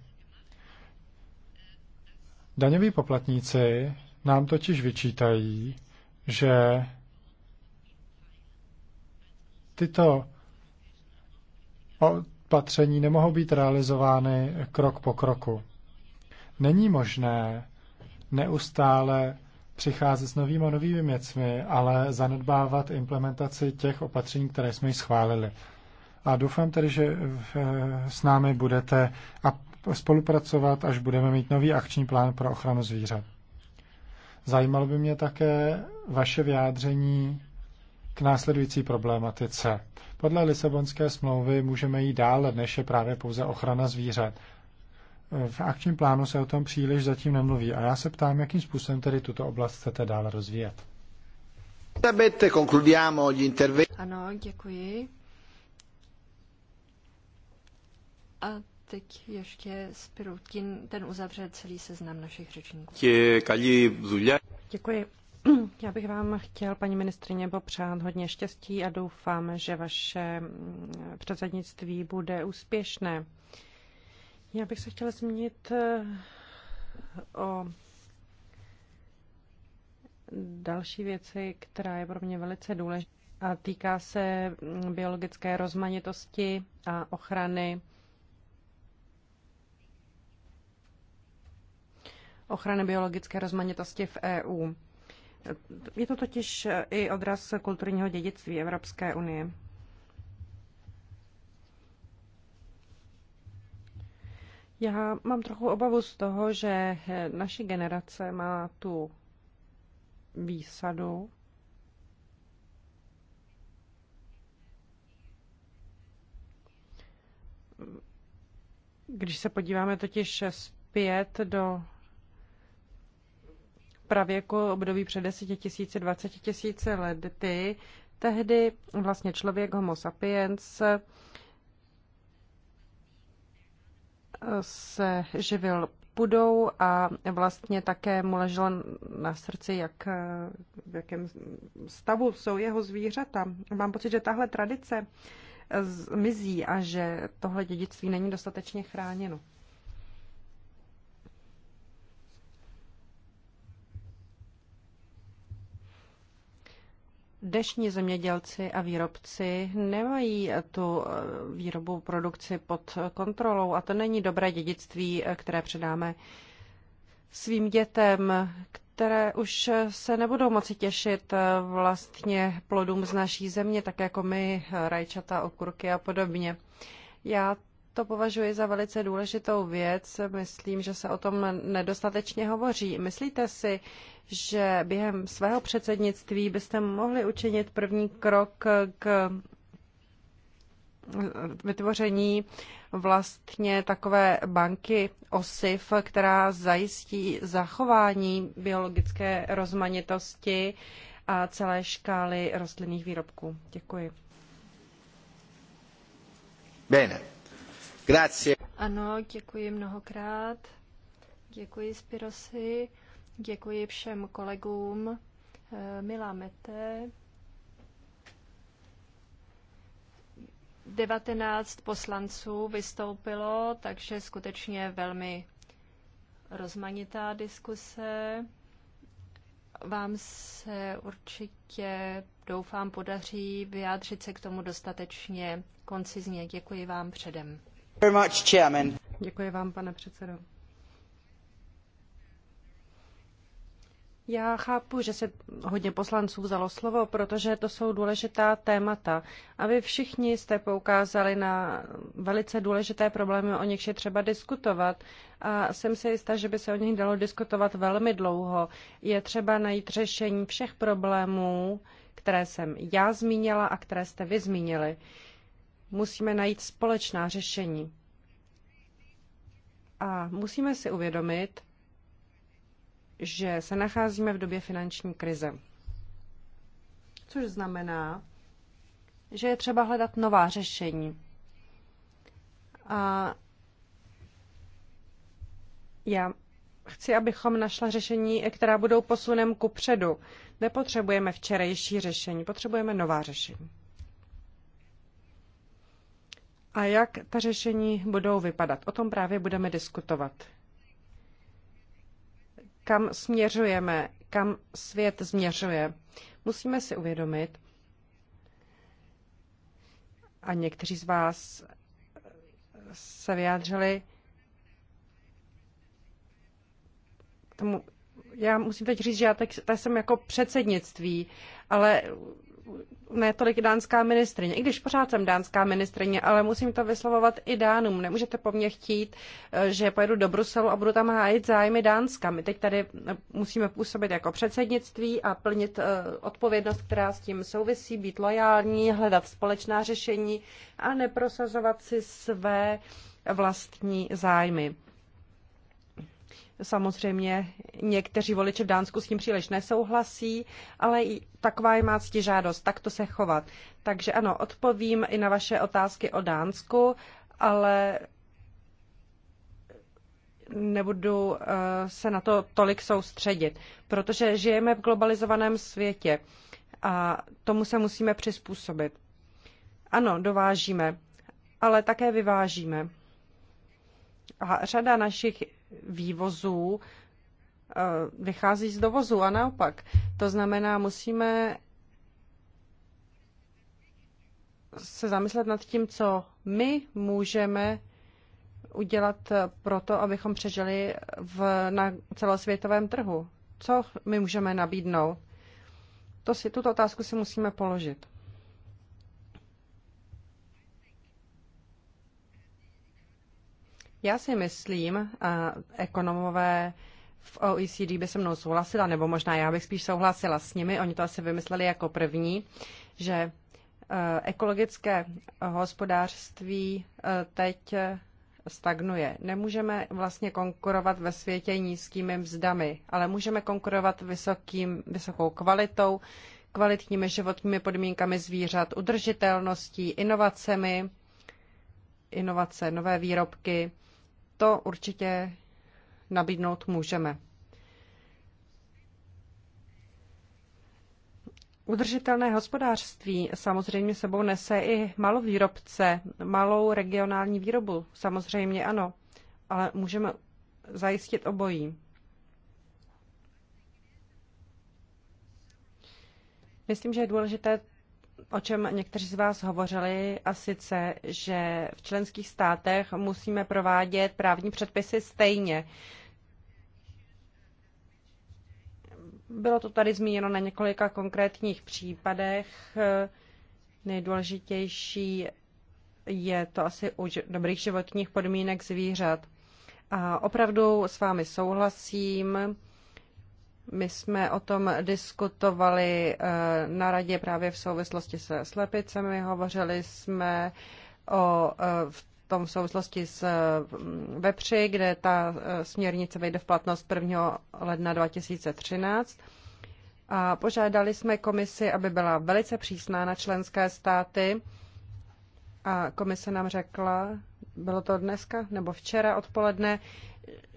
Daňoví poplatníci nám totiž vyčítají, že tyto opatření nemohou být realizovány krok po kroku. Není možné neustále přicházet s novými a novými věcmi, ale zanedbávat implementaci těch opatření, které jsme ji schválili. A doufám tedy, že s námi budete a spolupracovat, až budeme mít nový akční plán pro ochranu zvířat. Zajímalo by mě také vaše vyjádření k následující problematice. Podle Lisabonské smlouvy můžeme jít dále, než je právě pouze ochrana zvířat v akčním plánu se o tom příliš zatím nemluví a já se ptám, jakým způsobem tedy tuto oblast chcete dál rozvíjet. Ano, děkuji. A teď ještě Spirutin, ten uzavře celý seznam našich řečníků. Děkuji. Já bych vám chtěl, paní ministrině, popřát hodně štěstí a doufám, že vaše mm, předsednictví bude úspěšné. Já bych se chtěla zmínit eh, o další věci, která je pro mě velice důležitá a týká se mm, biologické rozmanitosti a ochrany ochrany biologické rozmanitosti v EU. Je to totiž eh, i odraz kulturního dědictví Evropské unie. Já mám trochu obavu z toho, že naše generace má tu výsadu, Když se podíváme totiž zpět do pravěku období před 10 tisíci, 20 tisíci lety, tehdy vlastně člověk homo sapiens se živil půdou a vlastně také mu leželo na srdci, jak, v jakém stavu jsou jeho zvířata. Mám pocit, že tahle tradice zmizí a že tohle dědictví není dostatečně chráněno. Dešní zemědělci a výrobci nemají tu eh, výrobu, produkci pod kontrolou a to není dobré dědictví, eh, které předáme svým dětem, které už se nebudou moci těšit eh, vlastně plodům z naší země, tak jako my, rajčata, okurky a podobně. Já to považuji za velice důležitou věc. Myslím, že se o tom nedostatečně hovoří. Myslíte si, že během svého předsednictví byste mohli učinit první krok k vytvoření vlastně takové banky OSIF, která zajistí zachování biologické rozmanitosti a celé škály rostlinných výrobků. Děkuji. Bene. Grazie. Ano, děkuji mnohokrát. Děkuji Spirosi, děkuji všem kolegům. Eh, Milá Mete, 19 poslanců vystoupilo, takže skutečně velmi rozmanitá diskuse. Vám se určitě, doufám, podaří vyjádřit se k tomu dostatečně koncizně. Děkuji vám předem. Děkuji vám, pane předsedo. Já chápu, že se hodně poslanců vzalo slovo, protože to jsou důležitá témata. A vy všichni jste poukázali na velice důležité problémy, o nichž je třeba diskutovat. A jsem si jistá, že by se o nich dalo diskutovat velmi dlouho. Je třeba najít řešení všech problémů, které jsem já zmínila a které jste vy zmínili. Musíme najít společná řešení. A musíme si uvědomit, že se nacházíme v době finanční krize. Což znamená, že je třeba hledat nová řešení. A já chci, abychom našla řešení, která budou posunem ku předu. Nepotřebujeme včerejší řešení, potřebujeme nová řešení. A jak ta řešení budou vypadat? O tom právě budeme diskutovat. Kam směřujeme? Kam svět změřuje? Musíme si uvědomit, a někteří z vás se vyjádřili k tomu, já musím teď říct, že já teď, teď jsem jako předsednictví, ale ne tolik dánská ministrině, i když pořád jsem dánská ministrině, ale musím to vyslovovat i Dánům. Nemůžete po mně chtít, eh, že pojedu do Bruselu a budu tam hájit zájmy Dánska. My teď tady eh, musíme působit jako předsednictví a plnit eh, odpovědnost, která s tím souvisí, být lojální, hledat společná řešení a neprosazovat si své vlastní zájmy. Samozřejmě někteří voliči v Dánsku s tím příliš nesouhlasí, ale i taková je má žádost, tak to se chovat. Takže ano, odpovím i na vaše otázky o Dánsku, ale nebudu eh, se na to tolik soustředit, protože žijeme v globalizovaném světě a tomu se musíme přizpůsobit. Ano, dovážíme, ale také vyvážíme. A řada našich vývozů eh, vychází z dovozu a naopak. To znamená, musíme se zamyslet nad tím, co my můžeme udělat pro to, abychom přežili v, na celosvětovém trhu. Co my můžeme nabídnout? To si, tuto otázku si musíme položit. Já si myslím, uh, ekonomové v OECD by se mnou souhlasila, nebo možná já bych spíš souhlasila s nimi, oni to asi vymysleli jako první, že e, ekologické hospodářství e, teď e, stagnuje. Nemůžeme vlastně konkurovat ve světě nízkými mzdami, ale můžeme konkurovat vysokým, vysokou kvalitou, kvalitními životními podmínkami zvířat, udržitelností, inovacemi, inovace, nové výrobky to určitě nabídnout můžeme. Udržitelné hospodářství samozřejmě sebou nese i malou výrobce, malou regionální výrobu, samozřejmě ano, ale můžeme zajistit obojí. Myslím, že je důležité o čem někteří z vás hovořili, a sice, že v členských státech musíme provádět právní předpisy stejně. Bylo to tady zmíněno na několika konkrétních případech. Nejdůležitější je to asi u dobrých životních podmínek zvířat. A opravdu s vámi souhlasím my jsme o tom diskutovali eh, na radě právě v souvislosti se slepicemi, hovořili jsme o eh, v tom souvislosti s mm, vepři, kde ta eh, směrnice vejde v platnost 1. ledna 2013. A požádali jsme komisi, aby byla velice přísná na členské státy. A komise nám řekla, bylo to dneska nebo včera odpoledne,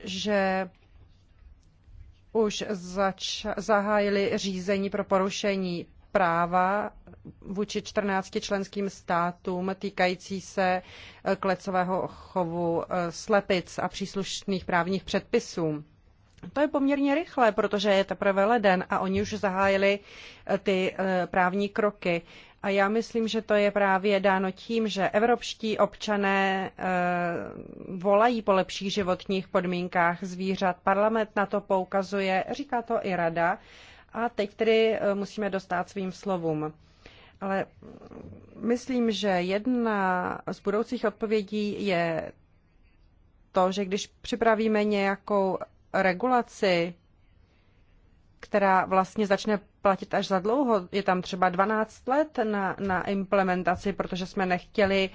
že už zač- zahájili řízení pro porušení práva vůči 14 členským státům týkající se eh, klecového chovu eh, slepic a příslušných právních předpisů. To je poměrně rychlé, protože je teprve leden a oni už zahájili eh, ty právní kroky. A já myslím, že to je právě dáno tím, že evropští občané eh, volají po lepších životních podmínkách zvířat. Parlament na to poukazuje, říká to i rada. A teď tedy eh, musíme dostat svým slovům. Ale myslím, že jedna z budoucích odpovědí je to, že když připravíme nějakou regulaci která vlastně začne platit až za dlouho. Je tam třeba 12 let na, na implementaci, protože jsme nechtěli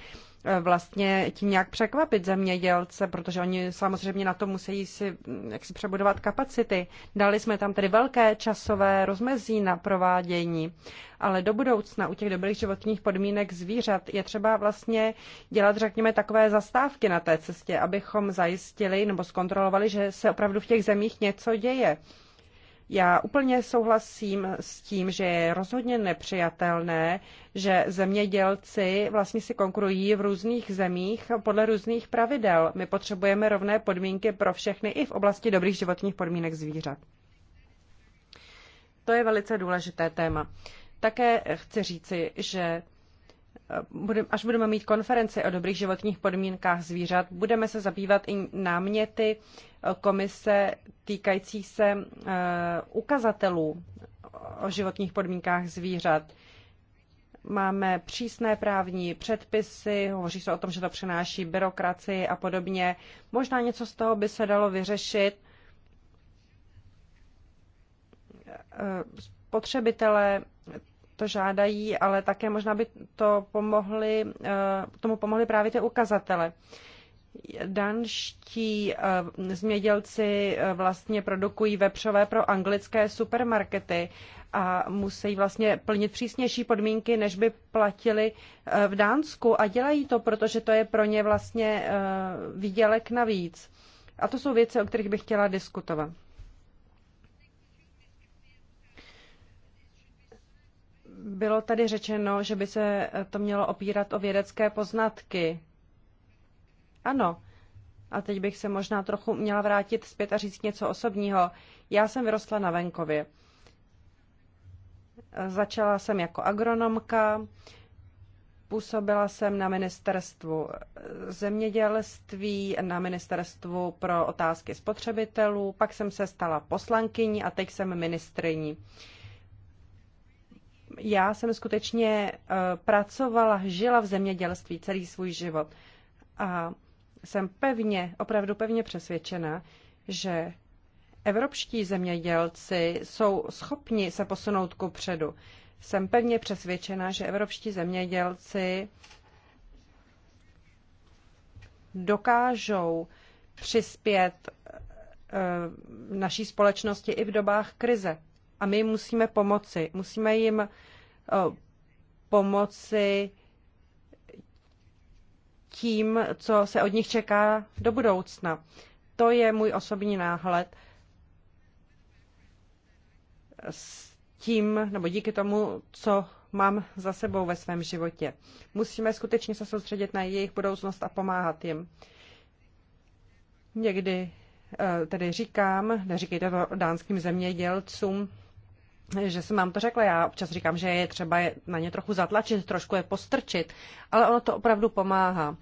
eh, vlastně tím nějak překvapit zemědělce, protože oni samozřejmě na to musí si, mm, jak si přebudovat kapacity. Dali jsme tam tedy velké časové rozmezí na provádění, ale do budoucna u těch dobrých životních podmínek zvířat je třeba vlastně dělat, řekněme, takové zastávky na té cestě, abychom zajistili nebo zkontrolovali, že se opravdu v těch zemích něco děje. Já úplně souhlasím s tím, že je rozhodně nepřijatelné, že zemědělci vlastně si konkurují v různých zemích podle různých pravidel. My potřebujeme rovné podmínky pro všechny i v oblasti dobrých životních podmínek zvířat. To je velice důležité téma. Také chci říci, že až budeme mít konferenci o dobrých životních podmínkách zvířat, budeme se zabývat i náměty eh, komise týkající se eh, ukazatelů o životních podmínkách zvířat. Máme přísné právní předpisy, hovoří se o tom, že to přináší byrokracii a podobně. Možná něco z toho by se dalo vyřešit. Eh, Potřebitelé to žádají, ale také možná by to pomohli eh, tomu pomohly právě ty ukazatele. Danští eh, změdělci eh, vlastně produkují vepřové pro anglické supermarkety a musí vlastně plnit přísnější podmínky, než by platili v Dánsku a dělají to, protože to je pro ně vlastně výdělek navíc. A to jsou věci, o kterých bych chtěla diskutovat. Bylo tady řečeno, že by se to mělo opírat o vědecké poznatky. Ano. A teď bych se možná trochu měla vrátit zpět a říct něco osobního. Já jsem vyrostla na venkově. Začala jsem jako agronomka, působila jsem na ministerstvu zemědělství, na ministerstvu pro otázky spotřebitelů, pak jsem se stala poslankyní a teď jsem ministriní já jsem skutečně eh, pracovala, žila v zemědělství celý svůj život a jsem pevně, opravdu pevně přesvědčena, že evropští zemědělci jsou schopni se posunout ku předu. Jsem pevně přesvědčena, že evropští zemědělci dokážou přispět eh, naší společnosti i v dobách krize a my musíme pomoci. Musíme jim eh, pomoci tím, co se od nich čeká do budoucna. To je můj osobní náhled. S tím, nebo díky tomu, co mám za sebou ve svém životě. Musíme skutečně se soustředit na jejich budoucnost a pomáhat jim. Někdy eh, tedy říkám, neříkejte to dánským zemědělcům, že jsem vám to řekla, já občas říkám, že je třeba na ně trochu zatlačit, trošku je postrčit, ale ono to opravdu pomáhá.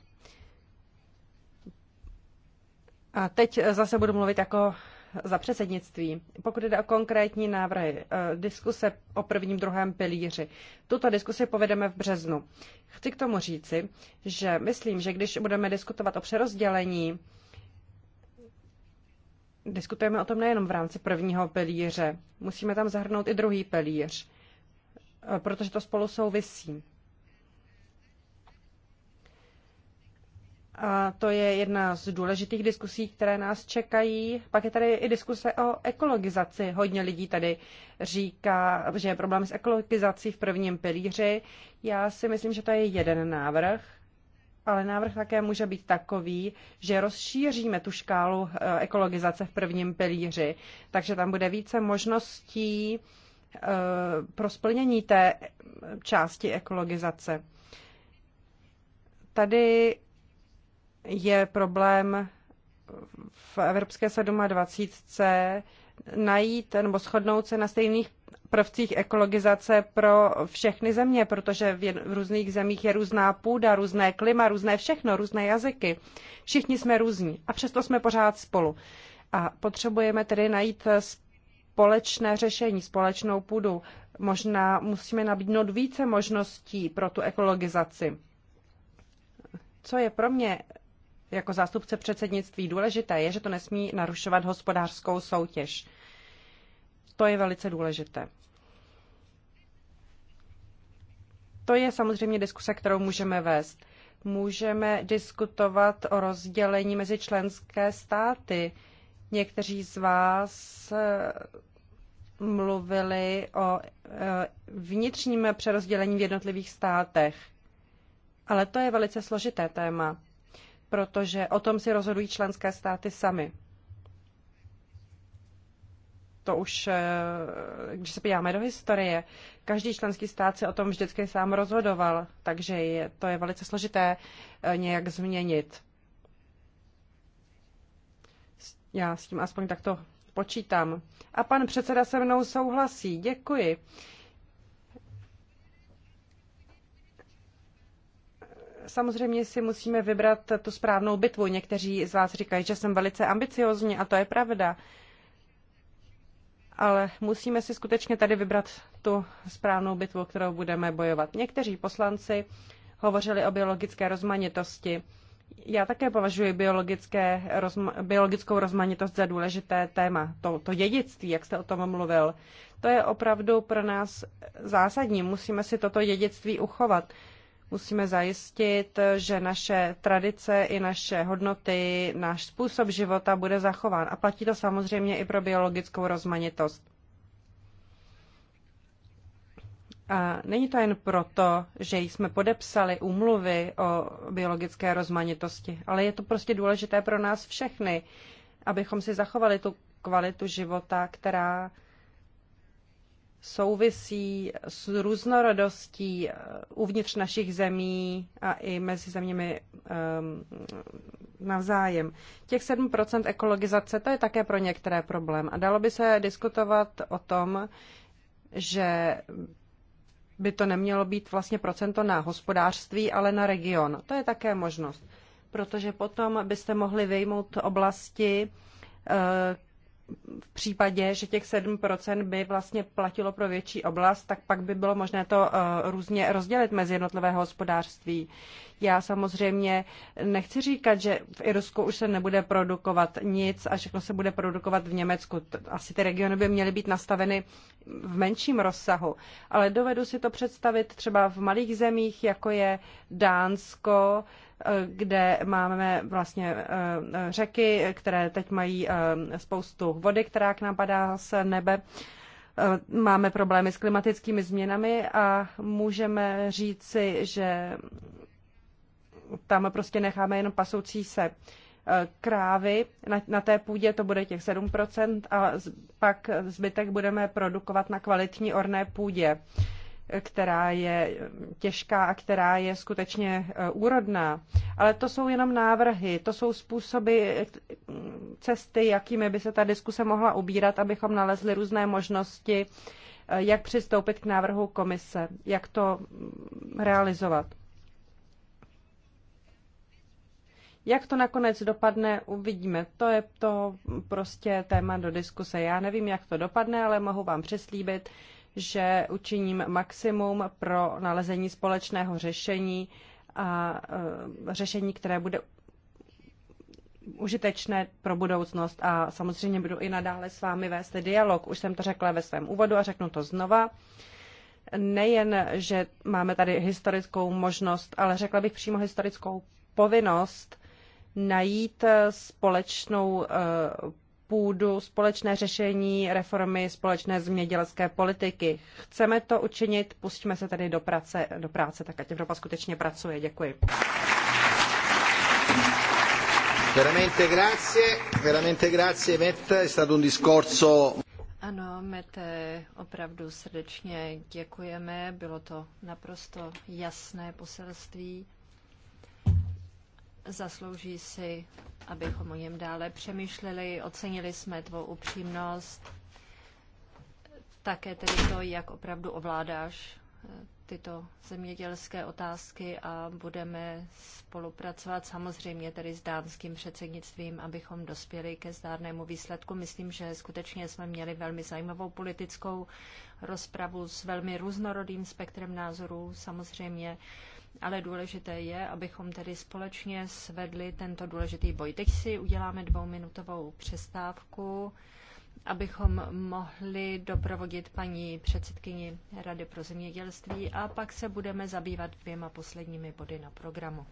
A teď zase budu mluvit jako za předsednictví. Pokud jde o konkrétní návrhy, eh, diskuse o prvním, druhém pilíři, tuto diskusi povedeme v březnu. Chci k tomu říci, že myslím, že když budeme diskutovat o přerozdělení, diskutujeme o tom nejenom v rámci prvního pilíře. Musíme tam zahrnout i druhý pilíř, eh, protože to spolu souvisí. A to je jedna z důležitých diskusí, které nás čekají. Pak je tady i diskuse o ekologizaci. Hodně lidí tady říká, že je problém s ekologizací v prvním pilíři. Já si myslím, že to je jeden návrh ale návrh také může být takový, že rozšíříme tu škálu eh, ekologizace v prvním pilíři, takže tam bude více možností eh, pro splnění té části ekologizace. Tady je problém v Evropské 27 najít nebo shodnout se na stejných prvcích ekologizace pro všechny země, protože v, různých zemích je různá půda, různé klima, různé všechno, různé jazyky. Všichni jsme různí a přesto jsme pořád spolu. A potřebujeme tedy najít společné řešení, společnou půdu. Možná musíme nabídnout více možností pro tu ekologizaci. Co je pro mě jako zástupce předsednictví důležité, je, že to nesmí narušovat hospodářskou soutěž to je velice důležité. To je samozřejmě diskuse, kterou můžeme vést. Můžeme diskutovat o rozdělení mezi členské státy. Někteří z vás eh, mluvili o eh, vnitřním přerozdělení v jednotlivých státech. Ale to je velice složité téma, protože o tom si rozhodují členské státy sami to už, eh, když se podíváme do historie, každý členský stát se o tom vždycky sám rozhodoval, takže je, to je velice složité eh, nějak změnit. Já s tím aspoň takto počítám. A pan předseda se mnou souhlasí. Děkuji. samozřejmě si musíme vybrat tu správnou bitvu. Někteří z vás říkají, že jsem velice ambiciozní a to je pravda ale musíme si skutečně tady vybrat tu správnou bitvu, kterou budeme bojovat. Někteří poslanci hovořili o biologické rozmanitosti. Já také považuji biologické, rozma, biologickou rozmanitost za důležité téma. To, to dědictví, jak jste o tom mluvil, to je opravdu pro nás zásadní. Musíme si toto dědictví uchovat. Musíme zajistit, že naše tradice i naše hodnoty, náš způsob života bude zachován. A platí to samozřejmě i pro biologickou rozmanitost. A není to jen proto, že jsme podepsali úmluvy o biologické rozmanitosti, ale je to prostě důležité pro nás všechny, abychom si zachovali tu kvalitu života, která souvisí s různorodostí eh, uvnitř našich zemí a i mezi zeměmi um, navzájem. Těch 7% ekologizace, to je také pro některé problém. A dalo by se diskutovat o tom, že by to nemělo být vlastně procento na hospodářství, ale na region. To je také možnost, protože potom byste mohli vyjmout oblasti, eh, v případě, že těch 7% by vlastně platilo pro větší oblast, tak pak by bylo možné to eh, různě rozdělit mezi jednotlivé hospodářství. Já samozřejmě nechci říkat, že v Irsku už se nebude produkovat nic a všechno se bude produkovat v Německu. Asi ty regiony by měly být nastaveny v menším rozsahu, ale dovedu si to představit třeba v malých zemích, jako je Dánsko, kde máme vlastně eh, řeky, které teď mají eh, spoustu vody, která k nám padá z nebe. Eh, máme problémy s klimatickými změnami a můžeme říci, že tam prostě necháme jenom pasoucí se krávy. Na, té půdě to bude těch 7% a pak zbytek budeme produkovat na kvalitní orné půdě která je těžká a která je skutečně eh, úrodná. Ale to jsou jenom návrhy, to jsou způsoby, eh, cesty, jakými by se ta diskuse mohla ubírat, abychom nalezli různé možnosti, eh, jak přistoupit k návrhu komise, jak to mm, realizovat. Jak to nakonec dopadne, uvidíme. To je to prostě téma do diskuse. Já nevím, jak to dopadne, ale mohu vám přeslíbit že učiním maximum pro nalezení společného řešení a e, řešení, které bude užitečné pro budoucnost a samozřejmě budu i nadále s vámi vést dialog. Už jsem to řekla ve svém úvodu a řeknu to znova. Nejen, že máme tady historickou možnost, ale řekla bych přímo historickou povinnost najít společnou e, půdu společné řešení reformy společné zemědělské politiky. Chceme to učinit, pustíme se tedy do práce, do práce tak ať Evropa skutečně pracuje. Děkuji. Veramente grazie, veramente grazie Met, è stato un discorso... Ano, Mete, opravdu srdečně děkujeme, bylo to naprosto jasné poselství zaslouží si, abychom o něm dále přemýšleli. Ocenili jsme tvou upřímnost, také tedy to, jak opravdu ovládáš eh, tyto zemědělské otázky a budeme spolupracovat samozřejmě tedy s dánským předsednictvím, abychom dospěli ke zdárnému výsledku. Myslím, že skutečně jsme měli velmi zajímavou politickou rozpravu s velmi různorodým spektrem názorů. Samozřejmě ale důležité je, abychom tedy společně svedli tento důležitý boj. Teď si uděláme dvouminutovou přestávku, abychom mohli doprovodit paní předsedkyni Rady pro zemědělství a pak se budeme zabývat dvěma posledními body na programu.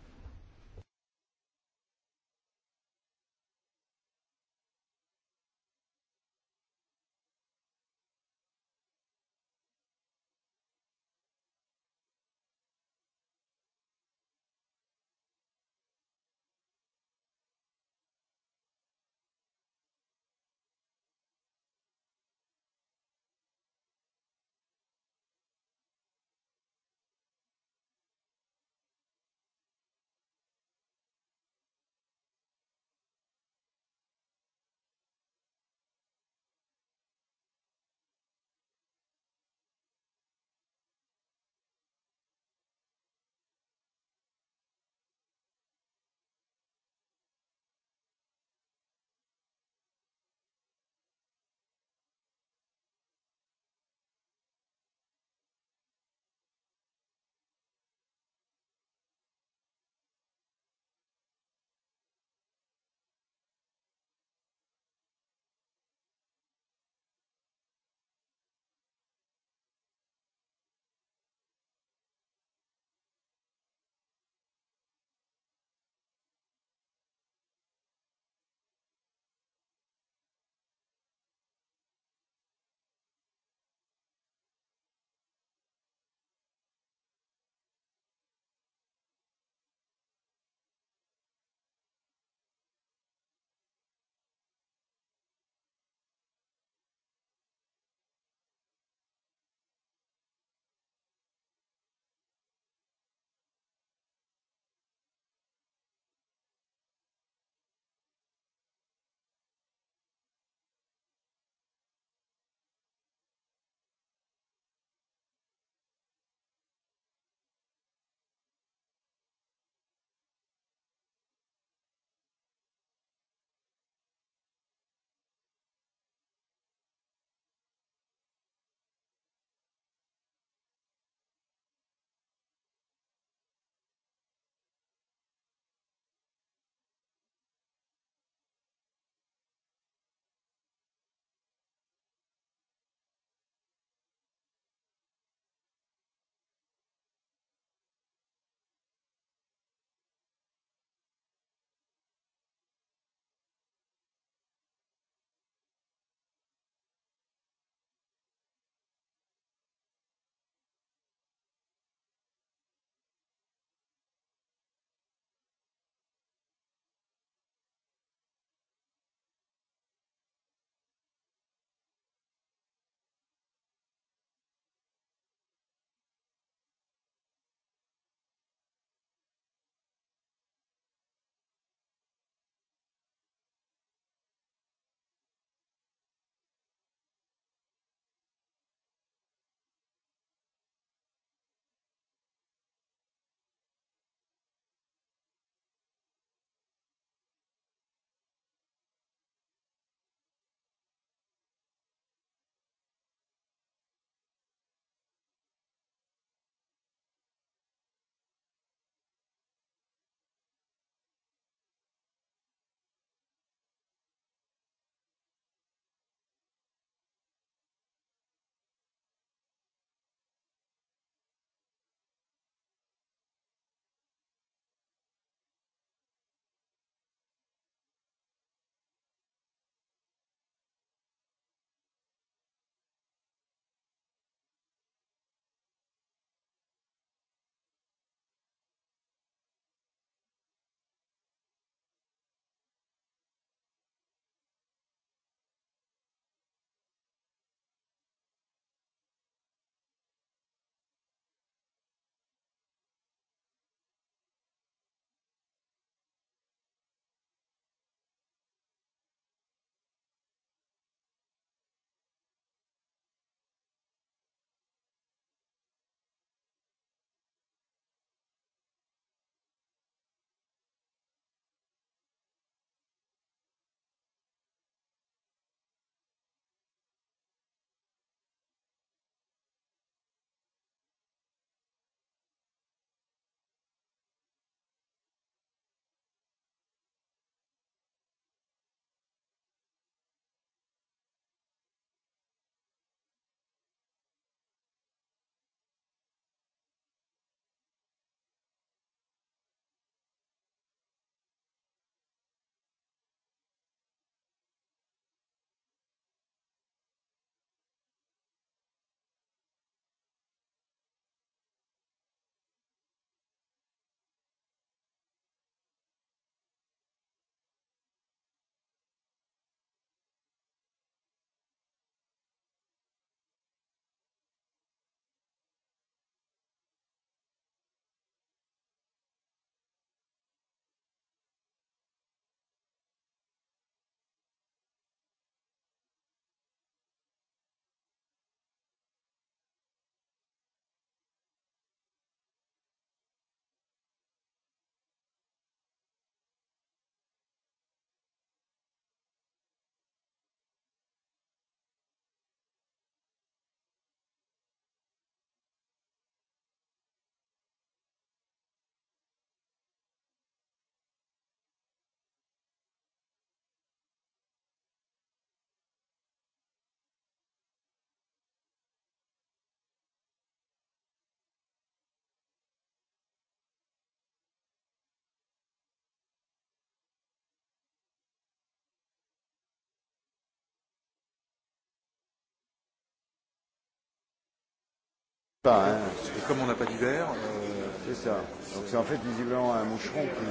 Pas, hein. Et comme on n'a pas d'hiver, euh... c'est ça. Donc c'est en fait visiblement un moucheron qui.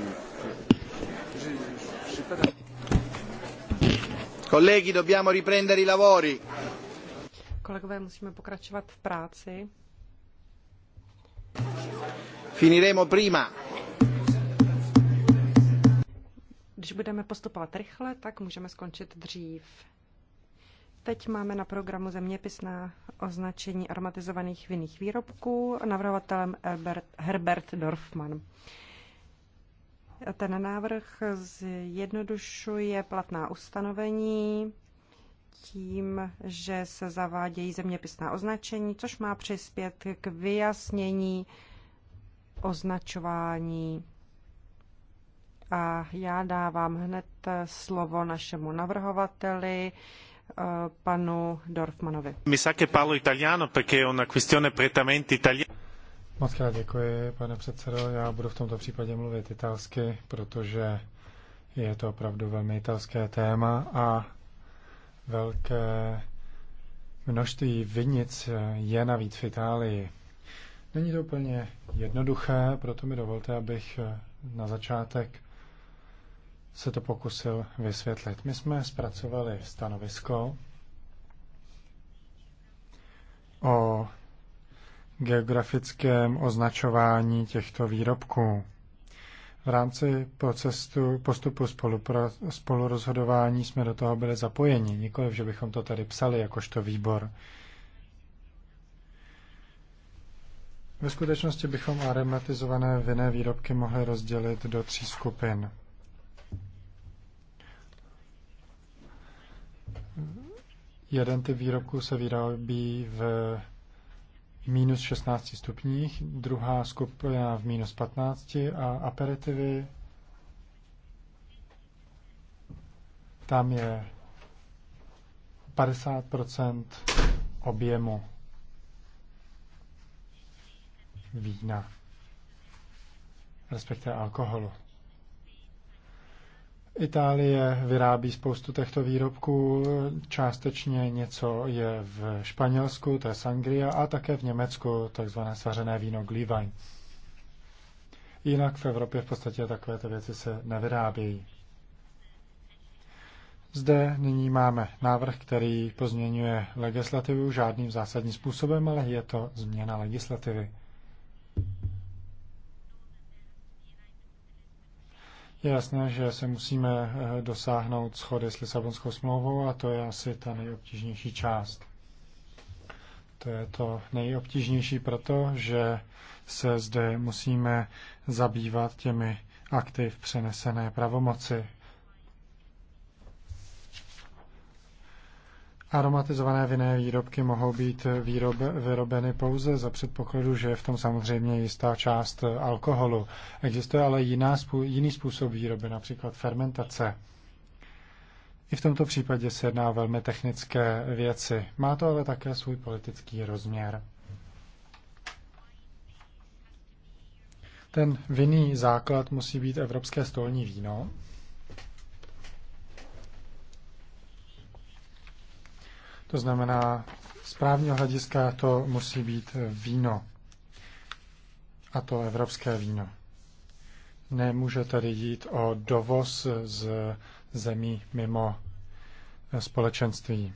Je sais pas. Colleghi, dobbiamo riprendere i lavori. Kolegové, musíme pokračovat v práci. Finiremo prima. Když budeme postupovat rychle, tak můžeme skončit dřív. Teď máme na programu zeměpisná označení aromatizovaných vinných výrobků navrhovatelem Herbert, Herbert Dorfman. Ten návrh zjednodušuje platná ustanovení tím, že se zavádějí zeměpisná označení, což má přispět k vyjasnění označování. A já dávám hned slovo našemu navrhovateli, Eh, panu Dorfmanovi. Mi sa che parlo italiano perché è una questione prettamente italiana. Moc krát děkuji, pane předsedo. Já budu v tomto případě mluvit italsky, protože je to opravdu velmi italské téma a velké množství vinic je navíc v Itálii. Není to úplně jednoduché, proto mi dovolte, abych na začátek se to pokusil vysvětlit. My jsme zpracovali stanovisko o geografickém označování těchto výrobků. V rámci procesu, postupu spolurozhodování jsme do toho byli zapojeni, nikoliv, že bychom to tady psali jakožto výbor. Ve skutečnosti bychom aromatizované vinné výrobky mohli rozdělit do tří skupin. Jeden typ výrobku se vyrábí v minus 16 stupních, druhá skupina v minus 15 a aperitivy tam je 50 objemu vína, respektive alkoholu. Itálie vyrábí spoustu těchto výrobků, částečně něco je v Španělsku, to je sangria, a také v Německu, takzvané svařené víno Glühwein. Jinak v Evropě v podstatě takovéto věci se nevyrábějí. Zde nyní máme návrh, který pozměňuje legislativu žádným zásadním způsobem, ale je to změna legislativy. Je jasné, že se musíme eh, dosáhnout schody s Lisabonskou smlouvou a to je asi ta nejobtížnější část. To je to nejobtížnější proto, že se zde musíme zabývat těmi akty v přenesené pravomoci. Aromatizované vinné výrobky mohou být výrob, vyrobeny pouze za předpokladu, že je v tom samozřejmě jistá část alkoholu. Existuje ale jiná, jiný způsob výroby, například fermentace. I v tomto případě se jedná o velmi technické věci. Má to ale také svůj politický rozměr. Ten vinný základ musí být evropské stolní víno, To znamená, z právního hlediska to musí být víno. A to evropské víno. Nemůže tedy jít o dovoz z zemí mimo společenství.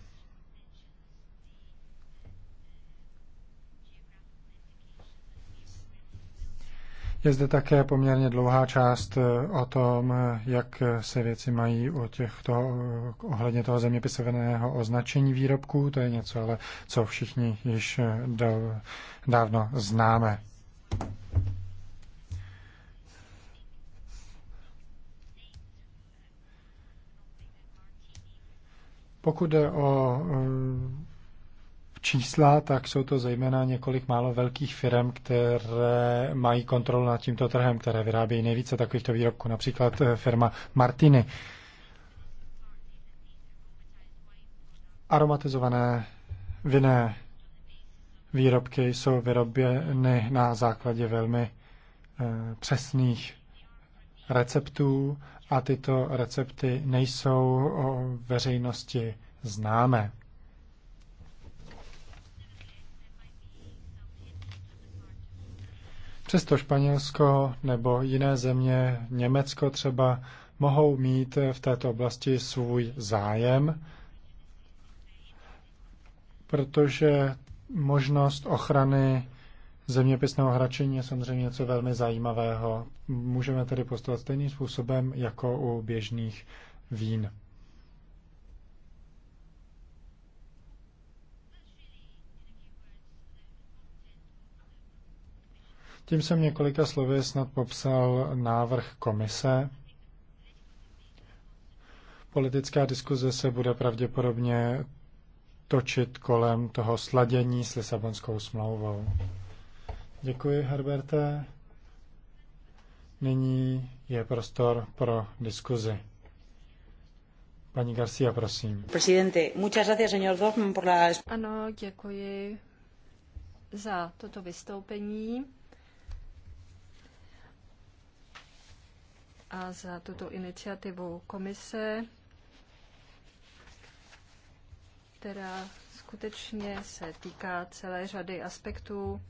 Je zde také poměrně dlouhá část eh, o tom, eh, jak se věci mají o těchto, eh, ohledně toho zeměpisového označení výrobků. To je něco, ale co všichni již dávno známe. Pokud jde o čísla, tak jsou to zejména několik málo velkých firm, které mají kontrolu nad tímto trhem, které vyrábějí nejvíce takovýchto výrobků, například eh, firma Martiny. Aromatizované vinné výrobky jsou vyroběny na základě velmi eh, přesných receptů a tyto recepty nejsou o veřejnosti známé. Přesto Španělsko nebo jiné země, Německo třeba, mohou mít v této oblasti svůj zájem, protože možnost ochrany zeměpisného hračení je samozřejmě něco velmi zajímavého. Můžeme tedy postupovat stejným způsobem jako u běžných vín. Tím jsem několika slovy snad popsal návrh komise. Politická diskuze se bude pravděpodobně točit kolem toho sladění s Lisabonskou smlouvou. Děkuji, Herberte. Nyní je prostor pro diskuzi. Paní Garcia, prosím. Presidente, muchas gracias, señor Dorfman, por la... Ano, děkuji za toto vystoupení. a za tuto iniciativu komise, která skutečně se týká celé řady aspektů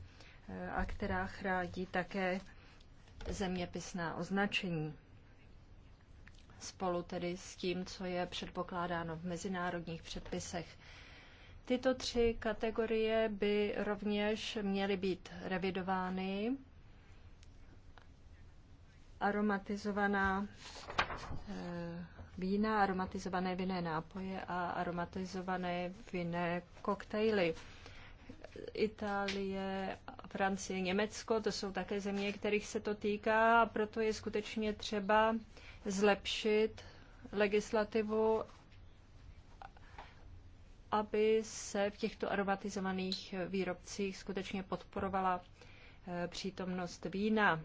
eh, a která chrání také zeměpisná označení. Spolu tedy s tím, co je předpokládáno v mezinárodních předpisech. Tyto tři kategorie by rovněž měly být revidovány aromatizovaná eh, vína, aromatizované vinné nápoje a aromatizované vinné koktejly. Itálie, Francie, Německo, to jsou také země, kterých se to týká a proto je skutečně třeba zlepšit legislativu, aby se v těchto aromatizovaných výrobcích skutečně podporovala eh, přítomnost vína.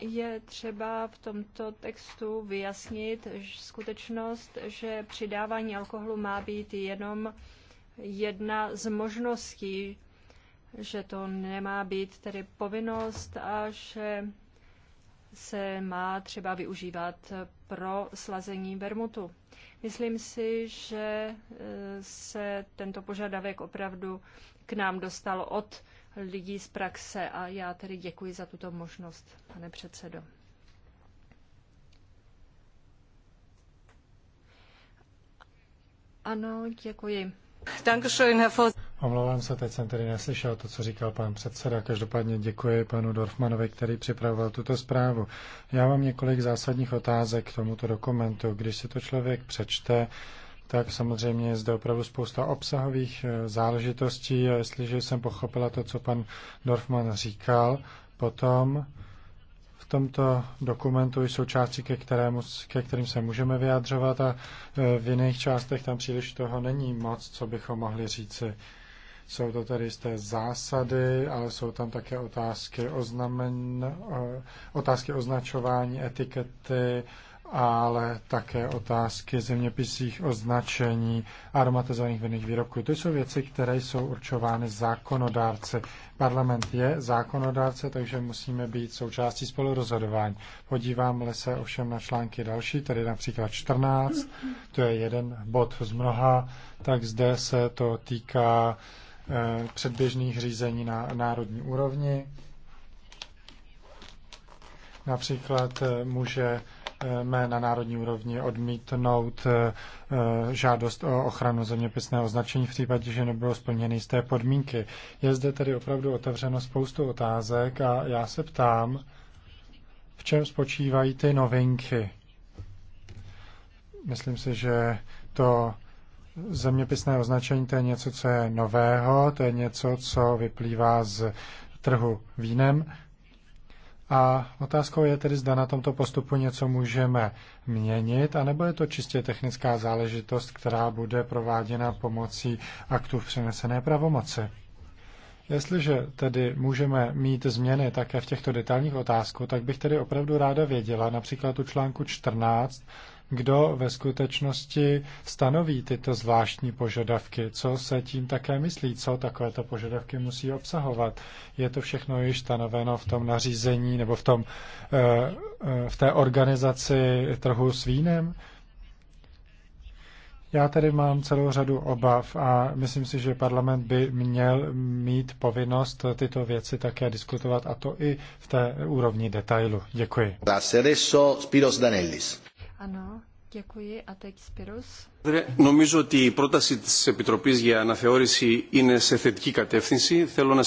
je třeba v tomto textu vyjasnit skutečnost, že přidávání alkoholu má být jenom jedna z možností, že to nemá být tedy povinnost a že se má třeba využívat pro slazení vermutu. Myslím si, že eh, se tento požadavek opravdu k nám dostal od lidí z praxe a já tedy děkuji za tuto možnost, pane předsedo. Ano, děkuji. Omlouvám se, teď jsem tedy neslyšel to, co říkal pan předseda. Každopádně děkuji panu Dorfmanovi, který připravoval tuto zprávu. Já mám několik zásadních otázek k tomuto dokumentu. Když si to člověk přečte, tak samozřejmě je zde opravdu spousta obsahových eh, záležitostí a jestliže jsem pochopila to, co pan Dorfman říkal, potom v tomto dokumentu jsou části, ke, kterému, ke kterým se můžeme vyjadřovat a eh, v jiných částech tam příliš toho není moc, co bychom mohli říci. Jsou to tedy jisté zásady, ale jsou tam také otázky, oznamen, eh, otázky označování, etikety, ale také otázky zeměpisích označení aromatizovaných vinných výrobků. To jsou věci, které jsou určovány zákonodárci. Parlament je zákonodárce, takže musíme být součástí spolurozhodování. Podíváme se ovšem na články další, tedy například 14, to je jeden bod z mnoha, tak zde se to týká eh, předběžných řízení na národní úrovni. Například eh, může mé na národní úrovni odmítnout eh, eh, žádost o ochranu zeměpisného označení v případě, že nebylo splněny té podmínky. Je zde tedy opravdu otevřeno spoustu otázek a já se ptám, v čem spočívají ty novinky. Myslím si, že to zeměpisné označení to je něco, co je nového, to je něco, co vyplývá z trhu vínem a otázkou je tedy, zda na tomto postupu něco můžeme měnit, anebo je to čistě technická záležitost, která bude prováděna pomocí aktů v přenesené pravomoci. Jestliže tedy můžeme mít změny také v těchto detailních otázkách, tak bych tedy opravdu ráda věděla, například u článku 14, kdo ve skutečnosti stanoví tyto zvláštní požadavky, co se tím také myslí, co takovéto požadavky musí obsahovat. Je to všechno již stanoveno v tom nařízení nebo v, tom, eh, eh, v té organizaci trhu s vínem? Já tady mám celou řadu obav a myslím si, že parlament by měl mít povinnost tyto věci také diskutovat a to i v té úrovni detailu. Děkuji. Spiros Danellis. Ano, děkuji. A teď Spirus. Νομίζω ότι η πρόταση της Επιτροπής για αναθεώρηση είναι σε θετική κατεύθυνση. Θέλω να...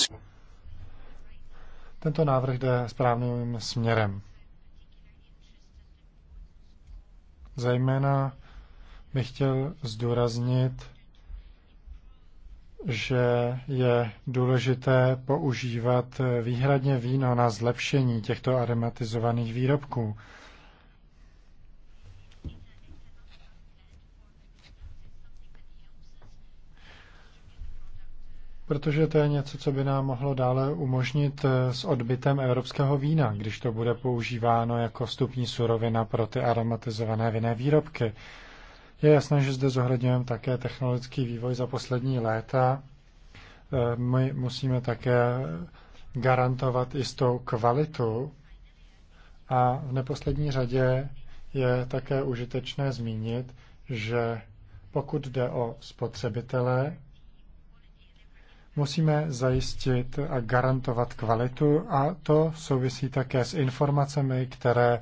Tento návrh jde správným směrem. Zejména bych chtěl zdůraznit, že je důležité používat výhradně víno na zlepšení těchto aromatizovaných výrobků. protože to je něco, co by nám mohlo dále umožnit eh, s odbytem evropského vína, když to bude používáno jako vstupní surovina pro ty aromatizované vinné výrobky. Je jasné, že zde zohledňujeme také technologický vývoj za poslední léta. Eh, my musíme také garantovat jistou kvalitu a v neposlední řadě je také užitečné zmínit, že pokud jde o spotřebitele, Musíme zajistit a garantovat kvalitu a to souvisí také s informacemi, které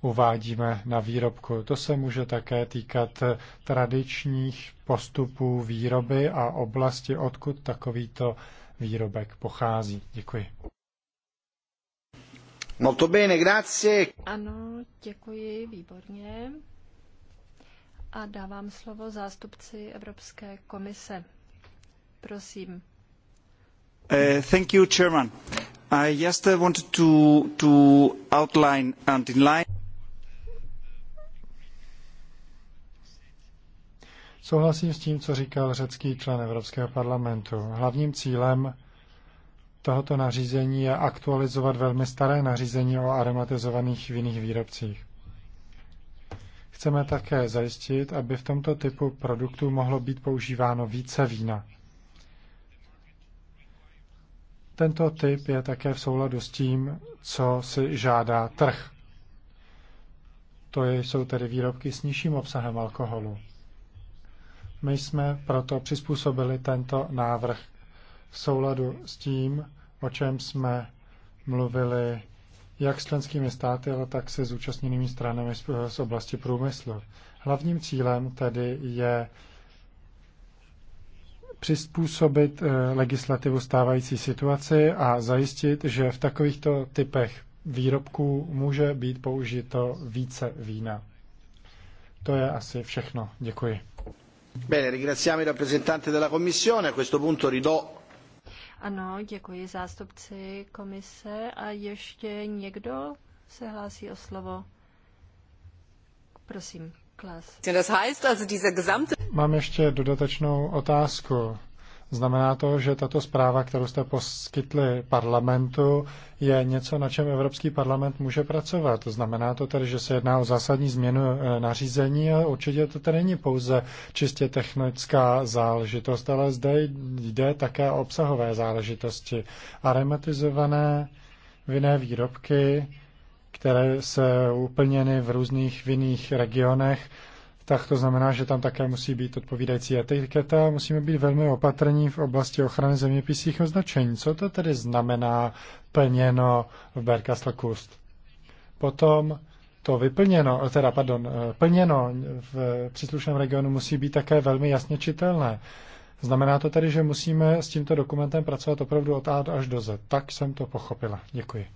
uvádíme na výrobku. To se může také týkat tradičních postupů výroby a oblasti, odkud takovýto výrobek pochází. Děkuji. Molto bene, grazie. Ano, děkuji, výborně. A dávám slovo zástupci Evropské komise. Prosím. Uh, thank you, Chairman. I just uh, wanted to, outline and in line. Souhlasím s tím, co říkal řecký člen Evropského parlamentu. Hlavním cílem tohoto nařízení je aktualizovat velmi staré nařízení o aromatizovaných vinných výrobcích. Chceme také zajistit, aby v tomto typu produktu mohlo být používáno více vína. Tento typ je také v souladu s tím, co si žádá trh. To jsou tedy výrobky s nižším obsahem alkoholu. My jsme proto přizpůsobili tento návrh v souladu s tím, o čem jsme mluvili jak s členskými státy, ale tak se zúčastněnými stranami z oblasti průmyslu. Hlavním cílem tedy je přizpůsobit eh, legislativu stávající situaci a zajistit, že v takovýchto typech výrobků může být použito více vína. To je asi všechno. Děkuji. Bene, ringraziamo i rappresentante della Commissione. A questo punto ridò ano, děkuji zástupci komise. A ještě někdo se hlásí o slovo? Prosím. Mám ještě dodatečnou otázku. Znamená to, že tato zpráva, kterou jste poskytli parlamentu, je něco, na čem Evropský parlament může pracovat. Znamená to tedy, že se jedná o zásadní změnu eh, nařízení a určitě to tedy není pouze čistě technická záležitost, ale zde jde také o obsahové záležitosti. Aromatizované vinné výrobky které se uplněny v různých v jiných regionech, tak to znamená, že tam také musí být odpovídající etiketa. Musíme být velmi opatrní v oblasti ochrany zeměpisných označení. Co to tedy znamená plněno v Berkastl Kust? Potom to vyplněno, teda pardon, plněno v příslušném regionu musí být také velmi jasně čitelné. Znamená to tedy, že musíme s tímto dokumentem pracovat opravdu od A až do Z. Tak jsem to pochopila. Děkuji.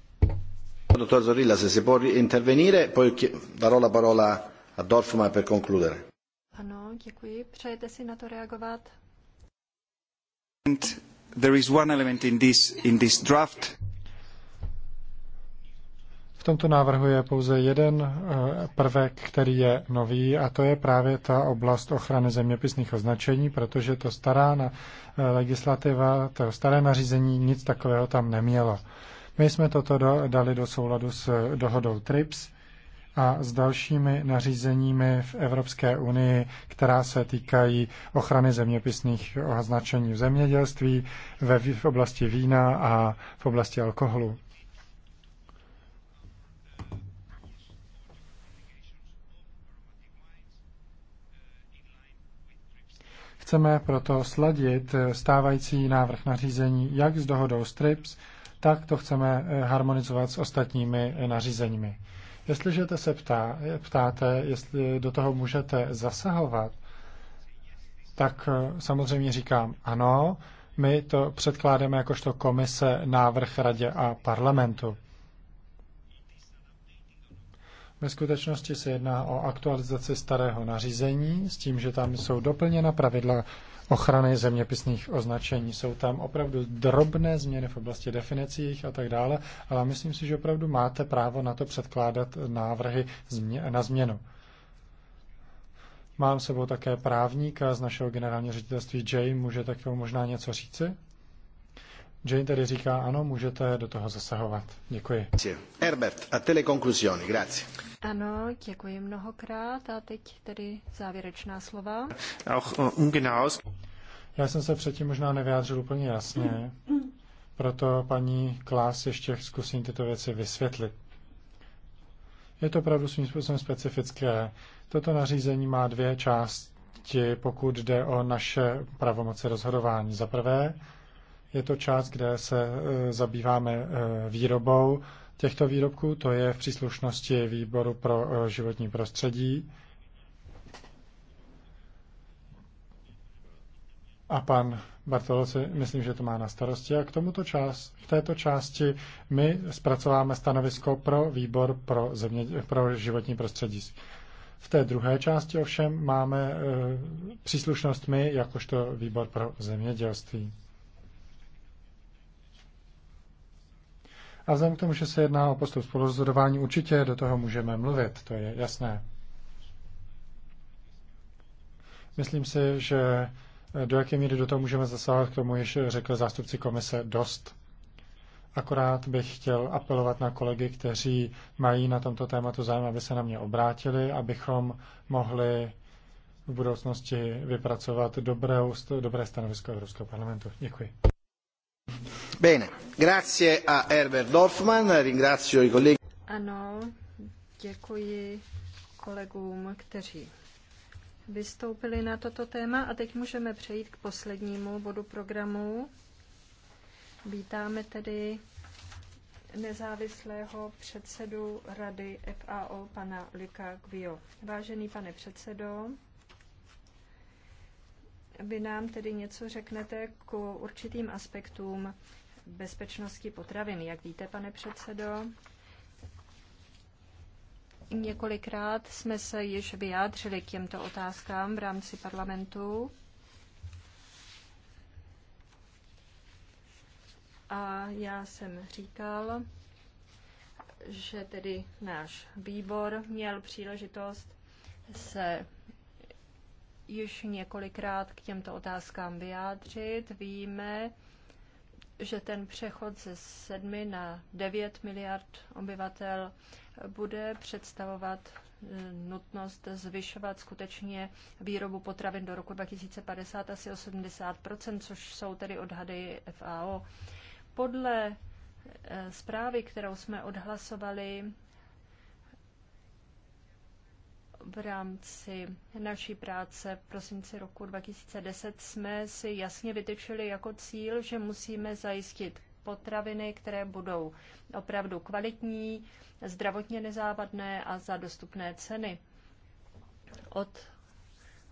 Dottor Zorilla, se si può intervenire, poi darò la parola a Dorfman per concludere. Ano, děkuji. Přejete si na to reagovat? And there is one element in this, in this draft. V tomto návrhu je pouze jeden eh, prvek, který je nový, a to je právě ta oblast ochrany zeměpisných označení, protože to stará eh, legislativa, to staré nařízení nic takového tam nemělo. My jsme toto dali do souladu s eh, dohodou TRIPS a s dalšími nařízeními v Evropské unii, která se týkají ochrany zeměpisných označení v zemědělství, ve, v oblasti vína a v oblasti alkoholu. Chceme proto sladit eh, stávající návrh nařízení jak s dohodou STRIPS, tak to chceme eh, harmonizovat s ostatními eh, nařízeními. Jestliže se ptá, eh, ptáte, jestli do toho můžete zasahovat, tak samozřejmě říkám ano, my to předkládáme jakožto komise, návrh radě a parlamentu. Ve skutečnosti se jedná o aktualizaci starého nařízení s tím, že tam jsou doplněna pravidla ochrany zeměpisných označení. Jsou tam opravdu drobné změny v oblasti definicí jich a tak dále, ale myslím si, že opravdu máte právo na to předkládat návrhy na změnu. Mám sebou také právníka z našeho generálního ředitelství Jane, může tak tomu možná něco říci? Jane tedy říká, ano, můžete do toho zasahovat. Děkuji. Herbert, a tele conclusioni, grazie. Ano, děkuji mnohokrát a teď tedy závěrečná slova. Auch äh, ungenaus. Já jsem se předtím možná nevyjádřil úplně jasně, proto paní Klás ještě zkusím tyto věci vysvětlit. Je to opravdu svým způsobem specifické. Toto nařízení má dvě části, pokud jde o naše pravomoci rozhodování. Za prvé, je to část, kde se e, zabýváme e, výrobou těchto výrobků. To je v příslušnosti výboru pro eh, životní prostředí. A pan Bartolo si myslím, že to má na starosti. A k tomuto část, v této části my zpracováme stanovisko pro výbor pro, země, pro životní prostředí. V té druhé části ovšem máme e, příslušnost my, jakožto výbor pro zemědělství. A vzhledem k tomu, že se jedná o postup spolurozhodování, určitě do toho můžeme mluvit, to je jasné. Myslím si, že do jaké míry do toho můžeme zasáhnout, k tomu již řekl zástupci komise dost. Akorát bych chtěl apelovat na kolegy, kteří mají na tomto tématu zájem, aby se na mě obrátili, abychom mohli v budoucnosti vypracovat dobré, dobré stanovisko Evropského parlamentu. Děkuji. Bene, grazie a Herbert Dorfman, ringrazio i colleghi. Ano, děkuji kolegům, kteří vystoupili na toto téma a teď můžeme přejít k poslednímu bodu programu. Vítáme tedy nezávislého předsedu Rady FAO, pana Lika Gvio. Vážený pane předsedo, vy nám tedy něco řeknete k určitým aspektům bezpečnosti potravin. Jak víte, pane předsedo, několikrát jsme se již vyjádřili k těmto otázkám v rámci parlamentu. A já jsem říkal, že tedy náš výbor měl příležitost se již několikrát k těmto otázkám vyjádřit. Víme, že ten přechod ze 7 na 9 miliard obyvatel bude představovat eh, nutnost zvyšovat skutečně výrobu potravin do roku 2050 asi 80 což jsou tedy odhady FAO. Podle eh, zprávy, kterou jsme odhlasovali v rámci naší práce v prosinci roku 2010 jsme si jasně vytyčili jako cíl, že musíme zajistit potraviny, které budou opravdu kvalitní, zdravotně nezávadné a za dostupné ceny. Od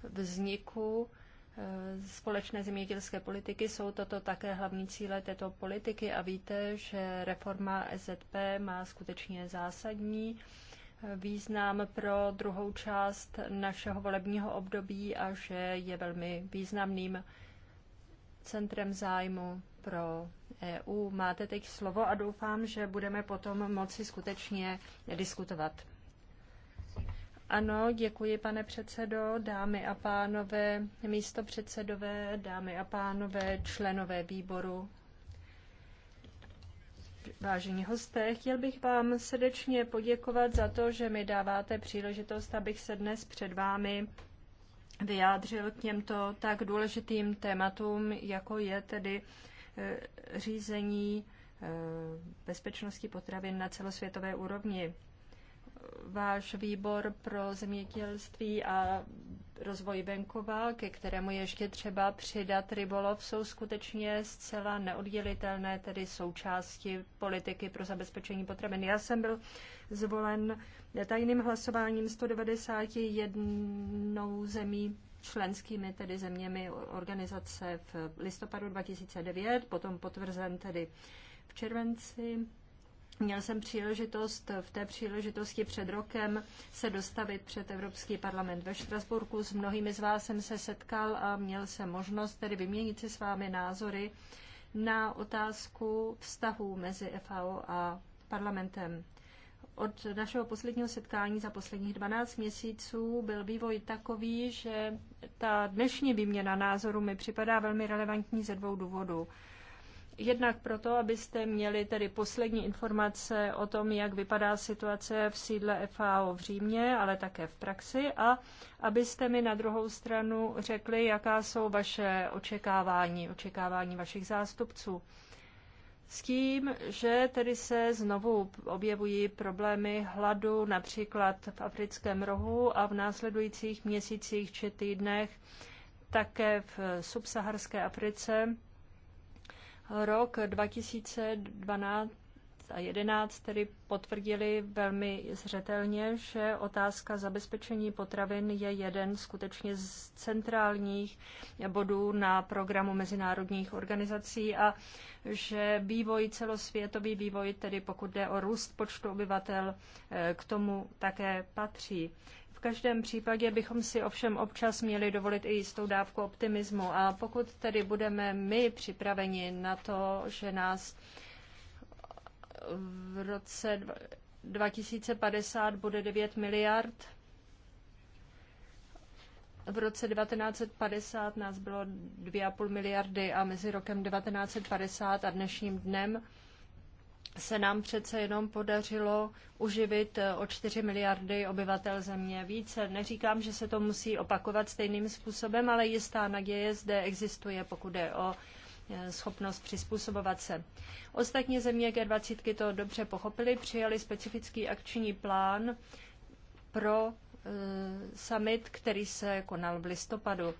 vzniku eh, společné zemědělské politiky jsou toto také hlavní cíle této politiky a víte, že reforma SZP má skutečně zásadní význam pro druhou část našeho volebního období a že je velmi významným centrem zájmu pro EU. Máte teď slovo a doufám, že budeme potom moci skutečně diskutovat. Ano, děkuji, pane předsedo, dámy a pánové, místo předsedové, dámy a pánové, členové výboru vážení hosté, chtěl bych vám srdečně poděkovat za to, že mi dáváte příležitost, abych se dnes před vámi vyjádřil k těmto tak důležitým tématům, jako je tedy e, řízení e, bezpečnosti potravin na celosvětové úrovni. Váš výbor pro zemědělství a rozvoj venkova, ke kterému ještě třeba přidat rybolov, jsou skutečně zcela neoddělitelné, tedy součásti politiky pro zabezpečení potravin. Já jsem byl zvolen tajným hlasováním 191 zemí členskými tedy zeměmi organizace v listopadu 2009, potom potvrzen tedy v červenci Měl jsem příležitost v té příležitosti před rokem se dostavit před Evropský parlament ve Štrasburku. S mnohými z vás jsem se setkal a měl jsem možnost tedy vyměnit si s vámi názory na otázku vztahu mezi FAO a parlamentem. Od našeho posledního setkání za posledních 12 měsíců byl vývoj takový, že ta dnešní výměna názoru mi připadá velmi relevantní ze dvou důvodů. Jednak proto, abyste měli tedy poslední informace o tom, jak vypadá situace v sídle FAO v Římě, ale také v praxi a abyste mi na druhou stranu řekli, jaká jsou vaše očekávání, očekávání vašich zástupců. S tím, že tedy se znovu objevují problémy hladu například v africkém rohu a v následujících měsících či týdnech také v subsaharské Africe, Rok 2012 a 11 tedy potvrdili velmi zřetelně, že otázka zabezpečení potravin je jeden skutečně z centrálních bodů na programu mezinárodních organizací a že vývoj celosvětový vývoj, tedy pokud jde o růst počtu obyvatel, eh, k tomu také patří každém případě bychom si ovšem občas měli dovolit i jistou dávku optimismu. A pokud tedy budeme my připraveni na to, že nás v roce 2050 bude 9 miliard, v roce 1950 nás bylo 2,5 miliardy a mezi rokem 1950 a dnešním dnem se nám přece jenom podařilo uživit eh, o 4 miliardy obyvatel země více. Neříkám, že se to musí opakovat stejným způsobem, ale jistá naděje zde existuje, pokud je o eh, schopnost přizpůsobovat se. Ostatní země G20 to dobře pochopili, přijali specifický akční plán pro eh, summit, který se konal v listopadu.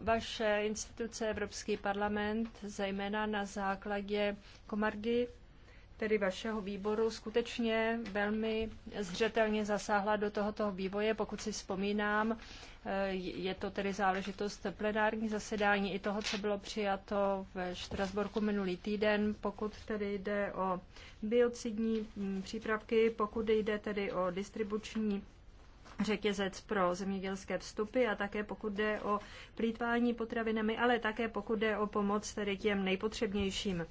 Vaše instituce, Evropský parlament, zejména na základě Komargy, tedy vašeho výboru skutečně velmi zřetelně zasáhla do tohoto vývoje, pokud si vzpomínám. Eh, je to tedy záležitost plenární zasedání i toho, co bylo přijato ve Štrasborku minulý týden, pokud tedy jde o biocidní mm, přípravky, pokud jde tedy o distribuční řetězec pro zemědělské vstupy a také pokud jde o plítvání potravinami, ale také pokud jde o pomoc tedy těm nejpotřebnějším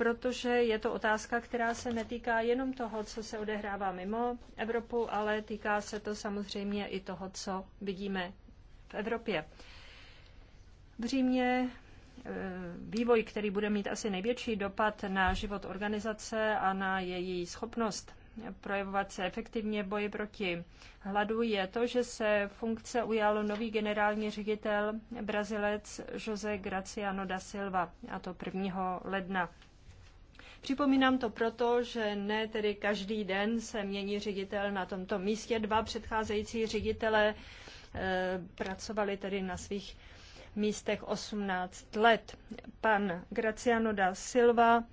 protože je to otázka, která se netýká jenom toho, co se odehrává mimo Evropu, ale týká se to samozřejmě i toho, co vidíme v Evropě. V Římě e, vývoj, který bude mít asi největší dopad na život organizace a na její schopnost projevovat se efektivně boji proti hladu, je to, že se funkce ujal nový generální ředitel brazilec José Graciano da Silva, a to 1. ledna Připomínám to proto, že ne tedy každý den se mění ředitel na tomto místě. Dva předcházející ředitele eh, pracovali tedy na svých místech 18 let. Pan Graciano da Silva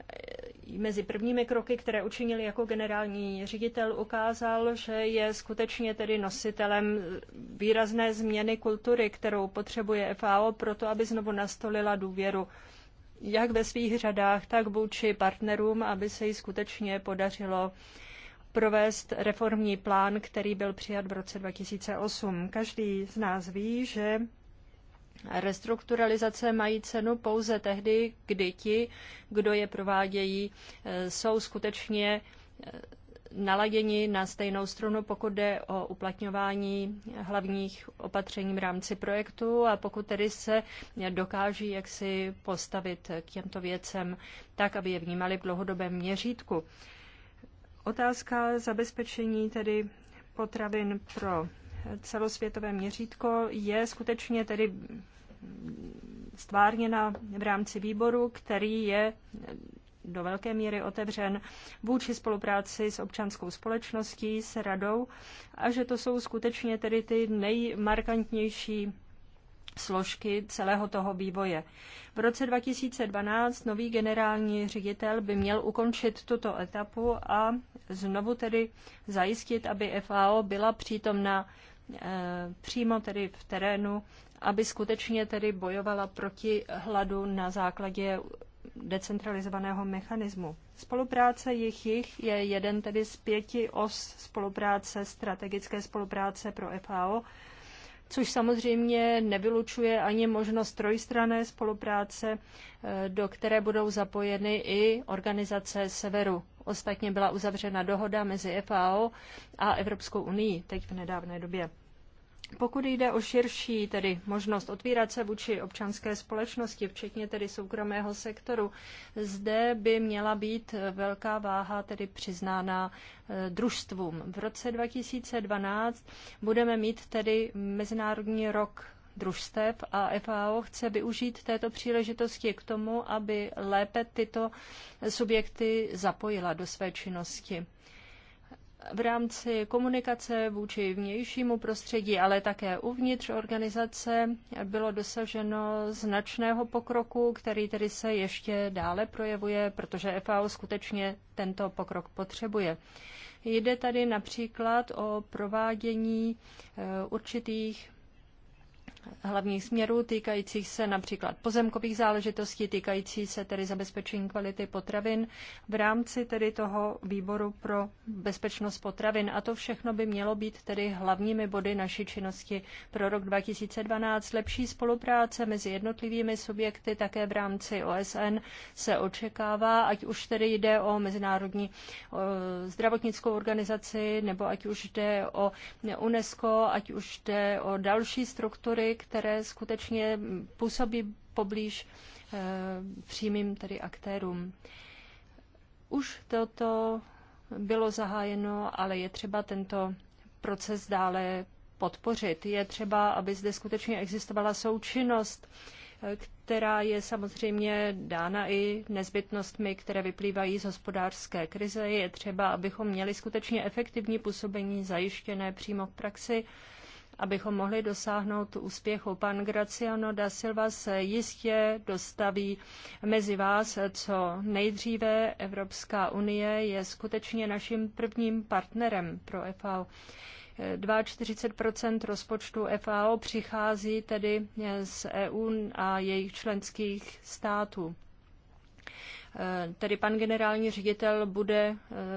eh, mezi prvními kroky, které učinil jako generální ředitel, ukázal, že je skutečně tedy nositelem výrazné změny kultury, kterou potřebuje FAO proto, aby znovu nastolila důvěru jak ve svých řadách, tak vůči partnerům, aby se jí skutečně podařilo provést reformní plán, který byl přijat v roce 2008. Každý z nás ví, že Restrukturalizace mají cenu pouze tehdy, kdy ti, kdo je provádějí, eh, jsou skutečně eh, naladěni na stejnou strunu, pokud jde o uplatňování hlavních opatření v rámci projektu a pokud tedy se dokáží jaksi postavit k těmto věcem tak, aby je vnímali v dlouhodobém měřítku. Otázka zabezpečení tedy potravin pro celosvětové měřítko je skutečně tedy stvárněna v rámci výboru, který je do velké míry otevřen vůči spolupráci s občanskou společností, s radou a že to jsou skutečně tedy ty nejmarkantnější složky celého toho vývoje. V roce 2012 nový generální ředitel by měl ukončit tuto etapu a znovu tedy zajistit, aby FAO byla přítomna e, přímo tedy v terénu, aby skutečně tedy bojovala proti hladu na základě decentralizovaného mechanismu. Spolupráce jich, jich je jeden tedy z pěti os spolupráce, strategické spolupráce pro FAO, což samozřejmě nevylučuje ani možnost trojstrané spolupráce, eh, do které budou zapojeny i organizace Severu. Ostatně byla uzavřena dohoda mezi FAO a Evropskou unii teď v nedávné době. Pokud jde o širší tedy možnost otvírat se vůči občanské společnosti, včetně tedy soukromého sektoru, zde by měla být velká váha tedy přiznána e, družstvům. V roce 2012 budeme mít tedy Mezinárodní rok družstev a FAO chce využít této příležitosti k tomu, aby lépe tyto subjekty zapojila do své činnosti v rámci komunikace vůči vnějšímu prostředí, ale také uvnitř organizace bylo dosaženo značného pokroku, který tedy se ještě dále projevuje, protože FAO skutečně tento pokrok potřebuje. Jde tady například o provádění eh, určitých hlavních směrů týkajících se například pozemkových záležitostí, týkající se tedy zabezpečení kvality potravin v rámci tedy toho výboru pro bezpečnost potravin. A to všechno by mělo být tedy hlavními body naší činnosti pro rok 2012. Lepší spolupráce mezi jednotlivými subjekty také v rámci OSN se očekává, ať už tedy jde o Mezinárodní zdravotnickou organizaci, nebo ať už jde o UNESCO, ať už jde o další struktury, které skutečně působí poblíž eh, přímým tedy aktérům. Už toto bylo zahájeno, ale je třeba tento proces dále podpořit. Je třeba, aby zde skutečně existovala součinnost, eh, která je samozřejmě dána i nezbytnostmi, které vyplývají z hospodářské krize. Je třeba, abychom měli skutečně efektivní působení zajištěné přímo v praxi abychom mohli dosáhnout úspěchu. Pan Graciano da Silva se jistě dostaví mezi vás co nejdříve. Evropská unie je skutečně naším prvním partnerem pro FAO. 42 rozpočtu FAO přichází tedy z EU a jejich členských států. Eh, tedy pan generální ředitel bude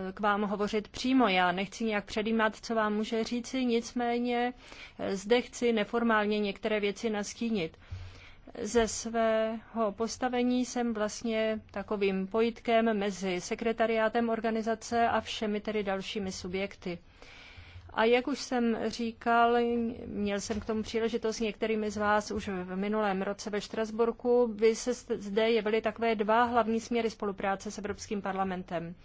eh, k vám hovořit přímo. Já nechci nějak předjímat, co vám může říci, nicméně eh, zde chci neformálně některé věci nastínit ze svého postavení jsem vlastně takovým pojitkem mezi sekretariátem organizace a všemi tedy dalšími subjekty. A jak už jsem říkal, měl jsem k tomu příležitost některými z vás už v minulém roce ve Štrasburku, vy se zde jevily takové dva hlavní směry spolupráce s Evropským parlamentem.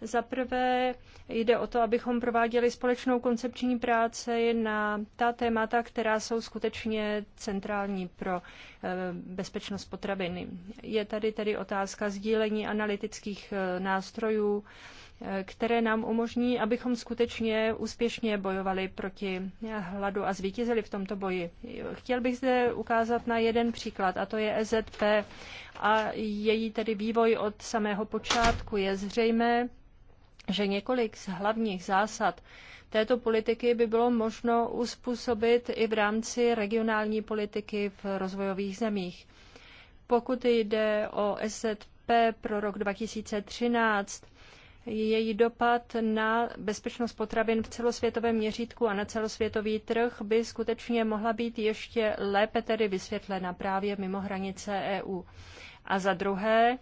Za prvé jde o to, abychom prováděli společnou koncepční práci na ta témata, která jsou skutečně centrální pro eh, bezpečnost potraviny. Je tady tedy otázka sdílení analytických eh, nástrojů, které nám umožní, abychom skutečně úspěšně bojovali proti hladu a zvítězili v tomto boji. Chtěl bych zde ukázat na jeden příklad, a to je EZP a její tedy vývoj od samého počátku. Je zřejmé, že několik z hlavních zásad této politiky by bylo možno uspůsobit i v rámci regionální politiky v rozvojových zemích. Pokud jde o SZP e pro rok 2013, její dopad na bezpečnost potravin v celosvětovém měřítku a na celosvětový trh by skutečně mohla být ještě lépe tedy vysvětlena právě mimo hranice EU. A za druhé,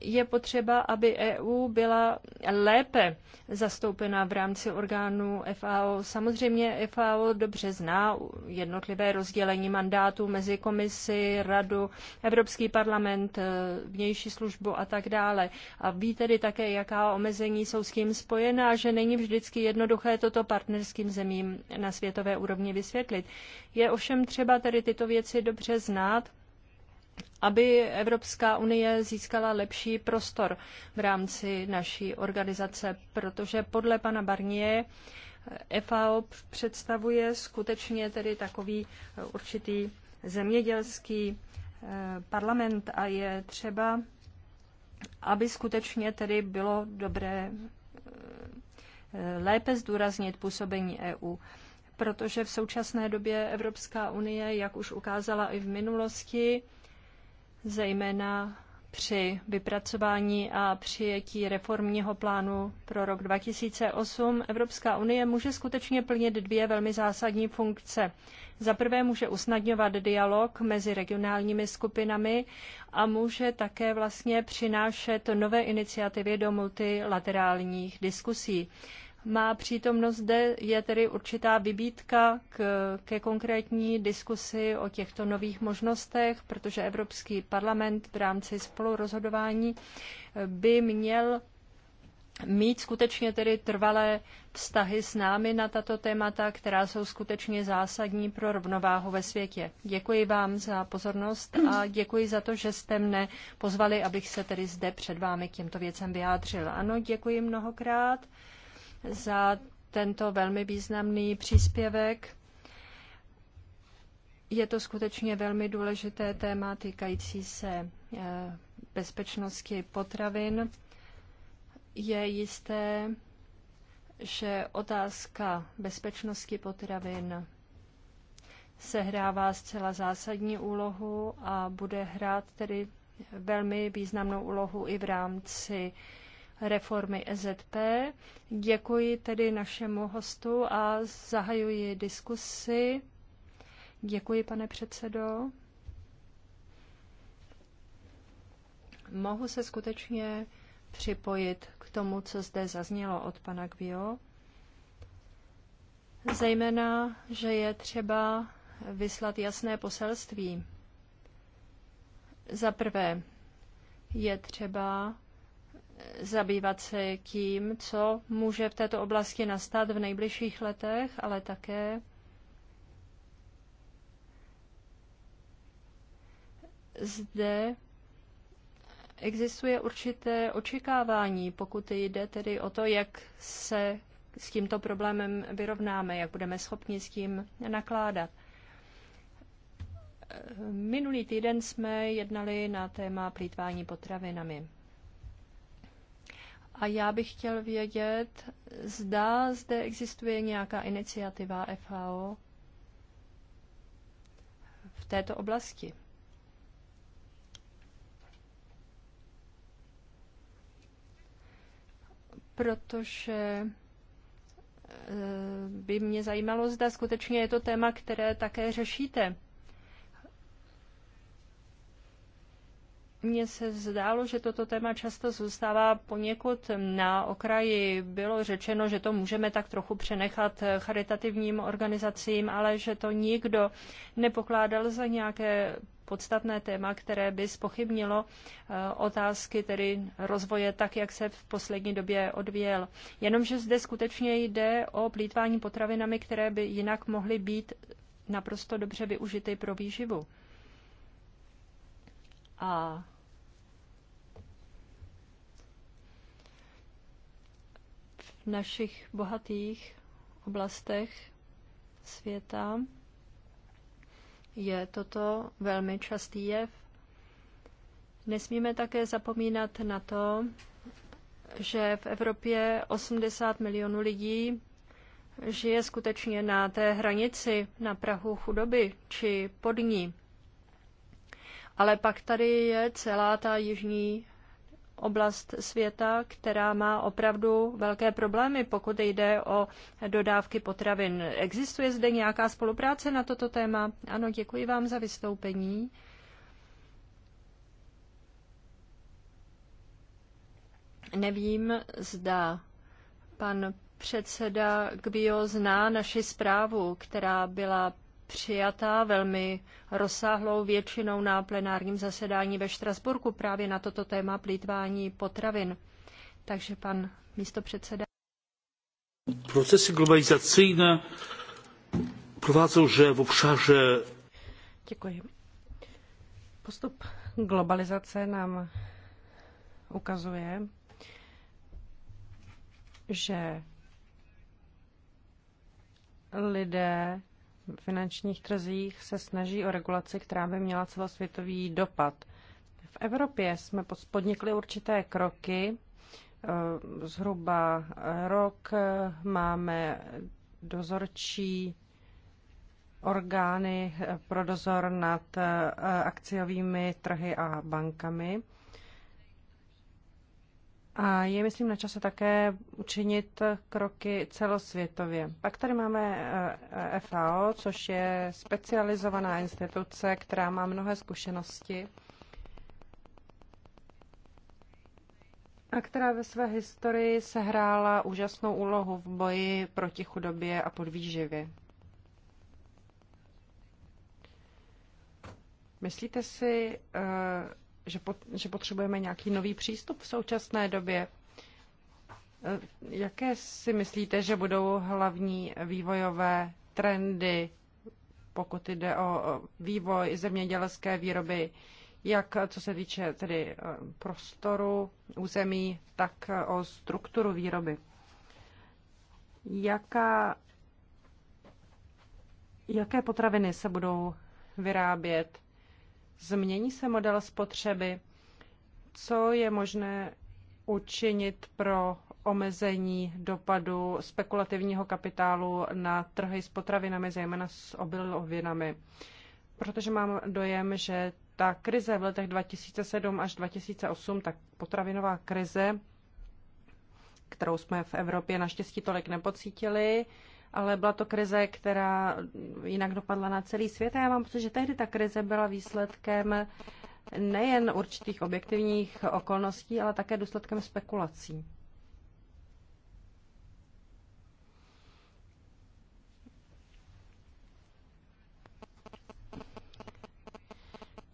je potřeba, aby EU byla lépe zastoupena v rámci orgánů FAO. Samozřejmě FAO dobře zná jednotlivé rozdělení mandátů mezi komisi, radu, Evropský parlament, eh, vnější službu a tak dále. A ví tedy také, jaká omezení jsou s tím spojená, že není vždycky jednoduché toto partnerským zemím na světové úrovni vysvětlit. Je ovšem třeba tedy tyto věci dobře znát, aby Evropská unie získala lepší prostor v rámci naší organizace, protože podle pana Barnier eh, FAO představuje skutečně tedy takový eh, určitý zemědělský eh, parlament a je třeba, aby skutečně tedy bylo dobré lépe zdůraznit působení EU protože v současné době Evropská unie, jak už ukázala i v minulosti, zejména při vypracování a přijetí reformního plánu pro rok 2008 Evropská unie může skutečně plnit dvě velmi zásadní funkce. Za prvé může usnadňovat dialog mezi regionálními skupinami a může také vlastně přinášet nové iniciativy do multilaterálních diskusí má přítomnost zde je tedy určitá vybídka k, ke konkrétní diskusi o těchto nových možnostech, protože Evropský parlament v rámci spolurozhodování eh, by měl mít skutečně tedy trvalé vztahy s námi na tato témata, která jsou skutečně zásadní pro rovnováhu ve světě. Děkuji vám za pozornost a děkuji za to, že jste mne pozvali, abych se tedy zde před vámi k těmto věcem vyjádřil. Ano, děkuji mnohokrát za tento velmi významný příspěvek. Je to skutečně velmi důležité téma týkající se eh, bezpečnosti potravin. Je jisté, že otázka bezpečnosti potravin sehrává zcela zásadní úlohu a bude hrát tedy velmi významnou úlohu i v rámci reformy EZP. Děkuji tedy našemu hostu a zahajuji diskusi. Děkuji, pane předsedo. Mohu se skutečně připojit k tomu, co zde zaznělo od pana Gvio. Zejména, že je třeba vyslat jasné poselství. Za prvé, je třeba zabývat se tím, co může v této oblasti nastat v nejbližších letech, ale také zde existuje určité očekávání, pokud jde tedy o to, jak se s tímto problémem vyrovnáme, jak budeme schopni s tím nakládat. Minulý týden jsme jednali na téma plítvání potravinami. A já bych chtěl vědět, zda zde existuje nějaká iniciativa FAO v této oblasti. Protože eh, by mě zajímalo, zda skutečně je to téma, které také řešíte. mně se zdálo, že toto téma často zůstává poněkud na okraji. Bylo řečeno, že to můžeme tak trochu přenechat charitativním organizacím, ale že to nikdo nepokládal za nějaké podstatné téma, které by spochybnilo eh, otázky tedy rozvoje tak, jak se v poslední době odvíjel. Jenomže zde skutečně jde o plítvání potravinami, které by jinak mohly být naprosto dobře využity pro výživu. A v našich bohatých oblastech světa je toto velmi častý jev. Nesmíme také zapomínat na to, že v Evropě 80 milionů lidí žije skutečně na té hranici, na Prahu chudoby či pod ní. Ale pak tady je celá ta jižní oblast světa, která má opravdu velké problémy, pokud jde o dodávky potravin. Existuje zde nějaká spolupráce na toto téma? Ano, děkuji vám za vystoupení. Nevím, zda pan předseda Gbio zná naši zprávu, která byla přijatá velmi rozsáhlou většinou na plenárním zasedání ve Štrasburku právě na toto téma plítvání potravin. Takže pan místopředseda. Procesy globalizacyjne prowadzą, že v obszarze... Děkuji. Postup globalizace nám ukazuje, že lidé finančních trzích se snaží o regulaci, která by měla celosvětový dopad. V Evropě jsme podnikli určité kroky. Eh, zhruba rok eh, máme dozorčí orgány eh, pro dozor nad akciovými trhy a bankami. A je, myslím, na čase také učinit kroky celosvětově. Pak tady máme eh, FAO, což je specializovaná instituce, která má mnohé zkušenosti a která ve své historii sehrála úžasnou úlohu v boji proti chudobě a podvýživě. Myslíte si, eh, že, pot, že potřebujeme nějaký nový přístup v současné době. E, jaké si myslíte, že budou hlavní vývojové trendy, pokud jde o vývoj zemědělské výroby, jak co se týče tedy e, prostoru, území, tak e, o strukturu výroby? Jaká, jaké potraviny se budou vyrábět? Změní se model spotřeby? Co je možné učinit pro omezení dopadu spekulativního kapitálu na trhy s potravinami, zejména s obilovinami? Protože mám dojem, že ta krize v letech 2007 až 2008, tak potravinová krize, kterou jsme v Evropě naštěstí tolik nepocítili, ale byla to krize, která jinak dopadla na celý svět. A já mám pocit, že tehdy ta krize byla výsledkem nejen určitých objektivních okolností, ale také důsledkem spekulací.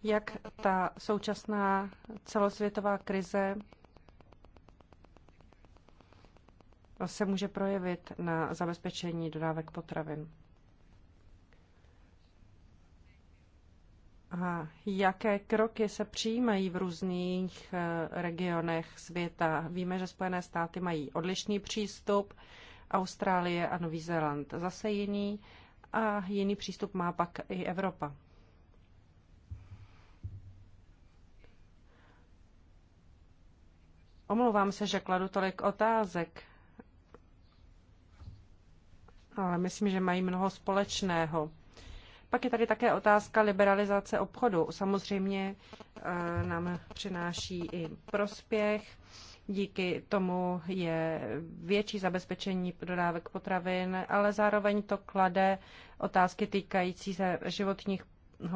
Jak ta současná celosvětová krize se může projevit na zabezpečení dodávek potravin. A jaké kroky se přijímají v různých eh, regionech světa? Víme, že Spojené státy mají odlišný přístup, Austrálie a Nový Zéland zase jiný a jiný přístup má pak i Evropa. Omlouvám se, že kladu tolik otázek, ale myslím, že mají mnoho společného. Pak je tady také otázka liberalizace obchodu. Samozřejmě eh, nám přináší i prospěch. Díky tomu je větší zabezpečení dodávek potravin, ale zároveň to klade otázky týkající se životního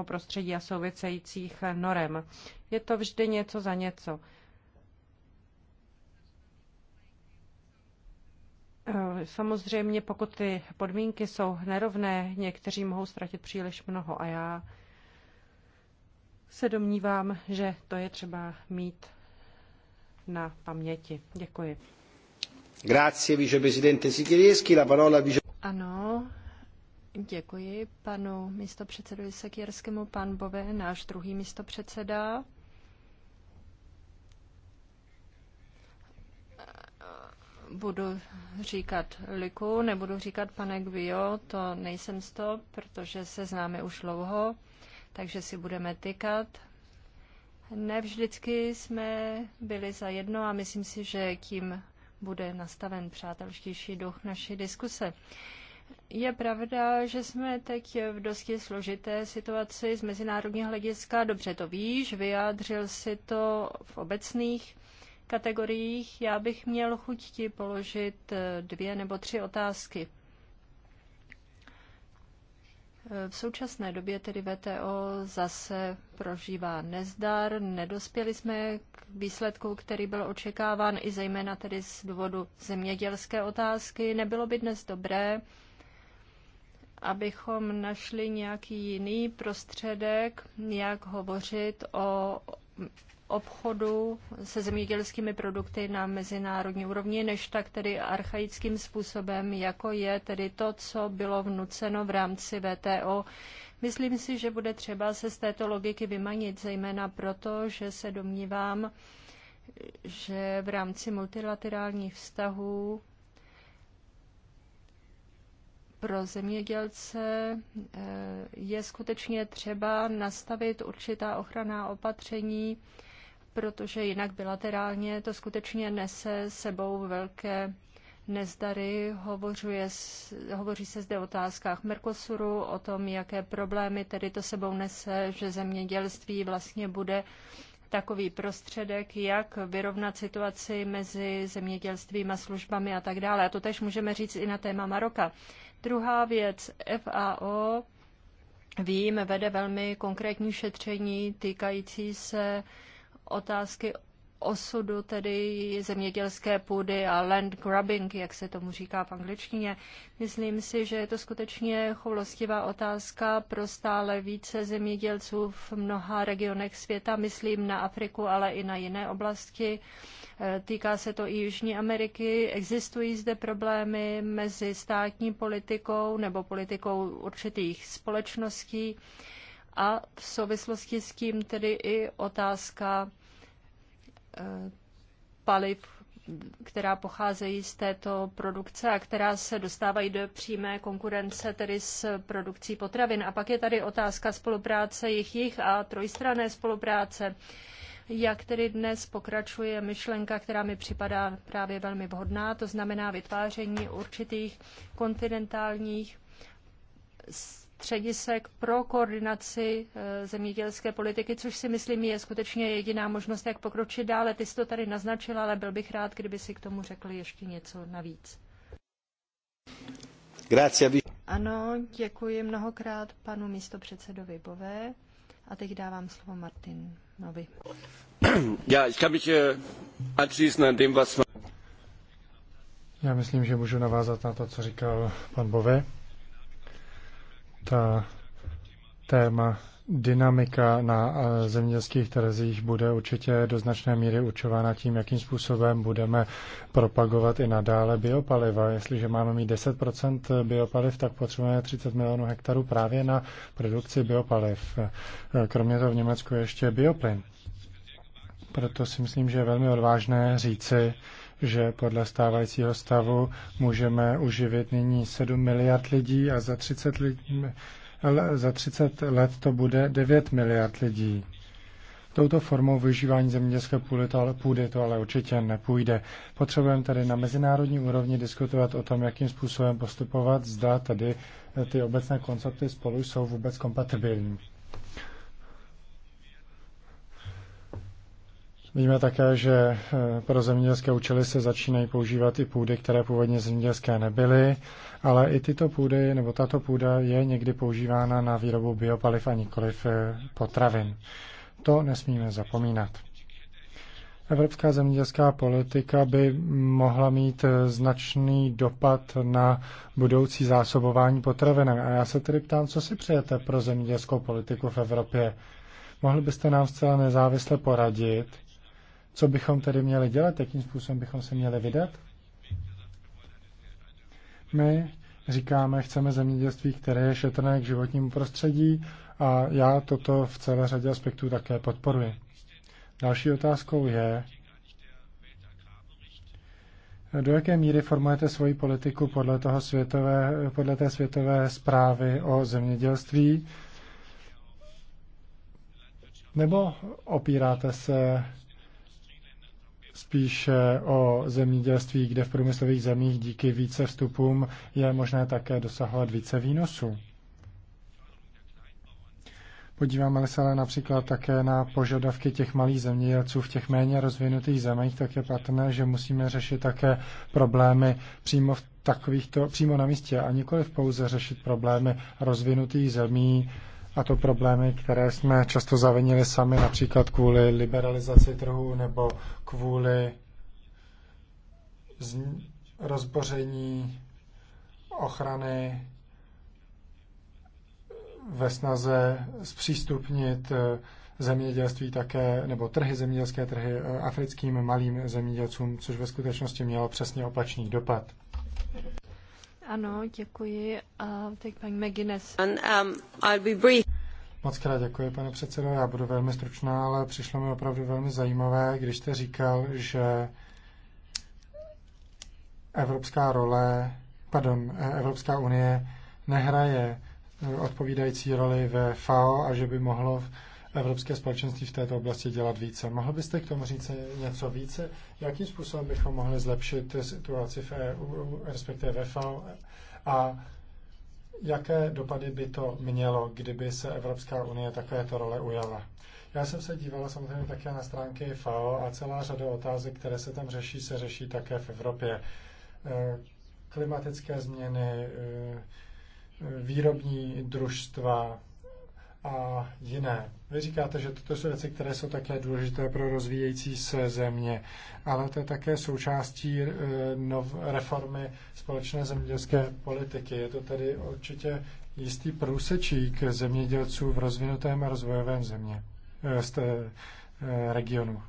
prostředí a souvisejících norem. Je to vždy něco za něco. Eh, samozřejmě, pokud ty podmínky jsou nerovné, někteří mohou ztratit příliš mnoho a já se domnívám, že to je třeba mít na paměti. Děkuji. Grazie, viceprezidente Sikierski. La parola vice... Ano, děkuji panu místopředsedovi Sekierskému. Pan Bove, náš druhý místopředseda. budu říkat Liku, nebudu říkat pane Gvio, to nejsem z toho, protože se známe už dlouho, takže si budeme tykat. Ne vždycky jsme byli za jedno a myslím si, že tím bude nastaven přátelštější duch naší diskuse. Je pravda, že jsme teď v dosti složité situaci z mezinárodního hlediska. Dobře to víš, vyjádřil si to v obecných kategoriích. Já bych měl chuť ti položit eh, dvě nebo tři otázky. Eh, v současné době tedy VTO zase prožívá nezdar. Nedospěli jsme k výsledku, který byl očekáván i zejména tedy z důvodu zemědělské otázky. Nebylo by dnes dobré, abychom našli nějaký jiný prostředek, jak hovořit o obchodu se zemědělskými produkty na mezinárodní úrovni, než tak tedy archaickým způsobem, jako je tedy to, co bylo vnuceno v rámci VTO. Myslím si, že bude třeba se z této logiky vymanit, zejména proto, že se domnívám, že v rámci multilaterálních vztahů pro zemědělce eh, je skutečně třeba nastavit určitá ochranná opatření, protože jinak bilaterálně to skutečně nese sebou velké nezdary. Hovořuje, hovoří se zde o otázkách Mercosuru, o tom, jaké problémy tedy to sebou nese, že zemědělství vlastně bude takový prostředek, jak vyrovnat situaci mezi zemědělstvím a službami a tak dále. A to tež můžeme říct i na téma Maroka. Druhá věc, FAO, vím, vede velmi konkrétní šetření týkající se otázky osudu tedy zemědělské půdy a land grabbing, jak se tomu říká v angličtině. Myslím si, že je to skutečně choulostivá otázka pro stále více zemědělců v mnoha regionech světa, myslím na Afriku, ale i na jiné oblasti. E, týká se to i Jižní Ameriky. Existují zde problémy mezi státní politikou nebo politikou určitých společností a v souvislosti s tím tedy i otázka Eh, paliv, která pocházejí z této produkce a která se dostávají do přímé konkurence tedy s produkcí potravin. A pak je tady otázka spolupráce jich a trojstrané spolupráce. Jak tedy dnes pokračuje myšlenka, která mi připadá právě velmi vhodná, to znamená vytváření určitých kontinentálních středisek pro koordinaci eh, zemědělské politiky, což si myslím je skutečně jediná možnost, jak pokročit dále. Ty jsi to tady naznačila, ale byl bych rád, kdyby si k tomu řekl ještě něco navíc. Ano, děkuji mnohokrát panu místopředsedovi Bové. A teď dávám slovo Martinovi. Já, ich kann mich eh, anschließen an dem, was... Já myslím, že můžu navázat na to, co říkal pan Bové ta téma dynamika na eh, zemědělských trzích bude určitě do značné míry určována tím, jakým způsobem budeme propagovat i nadále biopaliva. Jestliže máme mít 10% biopaliv, tak potřebujeme 30 milionů hektarů právě na produkci biopaliv. Eh, kromě toho v Německu ještě bioplyn. Proto si myslím, že je velmi odvážné říci, že podle stávajícího stavu můžeme uživit nyní 7 miliard lidí a za 30, lidí, za 30 let to bude 9 miliard lidí. Touto formou využívání zemědělské půdy to ale určitě nepůjde. Potřebujeme tady na mezinárodní úrovni diskutovat o tom, jakým způsobem postupovat, zda tady eh, ty obecné koncepty spolu jsou vůbec kompatibilní. Víme také, že eh, pro zemědělské účely se začínají používat i půdy, které původně zemědělské nebyly, ale i tyto půdy, nebo tato půda je někdy používána na výrobu biopaliv a nikoliv eh, potravin. To nesmíme zapomínat. Evropská zemědělská politika by mohla mít eh, značný dopad na budoucí zásobování potravinami. A já se tedy ptám, co si přejete pro zemědělskou politiku v Evropě? Mohl byste nám zcela nezávisle poradit, co bychom tedy měli dělat? Jakým způsobem bychom se měli vydat? My říkáme, chceme zemědělství, které je šetrné k životnímu prostředí a já toto v celé řadě aspektů také podporuji. Další otázkou je, do jaké míry formujete svoji politiku podle, toho světové, podle té světové zprávy o zemědělství? Nebo opíráte se spíše o zemědělství, kde v průmyslových zemích díky více vstupům je možné také dosahovat více výnosů. Podíváme se ale například také na požadavky těch malých zemědělců v těch méně rozvinutých zemích, tak je patrné, že musíme řešit také problémy přímo v takovýchto, přímo na místě a nikoli pouze řešit problémy rozvinutých zemí, a to problémy, které jsme často zavinili sami, například kvůli liberalizaci trhu nebo kvůli rozboření ochrany ve snaze zpřístupnit eh, zemědělství také, nebo trhy zemědělské trhy eh, africkým malým zemědělcům, což ve skutečnosti mělo přesně opačný dopad děkuji. Um, Moc krát děkuji, pane předsedo. Já budu velmi stručná, ale přišlo mi opravdu velmi zajímavé, když jste říkal, že evropská role, pardon, e, Evropská unie nehraje e, odpovídající roli ve FAO a že by mohlo Evropské společenství v této oblasti dělat více. Mohl byste k tomu říct něco více? Jakým způsobem bychom mohli zlepšit situaci v EU, respektive ve FAO? A jaké dopady by to mělo, kdyby se Evropská unie takovéto role ujala? Já jsem se dívala samozřejmě také na stránky FAO a celá řada otázek, které se tam řeší, se řeší také v Evropě. E, klimatické změny, e, e, výrobní družstva, a jiné. Vy říkáte, že toto jsou věci, které jsou také důležité pro rozvíjející se země, ale to je také součástí e, nov, reformy společné zemědělské politiky. Je to tedy určitě jistý průsečík zemědělců v rozvinutém a rozvojovém země, e, z e, regionu.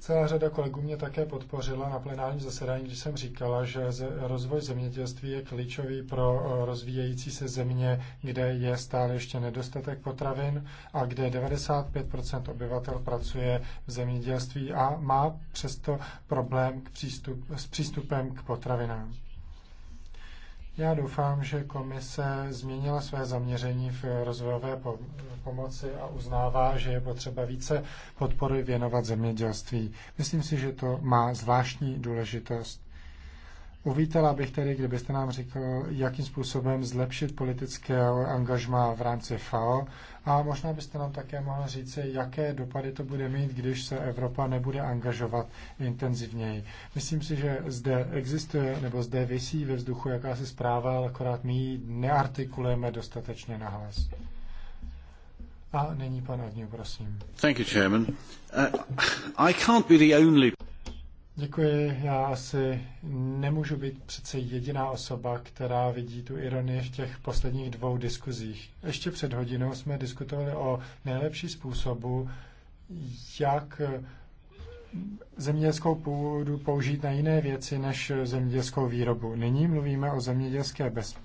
Celá řada kolegů mě také podpořila na plenárním zasedání, když jsem říkala, že rozvoj zemědělství je klíčový pro eh, rozvíjející se země, kde je stále ještě nedostatek potravin a kde 95 obyvatel pracuje v zemědělství a má přesto problém k přístup, s přístupem k potravinám. Já doufám, že komise změnila své zaměření v rozvojové pomoci a uznává, že je potřeba více podpory věnovat zemědělství. Myslím si, že to má zvláštní důležitost. Uvítala bych tedy, kdybyste nám řekl, jakým způsobem zlepšit politické angažma v rámci FAO a možná byste nám také mohla říct, jaké dopady to bude mít, když se Evropa nebude angažovat intenzivněji. Myslím si, že zde existuje nebo zde vysí ve vzduchu jakási zpráva, ale akorát my ji neartikulujeme dostatečně nahlas. A nyní pan Agnew, prosím. Thank you, Chairman. Uh, I can't be the only... Děkuji. Já asi nemůžu být přece jediná osoba, která vidí tu ironii v těch posledních dvou diskuzích. Ještě před hodinou jsme diskutovali o nejlepší způsobu, jak zemědělskou půdu použít na jiné věci než zemědělskou výrobu. Nyní mluvíme o zemědělské bez,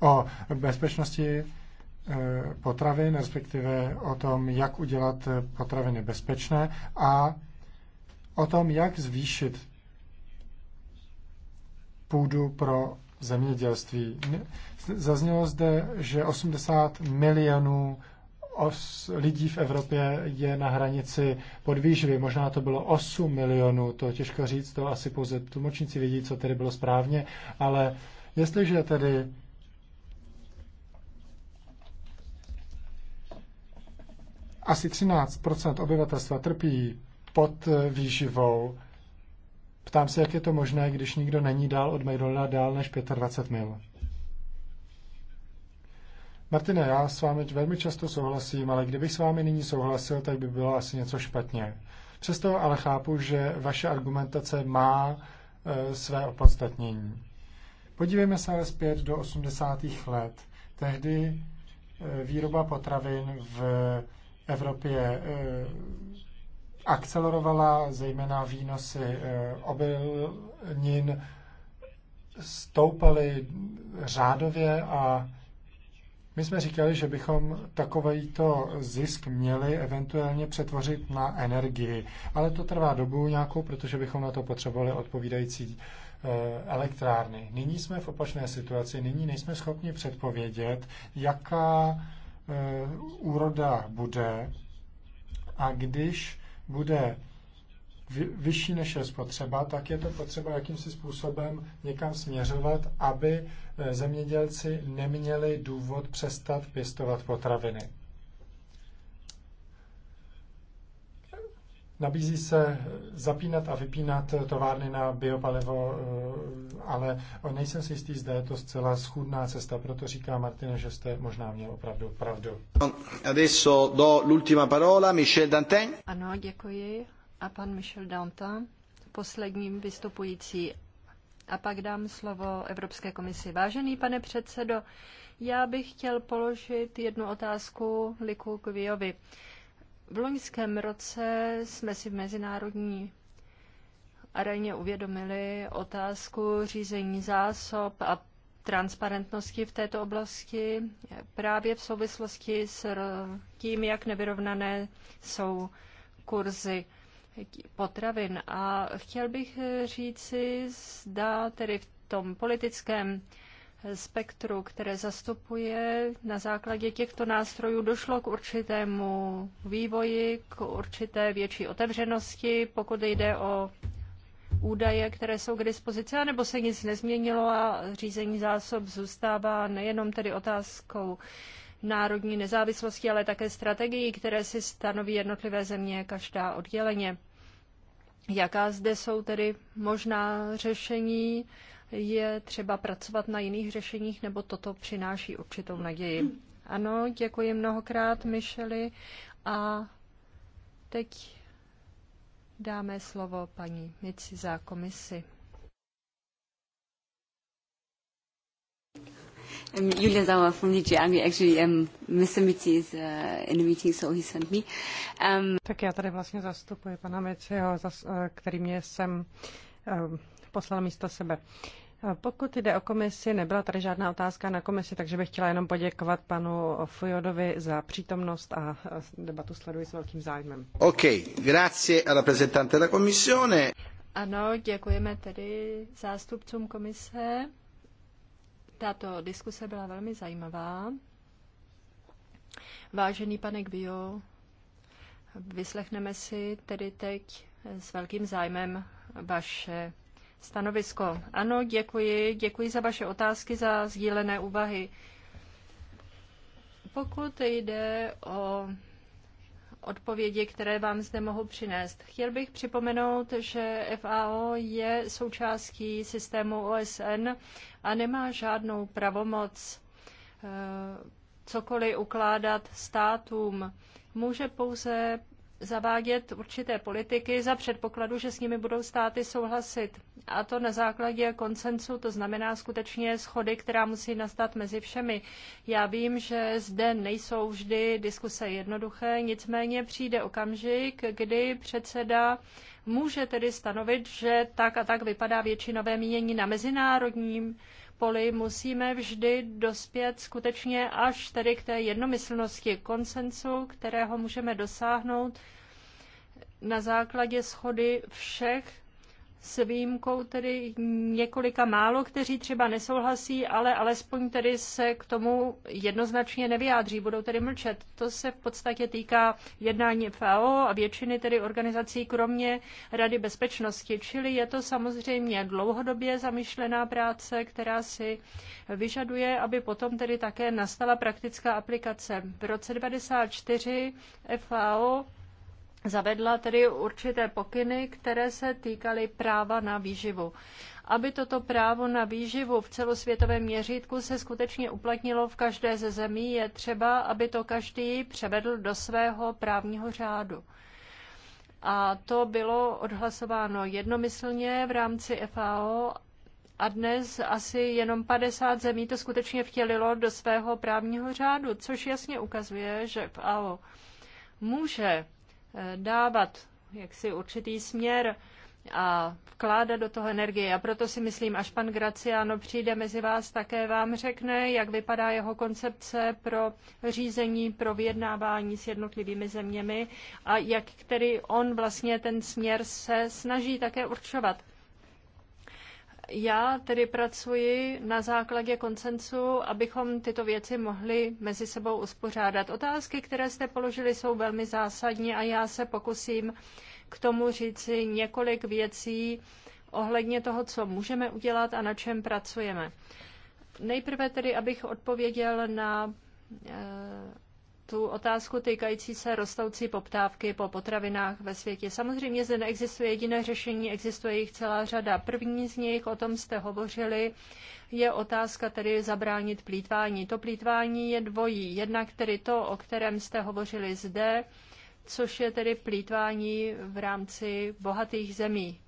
o bezpečnosti eh, potravin, respektive o tom, jak udělat potraviny bezpečné a o tom, jak zvýšit půdu pro zemědělství. Zaznělo zde, že 80 milionů os, lidí v Evropě je na hranici podvýživy. Možná to bylo 8 milionů, to těžko říct, to asi pouze tlumočníci vidí, co tedy bylo správně, ale jestliže tedy asi 13 obyvatelstva trpí pod eh, výživou. Ptám se, jak je to možné, když nikdo není dál od Majdolina dál než 25 mil. Martine, já s vámi velmi často souhlasím, ale kdybych s vámi nyní souhlasil, tak by bylo asi něco špatně. Přesto ale chápu, že vaše argumentace má e, své opodstatnění. Podívejme se ale zpět do 80. let. Tehdy e, výroba potravin v Evropě e, akcelerovala, zejména výnosy eh, obilnin stoupaly řádově a my jsme říkali, že bychom takovýto zisk měli eventuálně přetvořit na energii, ale to trvá dobu nějakou, protože bychom na to potřebovali odpovídající eh, elektrárny. Nyní jsme v opačné situaci, nyní nejsme schopni předpovědět, jaká eh, úroda bude a když bude vyšší než je spotřeba, tak je to potřeba jakýmsi způsobem někam směřovat, aby eh, zemědělci neměli důvod přestat pěstovat potraviny. Nabízí se zapínat a vypínat továrny na biopalivo, eh, ale nejsem si jistý, zda je to zcela schůdná cesta, proto říká Martina, že jste možná měl opravdu pravdu. Adesso do l'ultima parola, Michel Dantin. Ano, děkuji. A pan Michel Dantin, posledním vystupující. A pak dám slovo Evropské komisi. Vážený pane předsedo, já bych chtěl položit jednu otázku Liku Kviovi. V loňském roce jsme si v mezinárodní aréně uvědomili otázku řízení zásob a transparentnosti v této oblasti právě v souvislosti s tím, jak nevyrovnané jsou kurzy potravin. A chtěl bych říci, zda tedy v tom politickém spektru, které zastupuje, na základě těchto nástrojů došlo k určitému vývoji, k určité větší otevřenosti, pokud jde o údaje, které jsou k dispozici, anebo se nic nezměnilo a řízení zásob zůstává nejenom tedy otázkou národní nezávislosti, ale také strategií, které si stanoví jednotlivé země každá odděleně. Jaká zde jsou tedy možná řešení? je třeba pracovat na jiných řešeních, nebo toto přináší určitou naději. Ano, děkuji mnohokrát, myšeli A teď dáme slovo paní Mici za komisi. Um, Julian Sauer from DG Agri, actually, um, Mr. Mitzi is uh, in a meeting, so he sent me. Um, tak já tady vlastně zastupuji pana Mitziho, eh, který mě sem um, poslal místo sebe. Uh, pokud jde o komisi, nebyla tady žádná otázka na komisi, takže bych chtěla jenom poděkovat panu Fujodovi za přítomnost a debatu sleduji s velkým zájmem. OK, grazie al rappresentante della commissione. Ano, děkujeme tedy zástupcům komise. Tato diskuse byla velmi zajímavá. Vážený pane Gbio, vyslechneme si tedy teď s velkým zájmem vaše stanovisko. Ano, děkuji. Děkuji za vaše otázky, za sdílené úvahy. Pokud jde o odpovědi, které vám zde mohu přinést. Chtěl bych připomenout, že FAO je součástí systému OSN a nemá žádnou pravomoc eh, cokoliv ukládat státům. Může pouze zavádět určité politiky za předpokladu, že s nimi budou státy souhlasit. A to na základě koncensu, to znamená skutečně schody, která musí nastat mezi všemi. Já vím, že zde nejsou vždy diskuse jednoduché, nicméně přijde okamžik, kdy předseda může tedy stanovit, že tak a tak vypadá většinové mínění na mezinárodním poli musíme vždy dospět skutečně až tedy k té jednomyslnosti, konsensu, kterého můžeme dosáhnout na základě schody všech s výjimkou tedy několika málo, kteří třeba nesouhlasí, ale alespoň tedy se k tomu jednoznačně nevyjádří, budou tedy mlčet. To se v podstatě týká jednání FAO a většiny tedy organizací, kromě Rady bezpečnosti. Čili je to samozřejmě dlouhodobě zamýšlená práce, která si vyžaduje, aby potom tedy také nastala praktická aplikace. V roce 1994 FAO zavedla tedy určité pokyny, které se týkaly práva na výživu. Aby toto právo na výživu v celosvětovém měřítku se skutečně uplatnilo v každé ze zemí, je třeba, aby to každý převedl do svého právního řádu. A to bylo odhlasováno jednomyslně v rámci FAO a dnes asi jenom 50 zemí to skutečně vtělilo do svého právního řádu, což jasně ukazuje, že FAO může dávat jaksi určitý směr a vkládat do toho energie. A proto si myslím, až pan Graciano přijde mezi vás, také vám řekne, jak vypadá jeho koncepce pro řízení, pro vyjednávání s jednotlivými zeměmi a jak který on vlastně ten směr se snaží také určovat já tedy pracuji na základě koncensu, abychom tyto věci mohli mezi sebou uspořádat. Otázky, které jste položili, jsou velmi zásadní a já se pokusím k tomu říci několik věcí ohledně toho, co můžeme udělat a na čem pracujeme. Nejprve tedy, abych odpověděl na eh, tu otázku týkající se rostoucí poptávky po potravinách ve světě. Samozřejmě zde neexistuje jediné řešení, existuje jich celá řada. První z nich, o tom jste hovořili, je otázka tedy zabránit plítvání. To plítvání je dvojí. Jednak tedy to, o kterém jste hovořili zde, což je tedy plítvání v rámci bohatých zemí.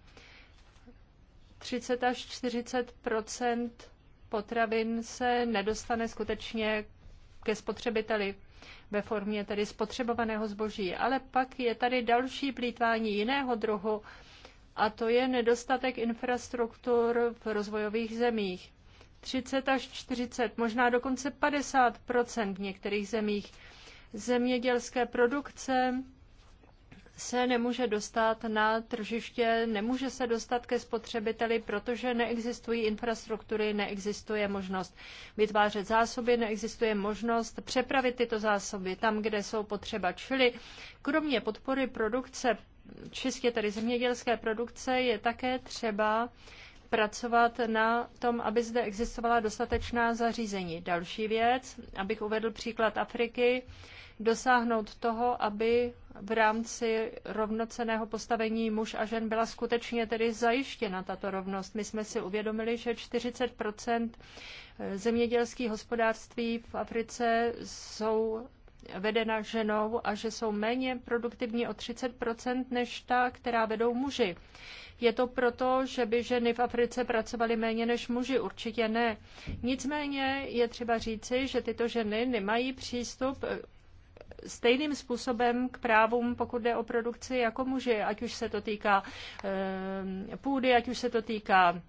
30 až 40 potravin se nedostane skutečně ke spotřebiteli ve formě tedy spotřebovaného zboží. Ale pak je tady další plítvání jiného druhu a to je nedostatek infrastruktur v rozvojových zemích. 30 až 40, možná dokonce 50 v některých zemích zemědělské produkce se nemůže dostat na tržiště, nemůže se dostat ke spotřebiteli, protože neexistují infrastruktury, neexistuje možnost vytvářet zásoby, neexistuje možnost přepravit tyto zásoby tam, kde jsou potřeba. Čili kromě podpory produkce, čistě tedy zemědělské produkce, je také třeba pracovat na tom, aby zde existovala dostatečná zařízení. Další věc, abych uvedl příklad Afriky, dosáhnout toho, aby v rámci rovnoceného postavení muž a žen byla skutečně tedy zajištěna tato rovnost. My jsme si uvědomili, že 40 zemědělských hospodářství v Africe jsou vedena ženou a že jsou méně produktivní o 30 než ta, která vedou muži. Je to proto, že by ženy v Africe pracovaly méně než muži? Určitě ne. Nicméně je třeba říci, že tyto ženy nemají přístup stejným způsobem k právům, pokud jde o produkci, jako muži, ať už se to týká eh, půdy, ať už se to týká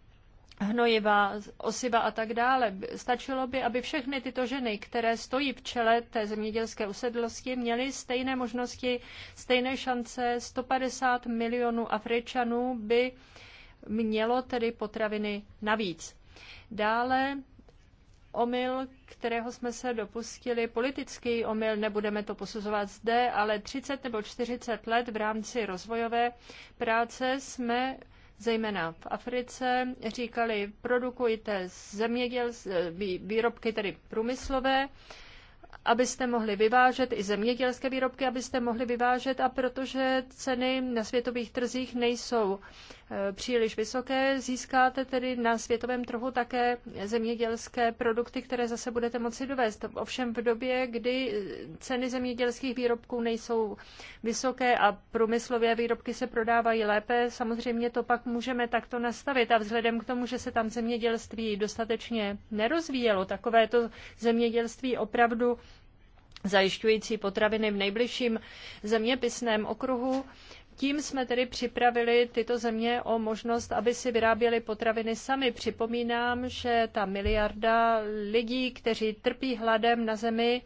hnojiva, osiva a tak dále. Stačilo by, aby všechny tyto ženy, které stojí v čele té zemědělské usedlosti, měly stejné možnosti, stejné šance. 150 milionů Afričanů by mělo tedy potraviny navíc. Dále omyl, kterého jsme se dopustili, politický omyl, nebudeme to posuzovat zde, ale 30 nebo 40 let v rámci rozvojové práce jsme zejména v Africe říkali, produkujte zeměděl, výrobky tedy průmyslové, abyste mohli vyvážet i zemědělské výrobky, abyste mohli vyvážet a protože ceny na světových trzích nejsou příliš vysoké. Získáte tedy na světovém trhu také zemědělské produkty, které zase budete moci dovést. Ovšem v době, kdy ceny zemědělských výrobků nejsou vysoké a průmyslové výrobky se prodávají lépe, samozřejmě to pak můžeme takto nastavit. A vzhledem k tomu, že se tam zemědělství dostatečně nerozvíjelo, takovéto zemědělství opravdu zajišťující potraviny v nejbližším zeměpisném okruhu tím jsme tedy připravili tyto země o možnost, aby si vyráběly potraviny sami. Připomínám, že ta miliarda lidí, kteří trpí hladem na zemi,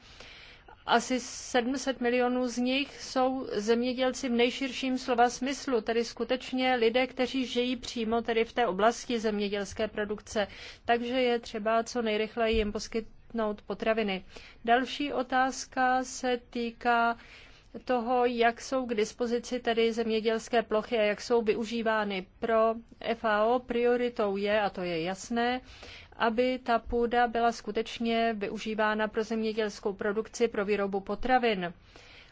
asi 700 milionů z nich jsou zemědělci v nejširším slova smyslu, tedy skutečně lidé, kteří žijí přímo tedy v té oblasti zemědělské produkce. Takže je třeba co nejrychleji jim poskytnout potraviny. Další otázka se týká toho, jak jsou k dispozici tedy zemědělské plochy a jak jsou využívány. Pro FAO prioritou je, a to je jasné, aby ta půda byla skutečně využívána pro zemědělskou produkci, pro výrobu potravin.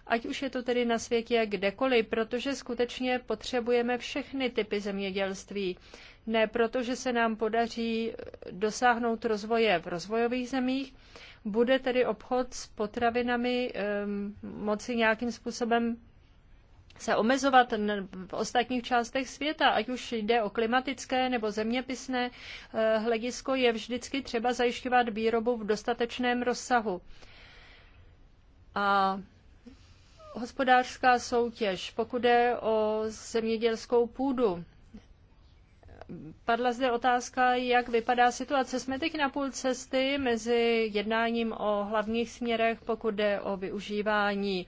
Ať už je to tedy na světě kdekoliv, protože skutečně potřebujeme všechny typy zemědělství ne proto, že se nám podaří dosáhnout rozvoje v rozvojových zemích, bude tedy obchod s potravinami moci nějakým způsobem se omezovat v ostatních částech světa, ať už jde o klimatické nebo zeměpisné eh, hledisko, je vždycky třeba zajišťovat výrobu v dostatečném rozsahu. A hospodářská soutěž, pokud jde o zemědělskou půdu, Padla zde otázka, jak vypadá situace. Jsme teď na půl cesty mezi jednáním o hlavních směrech, pokud jde o využívání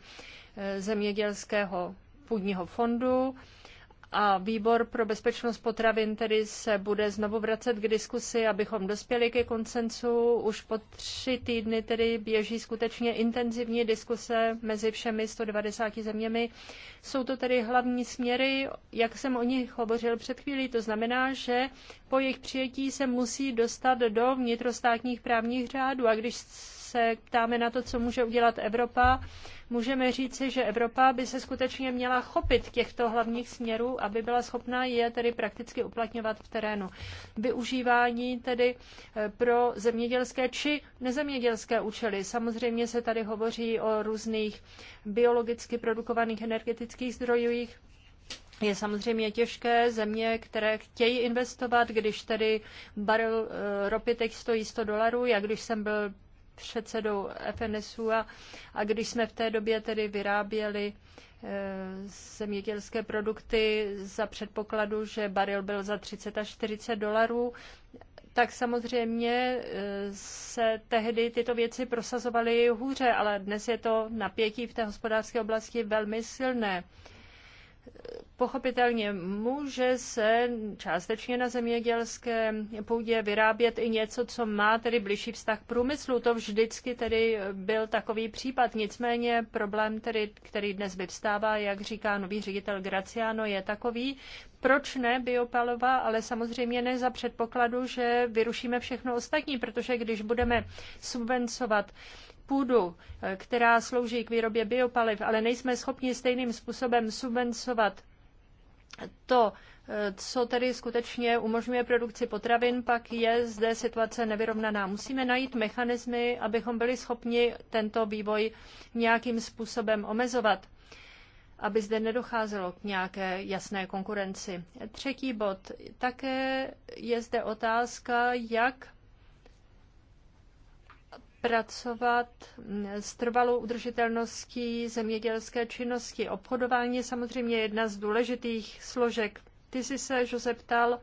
eh, zemědělského půdního fondu a výbor pro bezpečnost potravin tedy se bude znovu vracet k diskusi, abychom dospěli ke koncensu. Už po tři týdny tedy běží skutečně intenzivní diskuse mezi všemi 190 zeměmi. Jsou to tedy hlavní směry, jak jsem o nich hovořil před chvílí. To znamená, že po jejich přijetí se musí dostat do vnitrostátních právních řádů. A když se ptáme na to, co může udělat Evropa, můžeme říci, že Evropa by se skutečně měla chopit těchto hlavních směrů, aby byla schopná je tedy prakticky uplatňovat v terénu. Využívání tedy eh, pro zemědělské či nezemědělské účely. Samozřejmě se tady hovoří o různých biologicky produkovaných energetických zdrojích, je samozřejmě těžké země, které chtějí investovat, když tedy barel eh, ropy teď stojí 100 dolarů. jak když jsem byl předsedou FNSU a, a když jsme v té době tedy vyráběli eh, zemědělské produkty za předpokladu, že baril byl za 30 až 40 dolarů, tak samozřejmě eh, se tehdy tyto věci prosazovaly hůře, ale dnes je to napětí v té hospodářské oblasti velmi silné pochopitelně může se částečně na zemědělské půdě vyrábět i něco, co má tedy blížší vztah k průmyslu. To vždycky tedy byl takový případ. Nicméně problém, tedy, který dnes vyvstává, jak říká nový ředitel Graciano, je takový, proč ne biopalova, ale samozřejmě ne za předpokladu, že vyrušíme všechno ostatní, protože když budeme subvencovat půdu, eh, která slouží k výrobě biopaliv, ale nejsme schopni stejným způsobem subvencovat to, eh, co tedy skutečně umožňuje produkci potravin, pak je zde situace nevyrovnaná. Musíme najít mechanismy, abychom byli schopni tento vývoj nějakým způsobem omezovat, aby zde nedocházelo k nějaké jasné konkurenci. Třetí bod. Také je zde otázka, jak pracovat s trvalou udržitelností zemědělské činnosti. Obchodování je samozřejmě jedna z důležitých složek. Ty jsi se, že ptal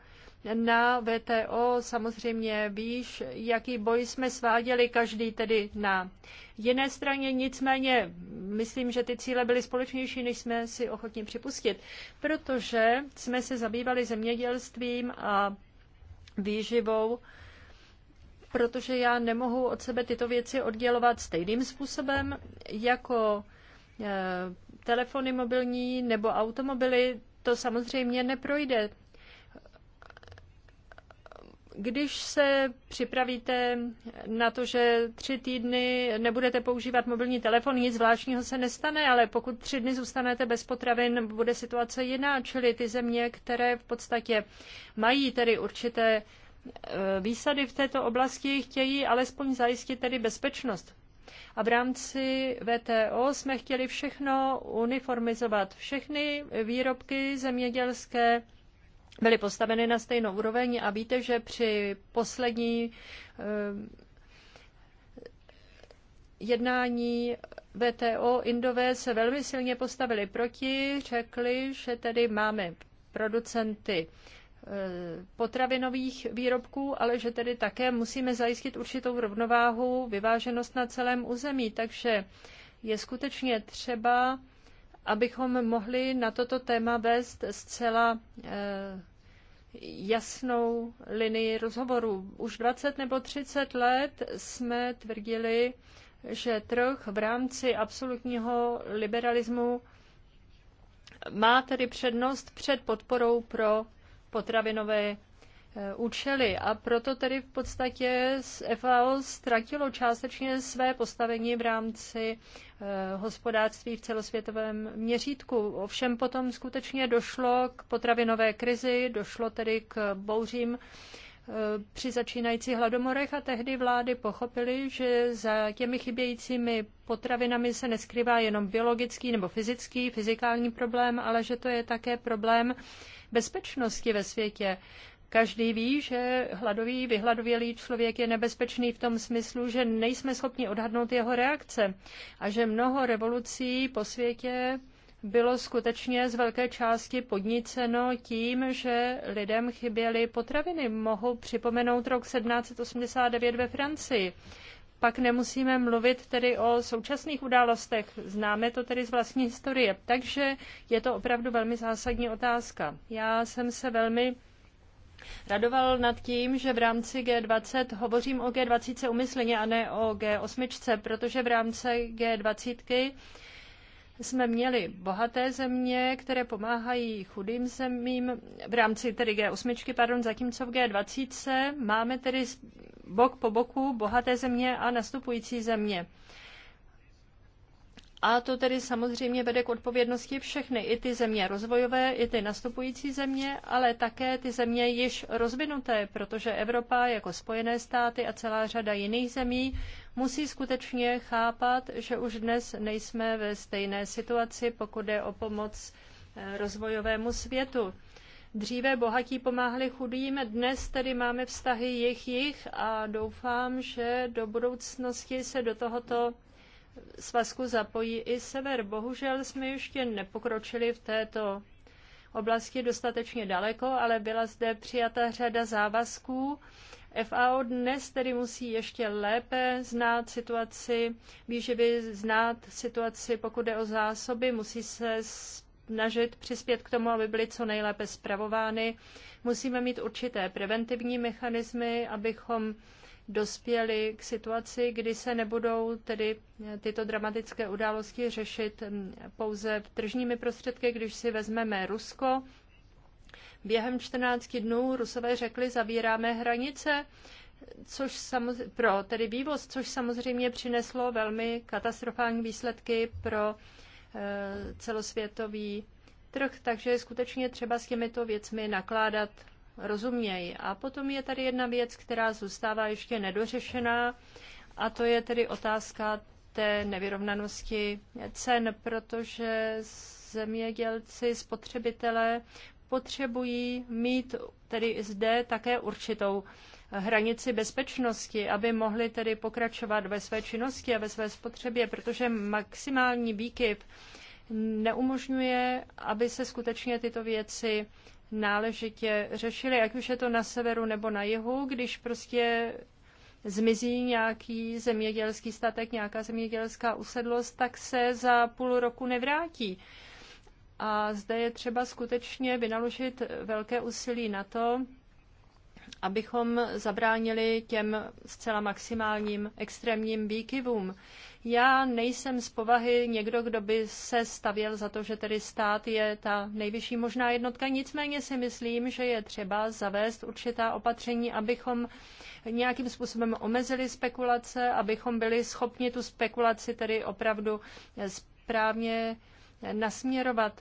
na VTO, samozřejmě víš, jaký boj jsme sváděli každý tedy na jiné straně, nicméně myslím, že ty cíle byly společnější, než jsme si ochotni připustit, protože jsme se zabývali zemědělstvím a výživou protože já nemohu od sebe tyto věci oddělovat stejným způsobem jako eh, telefony mobilní nebo automobily. To samozřejmě neprojde. Když se připravíte na to, že tři týdny nebudete používat mobilní telefon, nic zvláštního se nestane, ale pokud tři dny zůstanete bez potravin, bude situace jiná. Čili ty země, které v podstatě mají tedy určité Eh, výsady v této oblasti chtějí alespoň zajistit tedy bezpečnost. A v rámci VTO jsme chtěli všechno uniformizovat. Všechny výrobky zemědělské byly postaveny na stejnou úroveň a víte, že při poslední eh, jednání VTO Indové se velmi silně postavili proti, řekli, že tedy máme producenty Eh, potravinových výrobků, ale že tedy také musíme zajistit určitou rovnováhu, vyváženost na celém území. Takže je skutečně třeba, abychom mohli na toto téma vést zcela eh, jasnou linii rozhovoru. Už 20 nebo 30 let jsme tvrdili, že trh v rámci absolutního liberalismu má tedy přednost před podporou pro potravinové eh, účely a proto tedy v podstatě FAO ztratilo částečně své postavení v rámci eh, hospodářství v celosvětovém měřítku. Ovšem potom skutečně došlo k potravinové krizi, došlo tedy k bouřím Eh, při začínajících hladomorech a tehdy vlády pochopili, že za těmi chybějícími potravinami se neskrývá jenom biologický nebo fyzický, fyzikální problém, ale že to je také problém bezpečnosti ve světě. Každý ví, že hladový, vyhladovělý člověk je nebezpečný v tom smyslu, že nejsme schopni odhadnout jeho reakce a že mnoho revolucí po světě bylo skutečně z velké části podniceno tím, že lidem chyběly potraviny. Mohu připomenout rok 1789 ve Francii. Pak nemusíme mluvit tedy o současných událostech. Známe to tedy z vlastní historie. Takže je to opravdu velmi zásadní otázka. Já jsem se velmi radoval nad tím, že v rámci G20 hovořím o G20 umysleně a ne o G8, protože v rámci G20 jsme měli bohaté země, které pomáhají chudým zemím v rámci tedy G8, pardon, zatímco v G20 máme tedy bok po boku bohaté země a nastupující země. A to tedy samozřejmě vede k odpovědnosti všechny, i ty země rozvojové, i ty nastupující země, ale také ty země již rozvinuté, protože Evropa jako Spojené státy a celá řada jiných zemí musí skutečně chápat, že už dnes nejsme ve stejné situaci, pokud je o pomoc eh, rozvojovému světu. Dříve bohatí pomáhali chudým, dnes tedy máme vztahy jich jich a doufám, že do budoucnosti se do tohoto svazku zapojí i sever. Bohužel jsme ještě nepokročili v této oblasti dostatečně daleko, ale byla zde přijata řada závazků. FAO dnes tedy musí ještě lépe znát situaci výživy, znát situaci, pokud jde o zásoby, musí se snažit přispět k tomu, aby byly co nejlépe zpravovány. Musíme mít určité preventivní mechanismy, abychom dospěli k situaci, kdy se nebudou tedy tyto dramatické události řešit pouze tržními prostředky, když si vezmeme Rusko. Během 14 dnů Rusové řekli, zavíráme hranice což samozřejmě, pro tedy vývoz, což samozřejmě přineslo velmi katastrofální výsledky pro eh, celosvětový trh, takže je skutečně třeba s těmito věcmi nakládat rozumějí. A potom je tady jedna věc, která zůstává ještě nedořešená, a to je tedy otázka té nevyrovnanosti cen, protože zemědělci, spotřebitelé potřebují mít tedy zde také určitou hranici bezpečnosti, aby mohli tedy pokračovat ve své činnosti a ve své spotřebě, protože maximální výkyv neumožňuje, aby se skutečně tyto věci náležitě řešili, ať už je to na severu nebo na jihu, když prostě zmizí nějaký zemědělský statek, nějaká zemědělská usedlost, tak se za půl roku nevrátí. A zde je třeba skutečně vynaložit velké úsilí na to, abychom zabránili těm zcela maximálním extrémním výkyvům. Já nejsem z povahy někdo, kdo by se stavěl za to, že tedy stát je ta nejvyšší možná jednotka. Nicméně si myslím, že je třeba zavést určitá opatření, abychom nějakým způsobem omezili spekulace, abychom byli schopni tu spekulaci tedy opravdu správně nasměrovat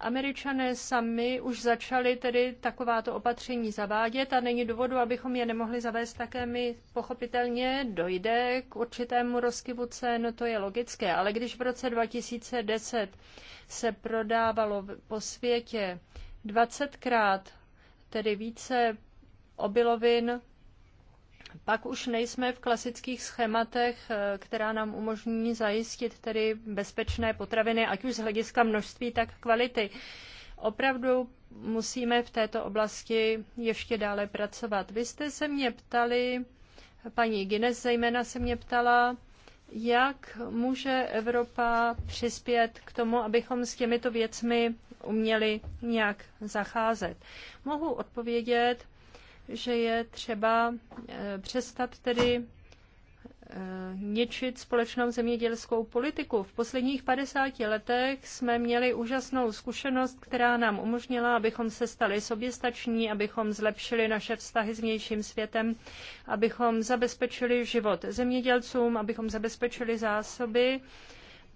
Američané sami už začali tedy takováto opatření zavádět a není důvodu, abychom je nemohli zavést také my. Pochopitelně dojde k určitému rozkyvu cen, to je logické, ale když v roce 2010 se prodávalo po světě 20krát, tedy více obilovin pak už nejsme v klasických schématech, eh, která nám umožní zajistit tedy bezpečné potraviny, ať už z hlediska množství, tak kvality. Opravdu musíme v této oblasti ještě dále pracovat. Vy jste se mě ptali, paní Gines, zejména se mě ptala, jak může Evropa přispět k tomu, abychom s těmito věcmi uměli nějak zacházet. Mohu odpovědět že je třeba eh, přestat tedy eh, ničit společnou zemědělskou politiku. V posledních 50 letech jsme měli úžasnou zkušenost, která nám umožnila, abychom se stali soběstační, abychom zlepšili naše vztahy s vnějším světem, abychom zabezpečili život zemědělcům, abychom zabezpečili zásoby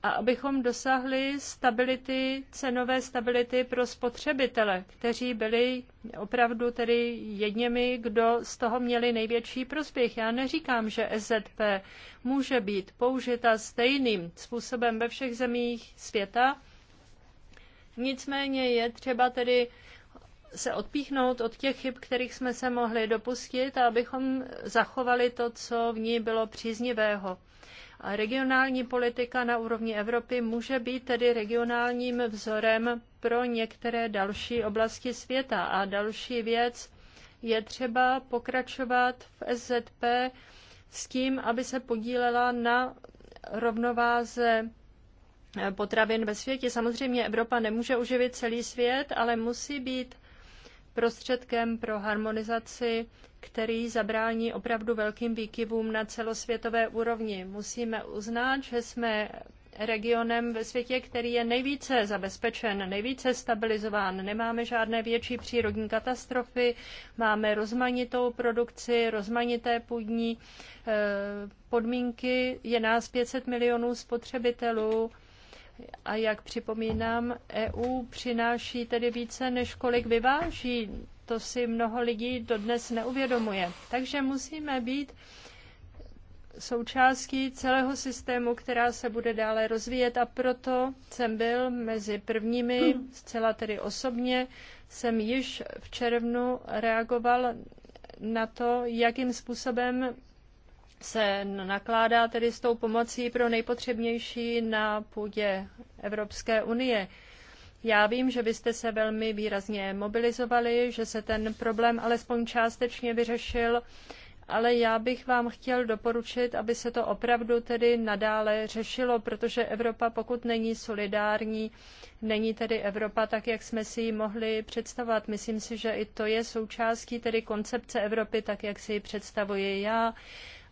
a abychom dosáhli stability, cenové stability pro spotřebitele, kteří byli opravdu tedy jedněmi, kdo z toho měli největší prospěch. Já neříkám, že SZP může být použita stejným způsobem ve všech zemích světa, nicméně je třeba tedy se odpíchnout od těch chyb, kterých jsme se mohli dopustit a abychom zachovali to, co v ní bylo příznivého. Regionální politika na úrovni Evropy může být tedy regionálním vzorem pro některé další oblasti světa. A další věc je třeba pokračovat v SZP s tím, aby se podílela na rovnováze potravin ve světě. Samozřejmě Evropa nemůže uživit celý svět, ale musí být prostředkem pro harmonizaci, který zabrání opravdu velkým výkyvům na celosvětové úrovni. Musíme uznat, že jsme regionem ve světě, který je nejvíce zabezpečen, nejvíce stabilizován. Nemáme žádné větší přírodní katastrofy, máme rozmanitou produkci, rozmanité půdní eh, podmínky, je nás 500 milionů spotřebitelů, a jak připomínám, EU přináší tedy více, než kolik vyváží. To si mnoho lidí dodnes neuvědomuje. Takže musíme být součástí celého systému, která se bude dále rozvíjet a proto jsem byl mezi prvními, zcela tedy osobně, jsem již v červnu reagoval na to, jakým způsobem se nakládá tedy s tou pomocí pro nejpotřebnější na půdě Evropské unie. Já vím, že vy jste se velmi výrazně mobilizovali, že se ten problém alespoň částečně vyřešil, ale já bych vám chtěl doporučit, aby se to opravdu tedy nadále řešilo, protože Evropa, pokud není solidární, není tedy Evropa tak, jak jsme si ji mohli představovat. Myslím si, že i to je součástí tedy koncepce Evropy, tak jak si ji představuji já.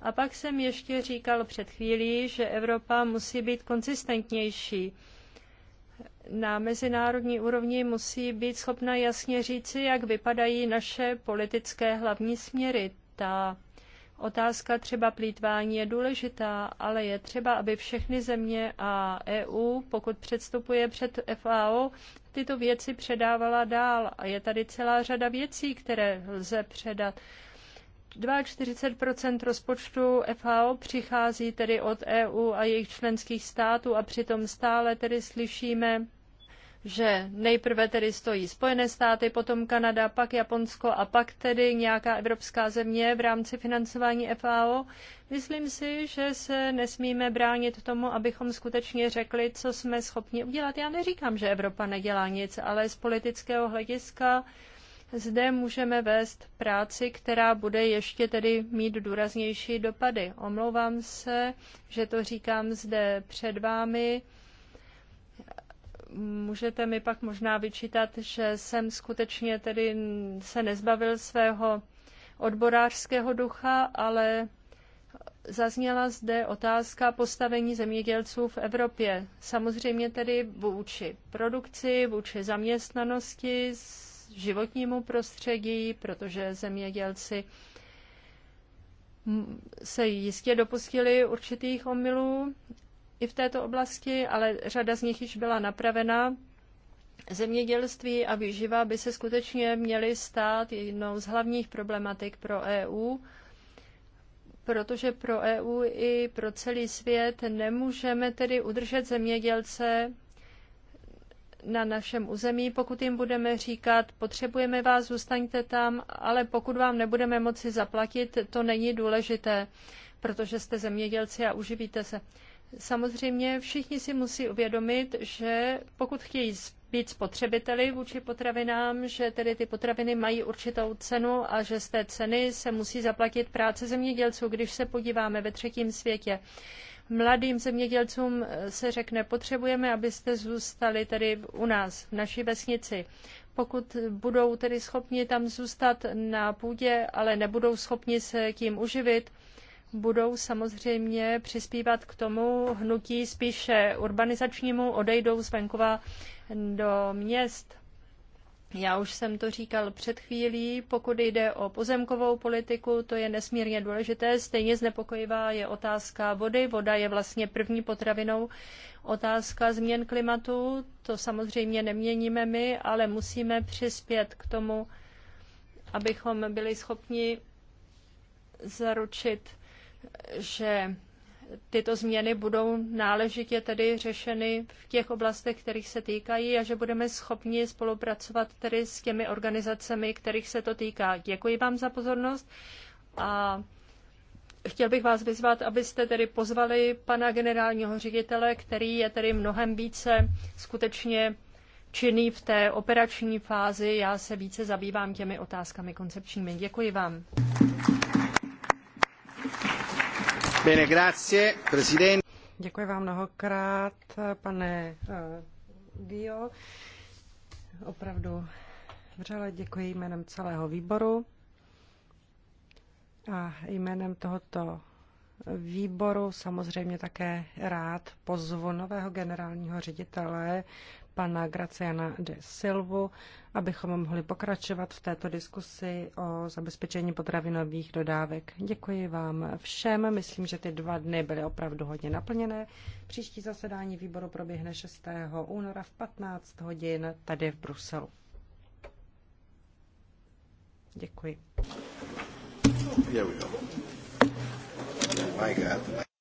A pak jsem ještě říkal před chvílí, že Evropa musí být konzistentnější. Na mezinárodní úrovni musí být schopna jasně říci, jak vypadají naše politické hlavní směry. Ta Otázka třeba plítvání je důležitá, ale je třeba, aby všechny země a EU, pokud předstupuje před FAO, tyto věci předávala dál. A je tady celá řada věcí, které lze předat. 42 rozpočtu FAO přichází tedy od EU a jejich členských států a přitom stále tedy slyšíme, že nejprve tedy stojí Spojené státy, potom Kanada, pak Japonsko a pak tedy nějaká evropská země v rámci financování FAO. Myslím si, že se nesmíme bránit tomu, abychom skutečně řekli, co jsme schopni udělat. Já neříkám, že Evropa nedělá nic, ale z politického hlediska zde můžeme vést práci, která bude ještě tedy mít důraznější dopady. Omlouvám se, že to říkám zde před vámi. Můžete mi pak možná vyčítat, že jsem skutečně tedy se nezbavil svého odborářského ducha, ale zazněla zde otázka postavení zemědělců v Evropě. Samozřejmě tedy vůči produkci, vůči zaměstnanosti, životnímu prostředí, protože zemědělci se jistě dopustili určitých omylů i v této oblasti, ale řada z nich již byla napravena. Zemědělství a výživa by se skutečně měly stát jednou z hlavních problematik pro EU, protože pro EU i pro celý svět nemůžeme tedy udržet zemědělce na našem území, pokud jim budeme říkat, potřebujeme vás, zůstaňte tam, ale pokud vám nebudeme moci zaplatit, to není důležité, protože jste zemědělci a uživíte se. Samozřejmě všichni si musí uvědomit, že pokud chtějí být spotřebiteli vůči potravinám, že tedy ty potraviny mají určitou cenu a že z té ceny se musí zaplatit práce zemědělců, když se podíváme ve třetím světě mladým zemědělcům se řekne, potřebujeme, abyste zůstali tady u nás, v naší vesnici. Pokud budou tedy schopni tam zůstat na půdě, ale nebudou schopni se tím uživit, budou samozřejmě přispívat k tomu hnutí spíše urbanizačnímu, odejdou z venkova do měst já už jsem to říkal před chvílí, pokud jde o pozemkovou politiku, to je nesmírně důležité. Stejně znepokojivá je otázka vody. Voda je vlastně první potravinou. Otázka změn klimatu, to samozřejmě neměníme my, ale musíme přispět k tomu, abychom byli schopni zaručit, že tyto změny budou náležitě tedy řešeny v těch oblastech, kterých se týkají a že budeme schopni spolupracovat tedy s těmi organizacemi, kterých se to týká. Děkuji vám za pozornost a chtěl bych vás vyzvat, abyste tedy pozvali pana generálního ředitele, který je tedy mnohem více skutečně činný v té operační fázi. Já se více zabývám těmi otázkami koncepčními. Děkuji vám. Děkuji vám mnohokrát, pane Dio. Eh, Opravdu vřele děkuji jménem celého výboru a jménem tohoto výboru samozřejmě také rád pozvu nového generálního ředitele pana Graciana de Silvu, abychom mohli pokračovat v této diskusi o zabezpečení potravinových dodávek. Děkuji vám všem. Myslím, že ty dva dny byly opravdu hodně naplněné. Příští zasedání výboru proběhne 6. února v 15 hodin tady v Bruselu. Děkuji. Here we go. My God.